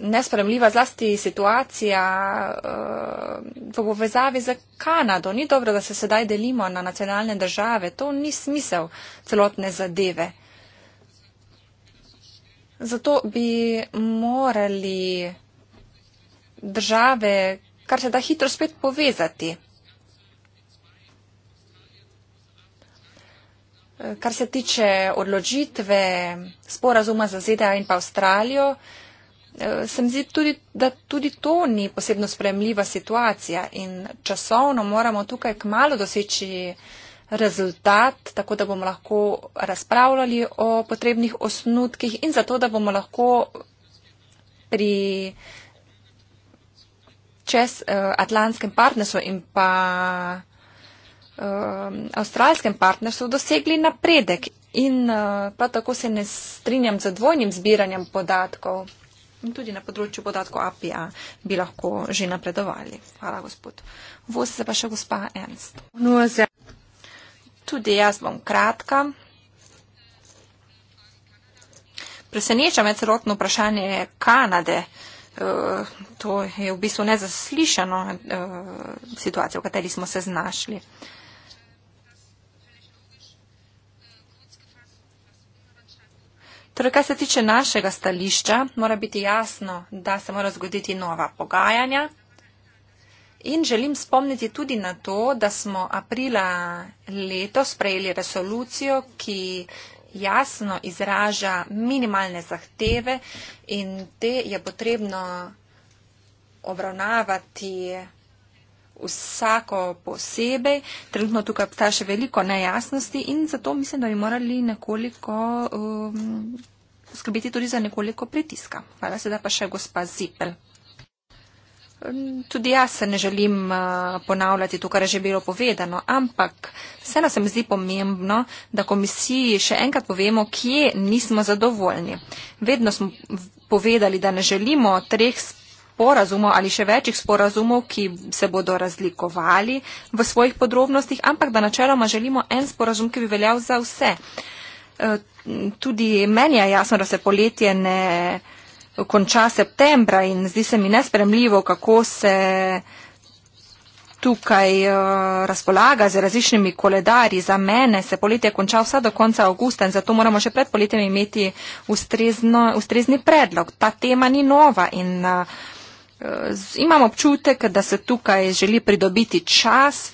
Speaker 2: nespremljiva zlasti situacija eh, v povezavi z Kanado. Ni dobro, da se sedaj delimo na nacionalne države. To ni smisel celotne zadeve. Zato bi morali države, kar se da hitro spet povezati. Kar se tiče odločitve sporazuma za ZDA in pa Avstralijo, sem zdi tudi, da tudi to ni posebno spremljiva situacija in časovno moramo tukaj k malo doseči rezultat, tako da bomo lahko razpravljali o potrebnih osnutkih in zato, da bomo lahko pri čez uh, Atlantskem partnerstvu in pa uh, Avstralskem partnerstvu dosegli napredek in uh, eh, pa tako se ne strinjam z dvojnim zbiranjem podatkov in tudi na področju podatkov APA bi lahko že napredovali. Hvala, gospod. Vosi se pa še gospa Ernst. Tudi jaz bom kratka. Preseneča me celotno vprašanje Kanade. Uh, Eh, to je v bistvu nezaslišano eh, situacija, v kateri smo se znašli. Torej, kaj se tiče našega stališča, mora biti jasno, da se mora zgoditi nova pogajanja. In želim spomniti tudi na to, da smo aprila letos sprejeli resolucijo, ki jasno izraža minimalne zahteve in te je potrebno obravnavati vsako posebej. Trenutno tukaj pa še veliko nejasnosti in zato mislim, da bi morali nekoliko um, skrbiti tudi za nekoliko pritiska. Hvala sedaj pa še gospa Zipel. Tudi jaz se ne želim uh, ponavljati to, kar je že bilo povedano, ampak vseeno se mi zdi pomembno, da komisiji še enkrat povemo, kje nismo zadovoljni. Vedno smo povedali, da ne želimo treh sporazumov ali še večjih sporazumov, ki se bodo razlikovali v svojih podrobnostih, ampak da načeloma želimo en sporazum, ki bi veljal za vse. Uh, tudi meni je jasno, da se poletje ne konča septembra in zdi se mi nespremljivo, kako se tukaj eh, razpolaga z različnimi koledarji. Za mene se poletje konča vsa do konca avgusta in zato moramo še pred poletjem imeti ustrezno, ustrezni predlog. Ta tema ni nova in eh, imam občutek, da se tukaj želi pridobiti čas.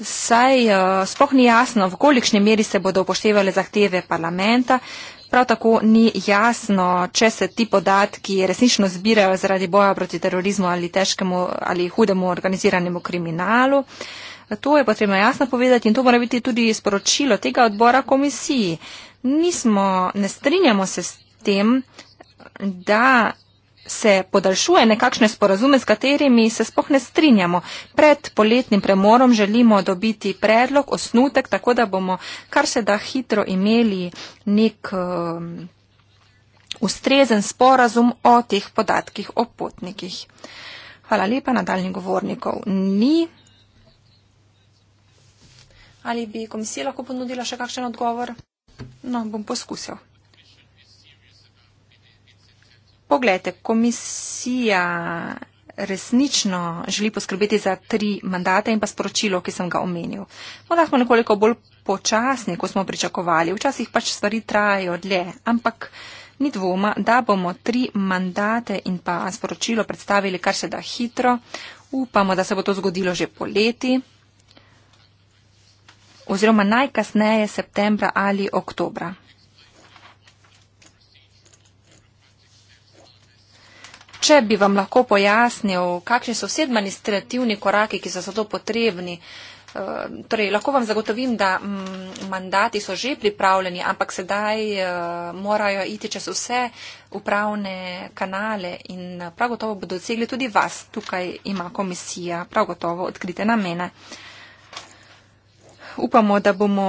Speaker 2: Saj uh, eh, spoh ni jasno, v kolikšni meri se bodo upoštevali zahteve parlamenta, Prav tako ni jasno, če se ti podatki resnično zbirajo zaradi boja proti terorizmu ali težkemu ali hudemu organiziranemu kriminalu. To je potrebno jasno povedati in to mora biti tudi sporočilo tega odbora komisiji. Nismo, ne strinjamo se s tem, da se podaljšuje nekakšne sporazume, s katerimi se spoh ne strinjamo. Pred poletnim premorom želimo dobiti predlog, osnutek, tako da bomo kar se da hitro imeli nek um, ustrezen sporazum o teh podatkih o potnikih. Hvala lepa nadaljnjih govornikov. Ni. Ali bi komisija lahko ponudila še kakšen odgovor? No, bom poskusil. Poglejte, komisija resnično želi poskrbeti za tri mandate in pa sporočilo, ki sem ga omenil. Morda smo nekoliko bolj počasni, kot smo pričakovali. Včasih pač stvari trajajo dlje, ampak ni dvoma, da bomo tri mandate in pa sporočilo predstavili kar se da hitro. Upamo, da se bo to zgodilo že poleti oziroma najkasneje septembra ali oktobra. Če bi vam lahko pojasnil, kakšni so vsi administrativni koraki, ki so za to potrebni. Eh, torej, lahko vam zagotovim, da mm, mandati so že pripravljeni, ampak sedaj eh, morajo iti čez vse upravne kanale in eh, prav gotovo bodo dosegli tudi vas. Tukaj ima komisija prav gotovo odkrite namene. Upamo, da bomo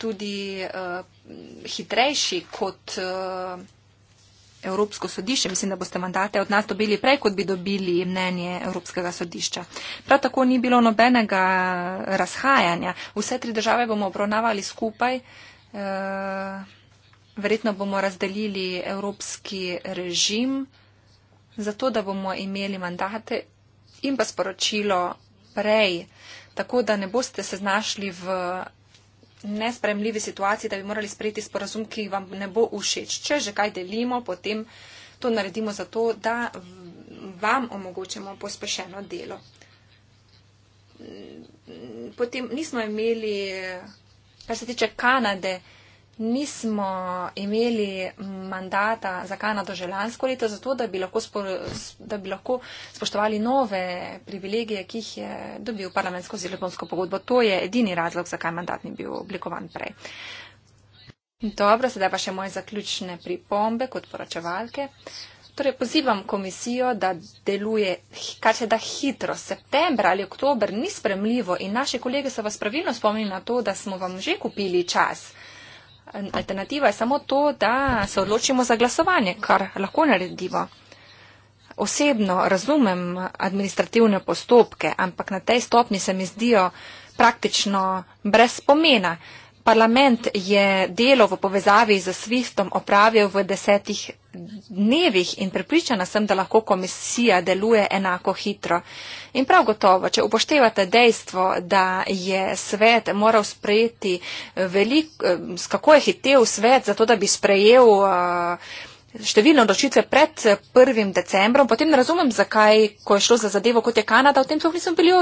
Speaker 2: tudi uh, hitrejši kot. Uh, Evropsko sodišče, mislim, da boste mandate od nas dobili prej, kot bi dobili mnenje Evropskega sodišča. Prav tako ni bilo nobenega razhajanja. Vse tri države bomo obravnavali skupaj. Eh, verjetno bomo razdelili evropski režim, zato da bomo imeli mandate in pa sporočilo prej, tako da ne boste se znašli v nespremljivi situaciji, da bi morali sprejeti sporazum, ki vam ne bo všeč. Če že kaj delimo, potem to naredimo zato, da vam omogočimo pospešeno delo. Potem nismo imeli, kar se tiče Kanade, nismo imeli mandata za Kanado že lansko leto, zato da bi, lahko spo, da bi lahko spoštovali nove privilegije, ki jih je dobil parlament skozi Lepomsko pogodbo. To je edini razlog, zakaj mandat ni bil oblikovan prej. Dobro, sedaj pa še moje zaključne pripombe kot poročevalke. Torej, pozivam komisijo, da deluje, kar se da hitro, september ali oktober ni spremljivo in naše kolege so vas pravilno spomnili na to, da smo vam že kupili čas alternativa je samo to, da se odločimo za glasovanje, kar lahko naredimo. Osebno razumem administrativne postopke, ampak na tej stopni se mi zdijo praktično brez pomena. Parlament je delo v povezavi z SWIFT-om opravil v desetih dnevih in prepričana sem, da lahko komisija deluje enako hitro. In prav gotovo, če upoštevate dejstvo, da je svet moral sprejeti veliko, eh, s kako je hitel svet, zato da bi sprejel eh, številne odločitve pred 1. Eh, decembrom, potem ne razumem, zakaj, ko je šlo za zadevo, kot je Kanada, o tem sploh nisem bili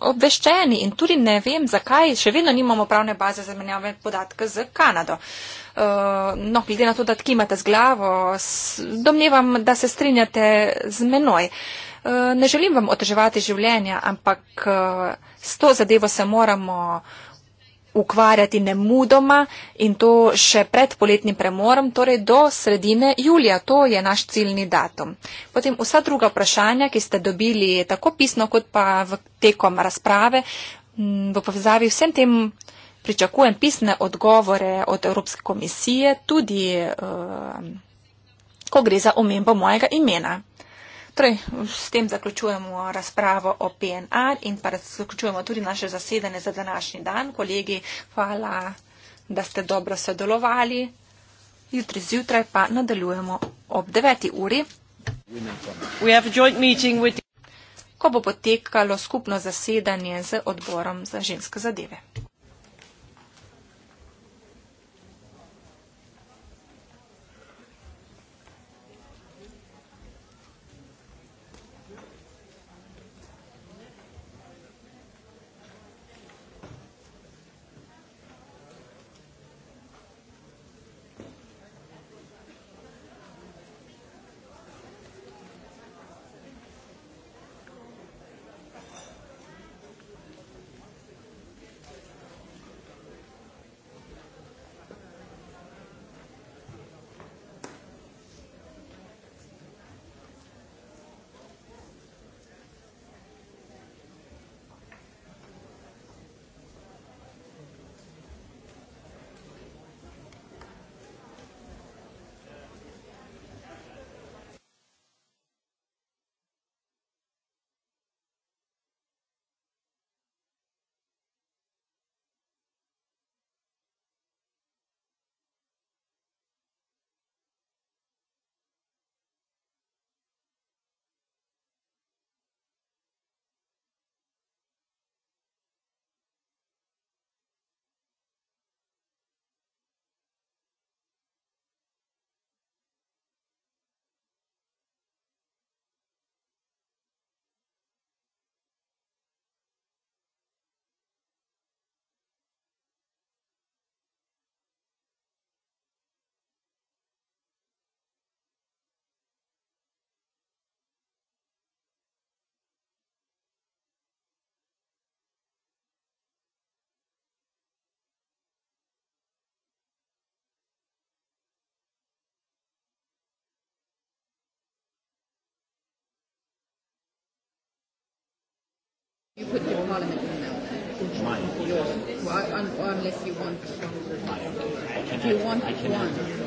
Speaker 2: obveščeni in tudi ne vem, zakaj še vedno nimamo pravne baze za menjave podatke z Kanado. Eh, no, glede na to, da kimate z glavo, domnevam, da se strinjate z menoj. Eh, ne želim vam oteževati življenja, ampak eh, s to zadevo se moramo ukvarjati nemudoma in to še pred poletnim premorom, torej do sredine julija. To je naš ciljni datum. Potem vsa druga vprašanja, ki ste dobili tako pisno kot pa v tekom razprave, v povezavi vsem tem pričakujem pisne odgovore od Evropske komisije, tudi eh, ko gre za omembo mojega imena. Torej, s tem zaključujemo razpravo o PNR in pa zaključujemo tudi naše zasedanje za današnji dan. Kolegi, hvala, da ste dobro sodelovali. Jutri zjutraj pa nadaljujemo ob 9. uri. Ko bo potekalo skupno zasedanje z odborom za ženske zadeve.
Speaker 3: You put your parliament in now. Mine. Yours. Well, I, I'm, well, unless you want. I, I can, if you I, want I can one. Have.